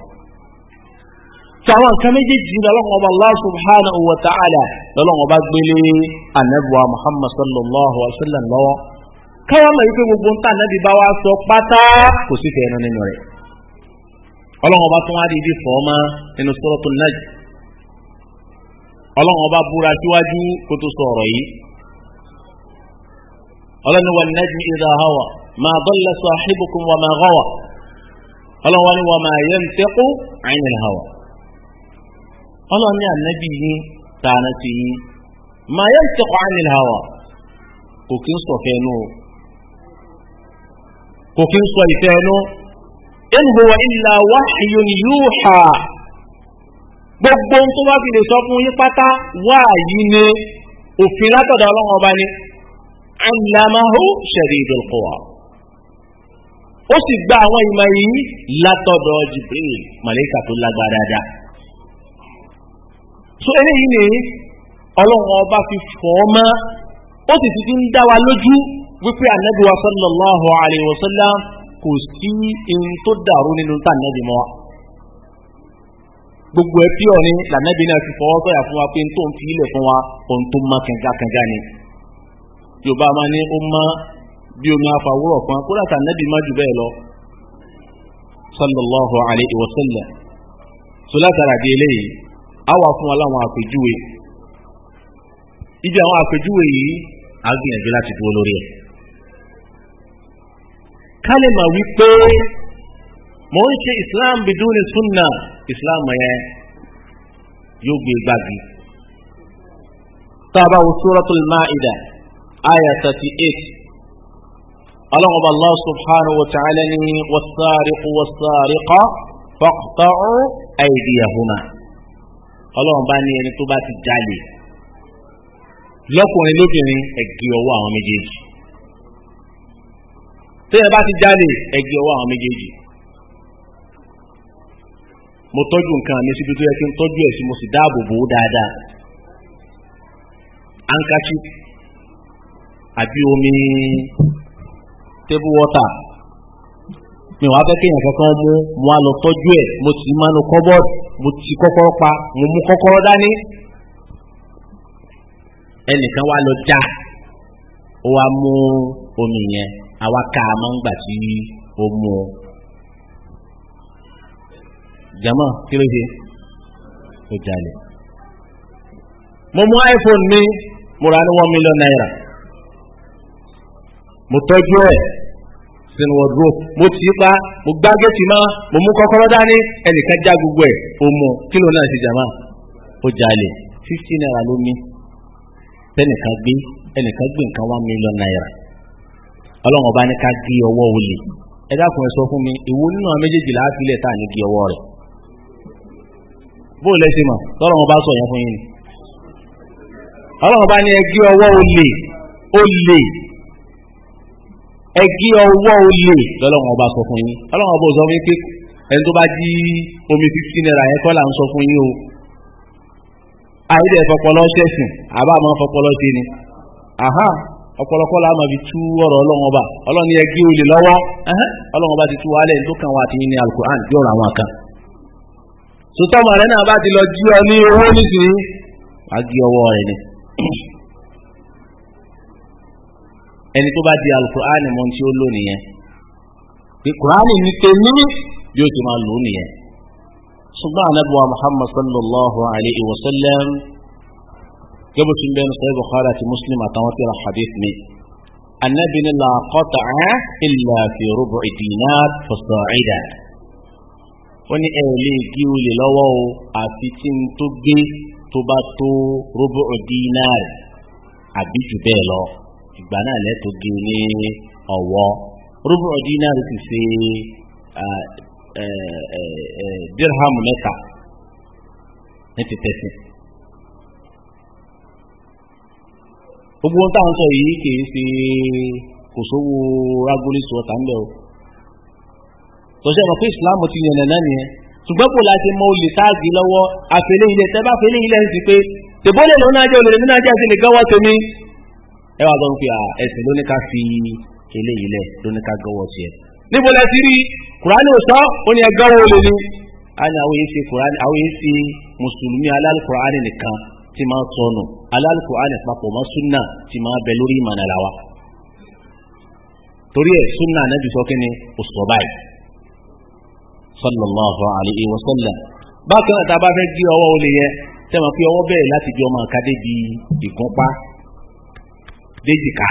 tí àwọn nǹkan méjèèjì ní ọlọ́run ọba Allah subhanahu wa ta'ala lọ́lọ́run ọba gbé anabuwa Muhammad sallallahu alaihi wa sallam lọ́wọ́. káwọn mọ̀ wípé gbogbo ń tà nábì bá wa sọ pátá kò sí ọba tún wá di ibi fọ́ọ́mà nínú ọba búra síwájú kó tó ọlọ́ni wà najmi idha hawa ma dalla sahibukum wa ma gawa ọlọ́wọ́ni wà ma yantiqu anil hawa ọlọ́ni ànábì yín tààrà sí yín ma yantiqu anil hawa kò kí ń sọ fẹ́nu kò kí ń sọ ìfẹ́nu in huwa illa wahyun yuha gbogbo ohun tó fi lè sọ fún yín pátá wáàyí ni òfin látọ̀dọ̀ ọlọ́run ọba ni. allamahu shadidul quwa ó sì gba àwọn ìmọ̀ yìí látọ̀dọ̀ Jibril màlẹ́kà tó so eléyìí ni ọba fi fọ́ ọ mọ́ ó sì ti wa sallallahu alayhi wa sallam n'inu gbogbo ẹ ọ̀ni náà fi fọwọ́ sọ̀yà fún wa pé n tó ń fi ilẹ̀ fún wa ohun tó má ni. yorùbá máa ní ó má bí omi afàwúrọ̀ kan kódà tà nẹ́bí má jù bẹ́ẹ̀ lọ sallallahu alayhi wa sallam so látara di eléyìí á wà fún wa láwọn àpèjúwe ibi àwọn àpèjúwe yìí á gbìyànjú láti dúró lórí ẹ̀ Kalima mà wípé mò ń islam bidúni sunna islam yẹn yóò gbé gbági tá a bá wo aya thirty eight ọlọ́run ọba allah subhanahu wa ta'ala ni wasaariqu wasaariqa faqta'u aydiyahuma ọlọ́run bá ní ẹni tó bá ti jalè lọ́kùnrin lóbìnrin ẹ̀gẹ́ ọwọ́ àwọn méjèèjì tẹ́yẹ bá ti jalè ẹ̀gẹ́ ọwọ́ àwọn méjèèjì mo tọ́jú nǹkan mi síbi tó yẹ kí n tọ́jú ẹ̀ sí mo sì dáàbò bò ó dáadáa ankachi àbí omi table water mi wàá fẹ́ kéèyàn kankan mú mo á lọ tọ́jú ẹ̀ mo sì máa nu kọ́bọ́ọ̀dù mo ti kọ́kọ́rọ́ pa mo mú kọ́kọ́rọ́ dání ẹnìkan wá lọ já ó wá mú omi yẹn àwa ká a máa ń gbà tí ó o jama kí ó jalè mo mú iPhone mi mo rà ní one million naira. mo tọ́jú ẹ̀ sínú wardrobe mo ti pa mo gbá géètì mọ́ mo mú kọ́kọ́rọ́ dání ẹnìkan já gbogbo ẹ̀ o mọ̀ kí ló náà ṣe jàmá jalè fifty naira ló ní tẹnìkan gbé ẹnìkan gbé nǹkan one million naira ọlọ́run ọba ní ká gé ọwọ́ olè ẹ sọ fún mi èwo nínú àwọn méjèèjì láàfilẹ̀ tá à ní gé ọwọ́ rẹ̀ bó lẹ́sẹ̀ mọ̀ tọ́lọ́run fún yín ni ọlọ́run ọba ní ẹ gé ọwọ́ olè lọ́lọ́run ọba sọ fún yín ọlọ́run ọba sọ fún yín pé ẹni tó bá jí omi fifteen naira yẹn kọ́ là ń sọ fún yín o àyẹ̀dẹ̀ fọpọlọ ṣẹ̀sìn àbá àmọ́ fọpọlọ ṣe ni aha ọ̀pọ̀lọpọ̀ la máa fi tú ọ̀rọ̀ ọlọ́run ọba ọlọ́run yẹ gé olè lọ́wọ́ ọlọ́run ọba ti tú wálẹ̀ tó kàn wá àti yín ní alukur'an yóò ra àwọn kan sotọ́mọ̀ rẹ̀ náà bá ti lọ jí ọ ní owó nísìnyí wàá gé ọwọ́ rẹ̀ ni ẹni tó bá di alukur'ani mọ́ tí ó lò nìyẹn kur'ani ní tèmi bí ó ti máa lò nìyẹn ṣùgbọ́n anabuwa muhammad sallallahu alayhi wa sallam gẹ́gẹ́ tí ń bẹ́ẹ̀ sọ bukhari àti muslim àtàwọn tí ra hadith mi anabi ni la qata'a illa fi rubu'i dinar fasa'ida wọ́n ní ẹ̀rọ lè gé olè lọ́wọ́ o àfi tí n tó gé tó bá tó rubu'u dinar àbí jù bẹ́ẹ̀ lọ ìgbà náà lẹ́tọ̀ọ́ gé ní ọ̀wọ́ rúbù dínárì ti ṣe dirhamu mẹ́ta ní ti tẹ̀sìn. gbogbo ohun táwọn sọ yìí kìí ṣe kò sówó agolísù ọ̀tá ń bẹ̀ o tọ́sẹ̀ mọ̀ pé ìsìláàmù ti yànnà náà nìyẹn ṣùgbọ́n kò láti mọ olè táàgì lọ́wọ́ àfẹlẹ́yìn ilẹ̀ bá fẹlẹ́yìn ilẹ̀ ń pé tèbólè lòun náà olè nínú ajá sí lè gọ́wọ́ tèmi ẹ wá gbọ́n pé ẹ̀sìn ló ní ká fi eléyìí lẹ̀ ló ní ká gọ́wọ́ níbo lẹ ti rí kùránì ò ó ní ẹgbẹ́ wo lè a ní àwọn èsì kùránì àwọn èsì mùsùlùmí alálùkùránì nìkan ti máa sọnù alálùkùránì papọ̀ mọ́ súnà ti máa bẹ lórí ìmọ̀nà làwa. torí ẹ̀ súnà anábì sọ kíni ò báyìí. sallallahu alayhi wa sallam bákan náà tá a bá fẹ́ gé ọwọ́ olè yẹ tẹ́wọ̀n pé ọwọ́ bẹ̀rẹ̀ láti jọ máa kadé di ìkúnpá léjìká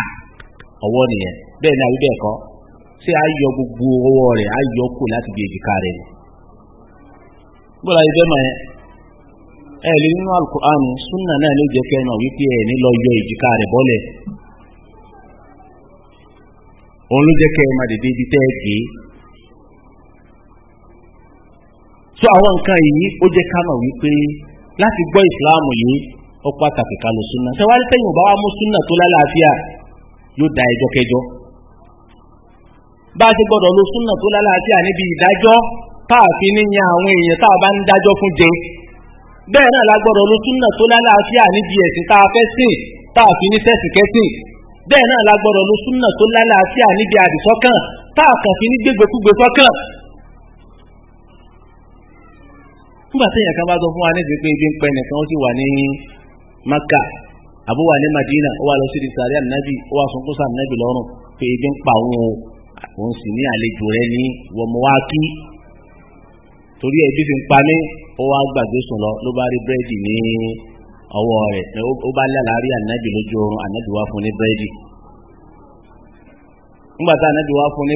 ọwọ́ nìyẹn bẹ́ẹ̀ ni àbí bẹ́ẹ̀ kọ́ a yọ gbogbo ọwọ́ rẹ̀ a kù láti bí èjìká rẹ̀ ni. gbọ́dọ̀ ayé ẹ lè nínú alukur'an sunna náà ló jẹ́ kẹ́ náà wípé lọ yọ èjìká rẹ̀ bọ́lẹ̀ òun ló jẹ́ kẹ́ máa ibi tẹ́ ẹ gé àwọn nǹkan yìí ó jẹ́ ó pàtàkì ká lo súnà sẹ́wárí tẹ́yìn ọba wa mú súnà tó lálàáfíà yóò da ẹjọ́ kẹjọ́ bá a ti gbọ́dọ̀ lo súnà tó lálàáfíà níbi ìdájọ́ táàfin níyà àwọn èèyàn tá a bá ń dájọ́ fún jẹ bẹ́ẹ̀ náà la gbọ́dọ̀ lo súnà tó lálàáfíà níbi ẹ̀sìn tá a fẹ́ sìn táàfin ní sẹ́sìn kẹ́sìn bẹ́ẹ̀ náà la gbọ́dọ̀ lo súnà tó lálàáfíà níbi àdìsọ́kàn táàkàfin ní gbégbékúgbé sọ́kàn maka àbó wà madina ó lọ sí ìsàrí ànábì ó wà sunkún sí ànábì lọ́rùn pé ebi ń pa òun o òun sì ní àlejò rẹ ní wọmọwákí torí ebi fi ń pa mí gbàgbé sùn lọ ló bá rí búrẹ́dì ní ọwọ́ rẹ̀ ó bá ànábì lójú oorun ànábì fún ní ànábì fún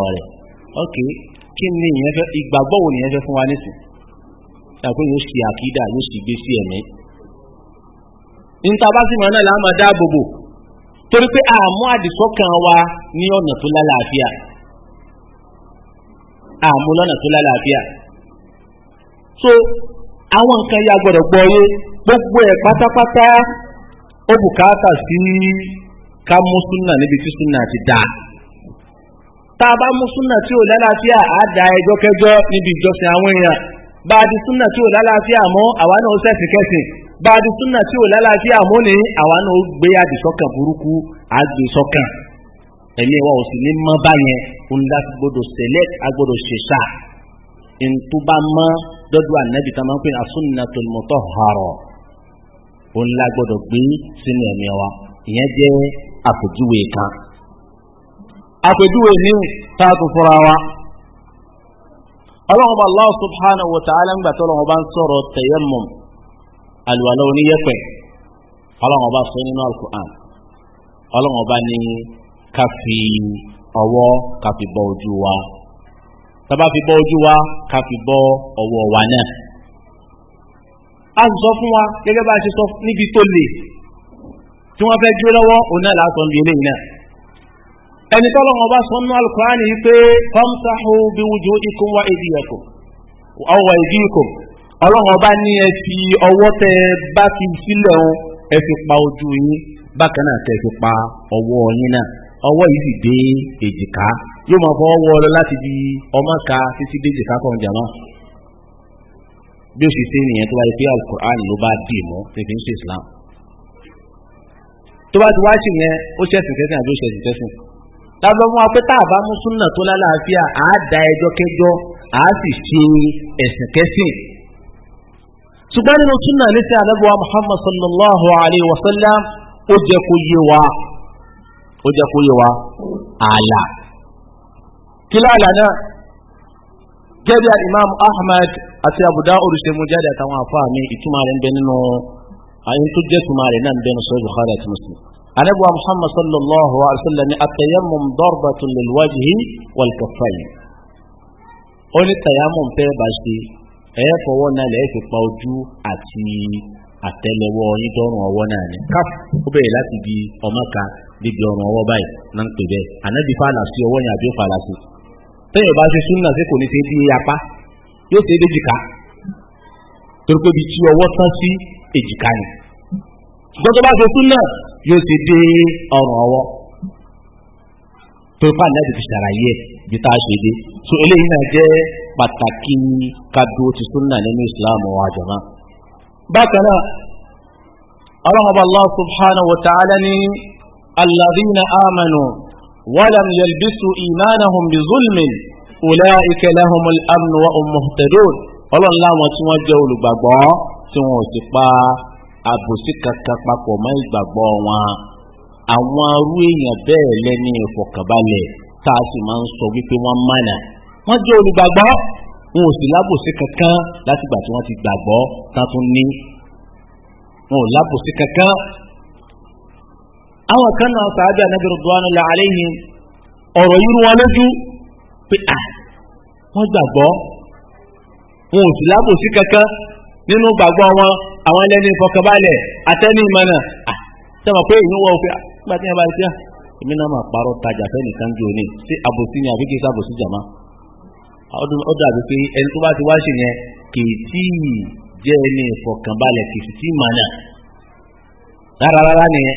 ní bá kí ni ìyẹn fẹ́ ìgbàgbọ́ wo nìyẹn fẹ́ fún wa nísìn ṣàpé yóò ṣe àkídà yóò sì gbé sí ẹ̀mí níta bá sì mọ̀ náà láàmà dáàbòbò torí pé àmú àdìsọ́kàn wa ní ọ̀nà tó lálàáfíà àmú lọ́nà tó lálàáfíà so àwọn nǹkan ya gbọ́dọ̀ gbọ́ yé gbogbo ẹ̀ pátápátá ó bùkátà sí ká mú súnà níbi tí súnà ti dáa tá a bá mú súnà tí ò lálàáfíà á da ẹjọ́ kẹjọ́ níbi ìjọsìn àwọn èèyàn bá a di súnà tí ò lálàáfíà mọ́ àwa náà sẹ̀sìn kẹsìn bá a di súnà tí ò lálàáfíà mọ́ ni àwa náà gbé àdìsọ́kàn burúkú àgbèsọ́kàn ẹ̀mí wa ò sì ní mọ́ báyẹn òun láti gbọ́dọ̀ select agbọ́dọ̀ ṣèṣà ntúbà mọ́ dọ́dọ̀ ànábì tá a máa ń pè ní asúnnatul mutahhara òun la gbọ́dọ̀ gbé sínú ẹ̀mí wa ìyẹn àpèjúwe ní tààtù fúnra wa ọlọ́run bá Allah subhanahu wa ta'ala ń gbà tó lọ́wọ́ bá ń sọ̀rọ̀ tayammum àlùwàlá oníyẹ̀pẹ̀ ọlọ́run bá sọ nínú al-Qur'an ọlọ́run bá ní ká fi ọwọ́ ká fi bọ ojú wa tá bá fi bọ ojú wa ká fi ọwọ́ wa náà a sọ fún wa gẹ́gẹ́ bá a ṣe sọ níbi tó le tí wọ́n fẹ́ dúró lọ́wọ́ òun náà làásọ̀ ń bi eléyìí náà ẹni tọ́lọ̀ wọn bá sọ nínú alukurani yìí pé kọ́msáhù bí wùjú ikú wá ìdí ẹ̀kọ́ ọwọ́ ìdí ikọ̀ ọlọ́run ọba ní ẹ fi ọwọ́ tẹ bá fi sílẹ̀ o ẹ fi pa ojú yín bákan náà tẹ fi pa ọwọ́ yín náà ọwọ́ yìí sì dé èjìká yóò máa fọwọ́ wọ ọ láti di ọmọka títí dé èjìká kan jàmọ́ bí ó sì ṣe nìyẹn tó bá pé alukurani ló bá dì mọ́ tẹ̀fín sí Islam tó bá ti wá sí yẹn ó ṣẹ̀sìn tẹ́sìn àbí ó ṣẹ̀sìn tẹ́sìn lábẹ́ fún wa pé tá a bá mú súnà tó lálàáfíà á da ẹjọ́ kẹjọ́ á sì ṣe ẹ̀sìn kẹsìn. ṣùgbọ́n nínú súnà nísìnyí alábọ̀wá Muhammad sallallahu alayhi wa sallam ó jẹ́ kó yé wa ó jẹ́ kó yé wa ààlà. kí láàlà náà gẹ́gẹ́ al-Imam Ahmad àti Abu Dawud jáde àtàwọn àfáà ìtumọ̀ rẹ̀ ń bẹ nínú àyíntó jẹ́ ìtumọ̀ rẹ̀ náà ń bẹ nínú Sahih Bukhari àti Muslim anabuwa muhammad sallallahu alaihi wa sallam ni atayammum darbatun lil wajhi wal kaffayn ó ní tayammum fẹ́ bá ṣe ẹ fọwọ́ náà lẹ́yìn fi pa ojú àti àtẹ́lẹwọ́ yín dọ́rùn ọwọ́ náà ni káf ó bẹ̀rẹ̀ láti di ọmọ kan níbi ọrùn ọwọ́ báyìí náà ń pè bẹ́ẹ̀ ànábi fàlà ọwọ́ yẹn àbí fàlà sí bá ṣe súnà sí kò ní ṣe bí apá yóò ṣe bí èjìká torí pé ibi tí ọwọ́ tán sí èjìká ni ṣùgbọ́n bá ṣe súnà yóò ti dé ọrùn ọwọ́ tó fà láti fi ṣàlàyé ẹ̀ tá a ṣe dé so eléyìí náà jẹ́ pàtàkì kádùn ti súnà nínú ìsìláàmù wa jọ̀mọ́. bákan náà ọlọ́mọba allah subhanahu wa ta'ala ní alladhina amanu walam yalbisu imanahum bi zulmin ulaika lahumul amnu wa hum muhtadun ọlọ́run tí wọ́n jẹ́ olùgbàgbọ́ tí wọ́n ò pa àbòsí kankan papọ̀ mọ́ ìgbàgbọ́ wọn àwọn arú èèyàn bẹ́ẹ̀ lẹ́ni ìfọ̀kànbalẹ̀ tá a sì máa ń sọ wípé wọ́n mànà wọ́n jẹ́ olùgbàgbọ́ wọn ò sì lábòsí kankan látìgbà tí wọ́n ti gbàgbọ́ tán tún ní wọn ò lábòsí kankan. àwọn kan náà sàábì Ànábì radwanullahi alayhim ọ̀rọ̀ yìí wọn lójú pé à wọ́n gbàgbọ́ wọn ò sì lábòsí kankan nínú gbàgbọ́ wọn àwọn ẹlẹ́ni ìfọkànbalẹ̀ àtẹ́ni ìmọ̀nà sẹ́wọ̀n ah, pé tí wọ́n bá ti èmi náà máa parọ́ tajà fẹ́ nìkan sí àbòsí ni àbí kí sá àbòsí jàmá ó dàbí pé ẹni tó bá ti wá sí yẹn kì í tí ì jẹ́ ẹni ìfọkànbalẹ̀ kì í tí ì mọ̀nà rárá rárá nìyẹn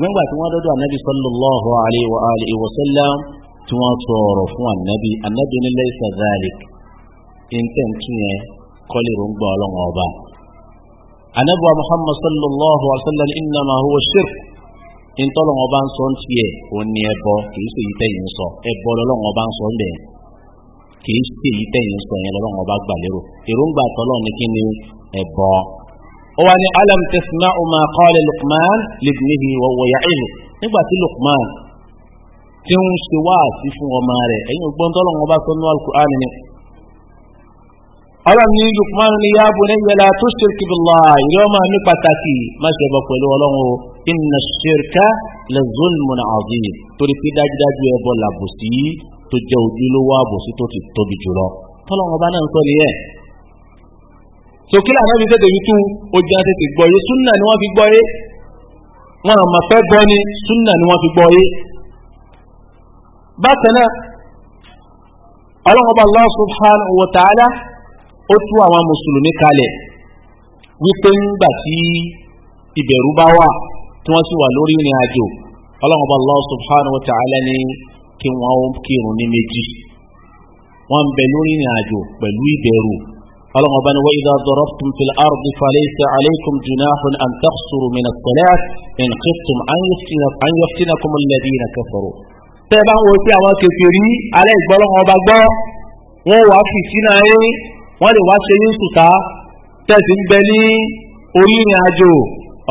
nígbà tí wọ́n dọ́dọ̀ sallallahu alayhi wa sallam tí wọ́n sọ̀rọ̀ fún anabi anabi ní laysa dhalik yẹn kọ́lé ọba anabuwa muhammad sallallahu alaihi wa sallam innama huwa shirk ntọ́lọ́wọ́n bá ń sọ ń tiẹ̀ òun ni ẹbọ kìí ṣe yìí tẹ̀yìn sọ ẹbọ lọ́lọ́wọ́n bá ń sọ ń bẹ̀ kìí ṣe yìí tẹ̀yìn sọ yẹn lọ́lọ́wọ́n bá gbà lérò èròǹgbà tọ́lọ́ ni kí ni ẹbọ. ó wà ní alam tẹsánà ọmọ akọọlẹ lukman libnihi wọwọ ya'ilu nígbà tí lukman ti ń ṣe wáàsí fún ọmọ rẹ̀ ẹ̀yin ògbọ́n tọ́lọ́wọ́n bá sọ ní alukur'an ni ọlọ́run ní lukumanu ní yaabu ní ìyẹlá tó ṣirki billahi yóò máa ní pàtàkì má ṣe bọ̀ pẹ̀lú ọlọ́run o inna ṣirka la zulmun azim torí pé dájúdájú ẹ bọ̀ làbòsí tó jẹ́ ojúlówó àbòsí tó ti tóbi jùlọ tọ́lọ́run ọba náà ń sọ nìyẹn. sòkìlà náà fi tètè yútú ojú náà tètè gbọ́ yé súnà ni wọ́n fi gbọ́ yé wọn àmọ́ fẹ́ gbọ́ ni súnà ni wọ́n fi gbọ́ yé. bákan náà ọlọ́run ọba Allah subhanahu wa ta'ala ó tú àwọn mùsùlùmí kalẹ̀ wípé ńgbà tí ìbẹ̀rù bá wà tí wọ́n sì wà lórí ìrìn àjò ọlọ́run bá Allah subhanahu wa ta'ala ní kí wọ́n kírun ní méjì wọ́n ń bẹ lórí ìrìn àjò pẹ̀lú ìbẹ̀rù ọlọ́run bá ní wa idha darabtum fil ardi falaysa alaykum junahun an taqsuru min as-salati in khiftum an yaftinakum alladhina wọ́n lè wá ṣe yín sùtá tẹ̀sí ń bẹ ní orí ìrìn àjò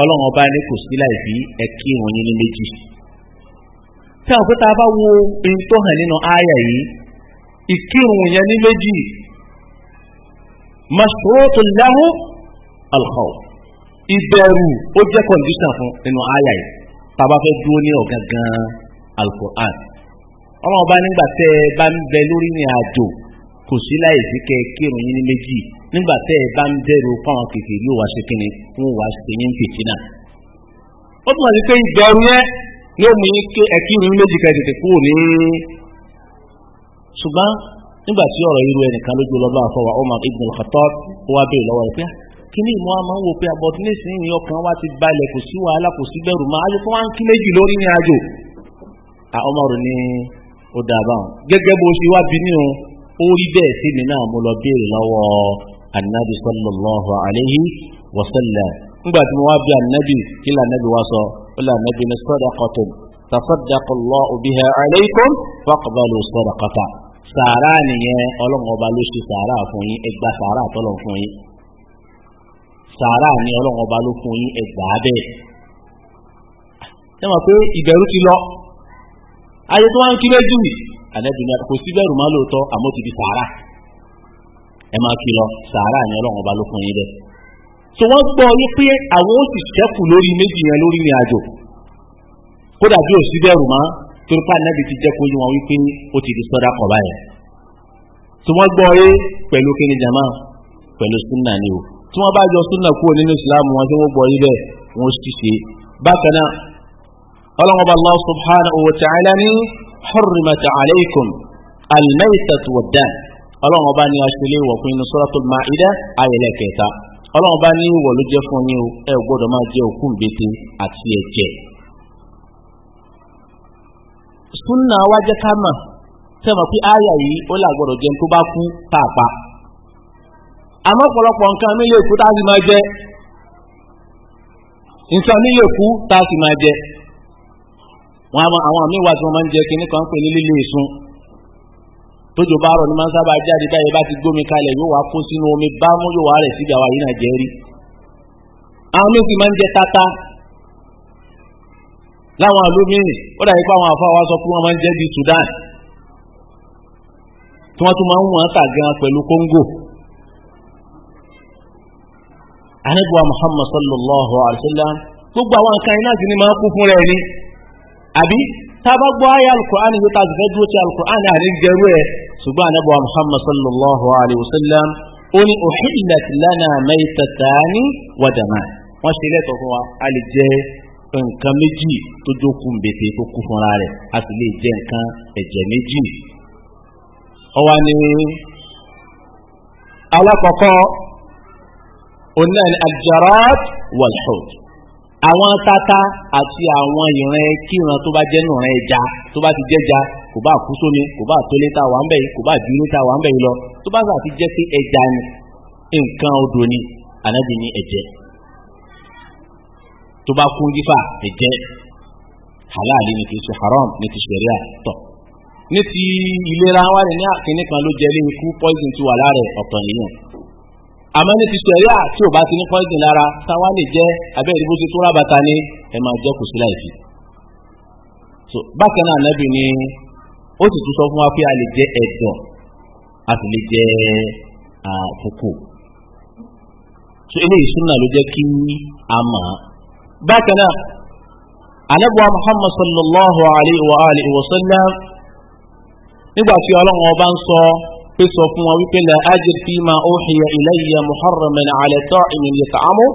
ọlọ́run ọba ní kò sí láì fi ẹ̀kí wọn yín ní méjì. tí àwọn pẹ́ta bá wo ohun tó hàn nínú àyà yìí ìkírun yẹn ní méjì masoroto lahu alkhaw ìbẹ̀rù ó jẹ́ kọ̀ǹdíṣàn fún nínú àyà yìí tàbá fẹ́ dúró ní ọ̀gángan alquran ọlọ́run ọba nígbà tẹ́ ẹ bá ń bẹ lórí ìrìn àjò kò sí láìsí kẹ kírun yín ní méjì nígbà tẹ́ ẹ bá ń bẹ̀rù fáwọn kìkì yóò wá ṣe kíni fún wá ṣe yín fìtínà.
ó tún àti pé ìbẹ̀rù
yẹn yóò mú ẹ kírun ní méjì kẹ́ẹ̀ tètè kúrò ní. ṣùgbọ́n nígbà tí ọ̀rọ̀ irú ẹnìkan lójú lọ́ba àfọwà Umar ibn Khattab ó wá bèèrè lọ́wọ́ rẹ̀ pé ah, kíní ìmọ̀ a máa ń wo pé abọ́dé ah, nísìnyí ọkàn wa ti ó rí bẹ́ẹ̀ sí mi náà mo lọ béèrè lọ́wọ́ anabi sallallahu alayhi wa sallam nígbà tí mo wá bí anabi kí lè anabi wá sọ ó lè anabi ní sadaqatun tasaddaqa Allahu biha alaykum faqbalu sadaqata sàárà nìyẹn ọlọ́run ọba ló ṣe sàárà fún yín ẹgbà sàárà tọ́lọ̀ fún yín sàárà ni ọlọ́run ló fún yín ẹgbà bẹ́ẹ̀. ṣé wọn pé ìbẹ̀rù ti lọ ayé tó wá ń kí lójú ànábì ní kò sí bẹ̀rù má lóòótọ́ àmọ́ ti di sàárà ẹ máa kí lọ sàárà yẹn ọlọ́run ọba ló fún yín bẹ́ẹ̀. tó wọ́n gbọ́ yí pé àwọn ó sì ṣẹ́kù lórí méjì yẹn lórí ìrìn àjò kódà bí ò sí bẹ̀rù má torí pé ànábì ti jẹ́ kó yín wọn wípé ó ti di sọ́dà kọ̀ báyẹn. tó wọ́n gbọ́ yé pẹ̀lú kíni jama pẹ̀lú sunna ni o tí wọ́n bá yọ sunna kúrò nínú ìsìlámù wọn tí wọ́n gbọ́ yí bẹ́ẹ̀ wọ́n ṣiṣẹ́ bákan náà ọlọ́wọ́ba Allah subhanahu wa ta'ala ní almaitat wa dan ní aṣọlẹ̀ wọ̀ fún inú suratul ma'ida ayẹlẹ̀ kẹta ọlọ́wọ́ba ní wọ̀ ló jẹ́ fún yín ẹ gbọ́dọ̀ máa jẹ òkú bètè àti ẹ̀jẹ̀. súnà wa jẹ́ ká pé àyà yìí ó là gbọ́dọ̀ jẹun tó bá kú pàápàá àmọ́ ọ̀pọ̀lọpọ̀ nǹkan tá a sì máa nǹkan wọn àwọn àwọn míì wà tí wọn máa ń jẹ kinní kan pè ní lílo ìsun tójò bá rọ̀ ní máa ń sábà jáde báyìí bá ti gbómi kalẹ̀ yóò wá kó sínú omi bámú yóò wá rẹ̀ síbi àwa yìí náà jẹ́ rí àwọn míì sì máa ń jẹ tata láwọn àlómìnì ó dàbí pé àwọn àfáà wa sọ pé wọ́n máa ń jẹ́ bíi Sudan tí wọ́n tún máa ń wọ́n tà gan pẹ̀lú Congo anabiwa Muhammad sallallahu alaihi wa sallam gbogbo àwọn nǹkan iná sì ni máa ń kú fún rẹ̀ ni àbí tábà gbọ́ ayé alukur'an yóò tàbí fẹ́ dúró ti alukur'an àní gẹrú ẹ̀ ṣùgbọ́n anábọ̀ muhammad sallallahu alayhi wa sallam ó ní uhillat lana maytatani wa daman wọ́n ṣe lẹ́tọ̀ọ́ fún wa a lè jẹ nǹkan méjì tó jókòó mbètè tó kú fúnra rẹ̀ a sì lè jẹ nǹkan ẹ̀jẹ̀ méjì. ọwọ́ ni alákọ̀ọ́kọ́ onáà ni aljarat wal àwọn tata àti àwọn ìran kíran tó bá jẹ́ nùran ẹja tó bá ti jẹ́ja kò bá kú sómi kò bá tó létà wà ń bẹ̀ yìí kò bá dúró ta wà ń bẹ̀ yìí lọ tó bá sà ti jẹ́ pé ẹja ni nǹkan odò ni ànábì ní ẹ̀jẹ̀ tó bá kún jífà ẹ̀jẹ̀ halali ni kì í ṣe haram ni ti ṣẹ̀ríà tọ̀ ní ti ìlera wa ni ní àkíní kan ló jẹ́ lé ikú poison ti wà lára ọ̀tọ̀ nìyẹn àmọ́ ní ti sẹ̀ríà tí ò bá ti ní pọ́ìsìn lára táwa lè jẹ́ abẹ́rẹ́ bó ti tún rábàtà ní ẹ máa jẹ́ kò sí láìsí. bákan náà nábì ni ó sì tún sọ fún wa pé a lè jẹ ẹ̀dọ̀ a sì lè jẹ àkókò. eléyìí súnà ló jẹ́ kí a mọ̀ á. bákan náà anábùwà Muhammad sallallahu alayhi wa alihi wa sallam nígbà tí ọlọ́run ọba ń sọ. So, pé sọ fún wa wípé la ajir fi ma uhiya ilayya muharraman ala ta'imin yata'amu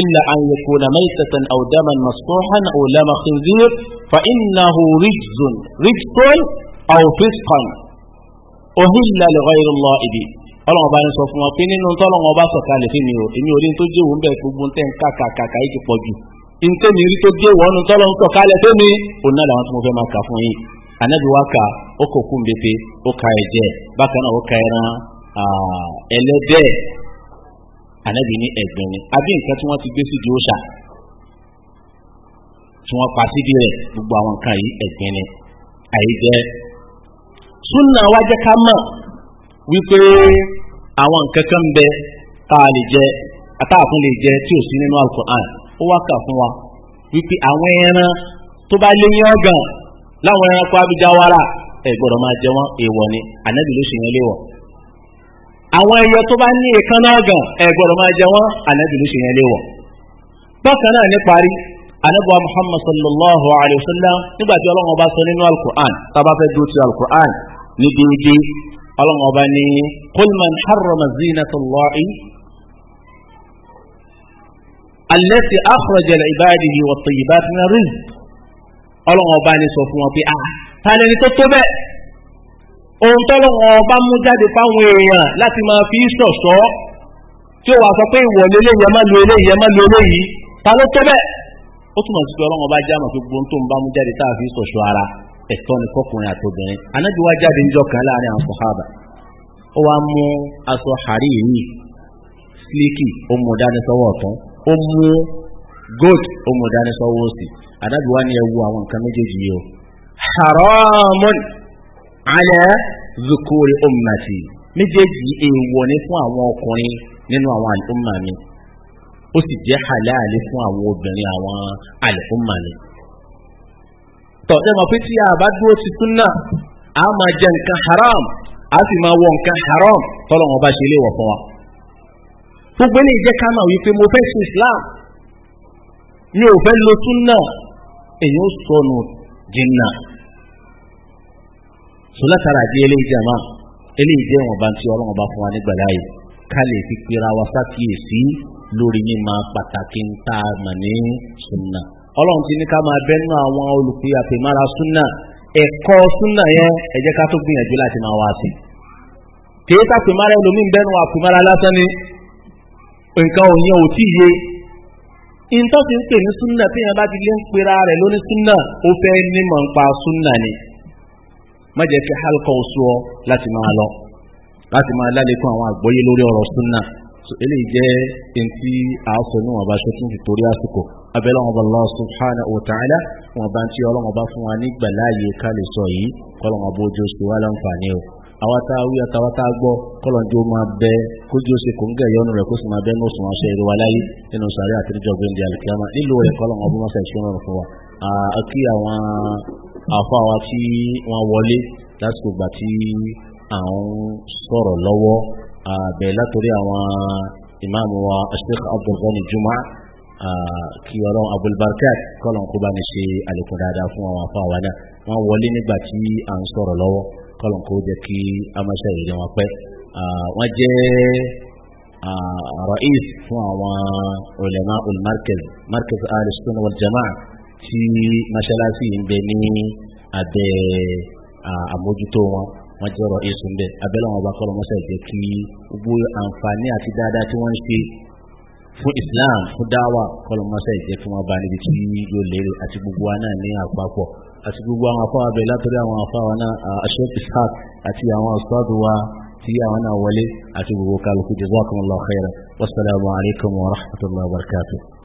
illa an yakuna maytatan aw daman masfuhan aw lama khinzir fa innahu rijzun rijzun aw fisqan uhilla li ghayri allahi bi ọlọ́run ọba ń sọ fún wa pé nínú tọ́lọ́run ọba sọ̀kalẹ̀ fún mi o èmi ò rí tó jẹ́ òun bẹ́ẹ̀ gbogbo tẹ́ ń kàkàkàkà yìí ti pọ̀ jù ntẹ́ni rí tó jẹ́ wọ́n nu tọ́lọ́run sọ̀kalẹ̀ fún mi òun náà làwọn tí mo fẹ́ máa kà fún yín ànábì ó kò kú mbépe o ka ẹ̀jẹ̀ bákan bakana o ka ẹran ẹlẹ́dẹ̀ ànábì ní ni àbí nǹkan tí wọ́n ti gbé síbi òòṣà tí wọ́n gbogbo àwọn nka yi ẹ̀gbìn ni àìjẹ́ sunna wa jẹ́ ká ma, wípé àwọn nǹkan kan taa le a jẹ le tí nínú kà fún wa wípé àwọn tó bá lé láwọn ẹ gbọ́dọ̀ máa jẹ wọ́n èèwọ̀ ni ànábì ló ṣe yẹn léwọ̀ àwọn ẹyọ tó bá ní èékánná gan ẹ gbọ́dọ̀ máa jẹ wọ́n ànábì ló ṣe yẹn léwọ̀ bákan náà ní parí anabuwa muhammad sallallahu alayhi wa sallam nígbà tí ọlọ́run ọba sọ nínú alukur'an tábà fẹ́ dúró ti alukur'an ní déédéé ọlọ́run ọba ní kulman harrama zinatallahi alẹ́sì akhrajal ibadihi wa tayyibati min rizq ọlọ́run ọba ní sọ fún wọn pé ah tàlẹ́ni tó tó bẹ́ẹ̀ ohun tọ́lọ́wọ́ bá mú jáde fáwọn èèyàn láti máa fi sọ̀sọ́ tí ó wà sọ pé ìwọ̀lé lè yẹ má lo eléyìí yẹ má lo eléyìí ta ló tó bẹ́ẹ̀ ó túmọ̀ sí pé ọlọ́wọ́ bá jáàmọ̀ tó gbóhùn tó ń bá mú jáde tá a fi sọ̀sọ́ ara ẹ̀tọ́ ni kọkùnrin àtobìnrin anájú wá jáde ń jọkàn láàrin àwọn sọ̀hábà ó wá mú aṣọ àárí yìí sílíkì ó mú dání ọ̀tún ó mú gold ó mú dání sọ́wọ́ òsì anájú wá ní ẹwu àwọn nǹkan méjèèjì yìí o haramun ala zukuri ummati méjèèjì èèwọ̀ ni fún àwọn ọkùnrin nínú àwọn àlùmọ̀ mi ó sì jẹ́ halali fún àwọn obìnrin àwọn àlùmọ̀ mi. tọ́jú mọ̀ pé tí a bá dúró ti súnà a máa jẹ nǹkan haram a sì máa wọ nǹkan haram tọ́lọ̀ wọn bá ṣe léèwọ̀ fún wa. gbogbo eléyìí jẹ́ ká máa wípé mo fẹ́ sun Islam mi ò fẹ́ lo súnà èyí ó sọnù jìnnà sọlátara àti eléyìí jàmá eléyìí jẹ́ ìwọ̀nba tí ọlọ́run bá fún wa nígbà láàyè ká lè fi pera wa sákìyèsí lórí mímọ̀ pàtàkì ń tá sunna ọlọ́run ti ní ká máa bẹ́nu àwọn olùpè àpèmára sunna ẹ̀kọ́ sunna yẹn ẹ jẹ́ ká tó gbìyànjú láti máa wá sí kì í sàpèmára ẹlòmíín bẹ́nu àpèmára lásán ni nǹkan òyìn ò tíye ìntọ́ ti ń pè ní súnà tí yẹn bá ti lé ń pera rẹ̀ lóní súnà ó fẹ́ ní mọ̀ ń pa súnà ni má jẹ́ fi hálùkọ́ oṣù ọ láti máa lọ láti máa lálẹ́kùn àwọn àgbọ́yé lórí ọ̀rọ̀ súnà eléyìí jẹ́ ntí àásọ ní wọn bá ṣe tún nítorí àsìkò abẹ́lẹ́ wọn bá lọ subhanahu wa ta'ala wọn bá ń tí ọlọ́wọ́n bá fún wa nígbà láàyè ká lè sọ yìí kọ́lọ́wọ́n bójú ṣe wá láǹfààní o àwa tá a wí àtàwa tá a gbọ́ kọ́lọ́njú máa bẹ kójú ó sì kò ń gẹ̀ yọnu rẹ̀ kó sì máa bẹ ní oṣù wọn ṣe èrè wa láyé nínú sàárẹ̀ àti níjọ́ gbẹ̀ndì àlùkìyàmá nílò rẹ̀ kọ́lọ́n ọdún mọ́sẹ̀ ìṣúná fún wa kí àwọn àfa wa tí wọ́n wọlé lásìkò ìgbà tí à ń sọ̀rọ̀ lọ́wọ́ àbẹ̀ látòrí àwọn ìmáàmù wa Sheikh Abdulghani Juma kí ọlọ́run abulbarkat kọ́lọ́n kó bá ní ṣe àlékún dáadáa fún àwọn àfa wa náà wọ́n wọlé nígbà tí à ń sọ̀rọ̀ lọ́wọ́ kọ́lọ̀ kó jẹ́ kí a máa ṣe ìrìn wọn pẹ́ wọ́n jẹ́ ra'is fún àwọn ulama al-markaz markaz al-sunnah wal jama'a tí mọ́ṣáláṣí ń bẹ ní abẹ́ àmójútó wọn wọ́n jẹ́ ra'is ń bẹ abẹ́lẹ́ wọn bá kọ́lọ̀ mọ́ṣá jẹ́ kí gbogbo àǹfààní àti dáadáa tí wọ́n ń ṣe fún islam fún dáwà kọ́lọ̀ mọ́ṣá jẹ́ kí wọ́n bá níbi tí yóò lérè àti gbogbo wa náà ní àpapọ̀ àti gbogbo àwọn afọ́ abẹ látọ̀rí àwọn afọ́ àwọn aṣọ ishaq àti àwọn ọ̀sọ́dù wa tí
àwọn náà wọlé àti gbogbo kálukú jazakumullahu khairan wasalaamu alaykum wa rahmatullahi wa barakatuh.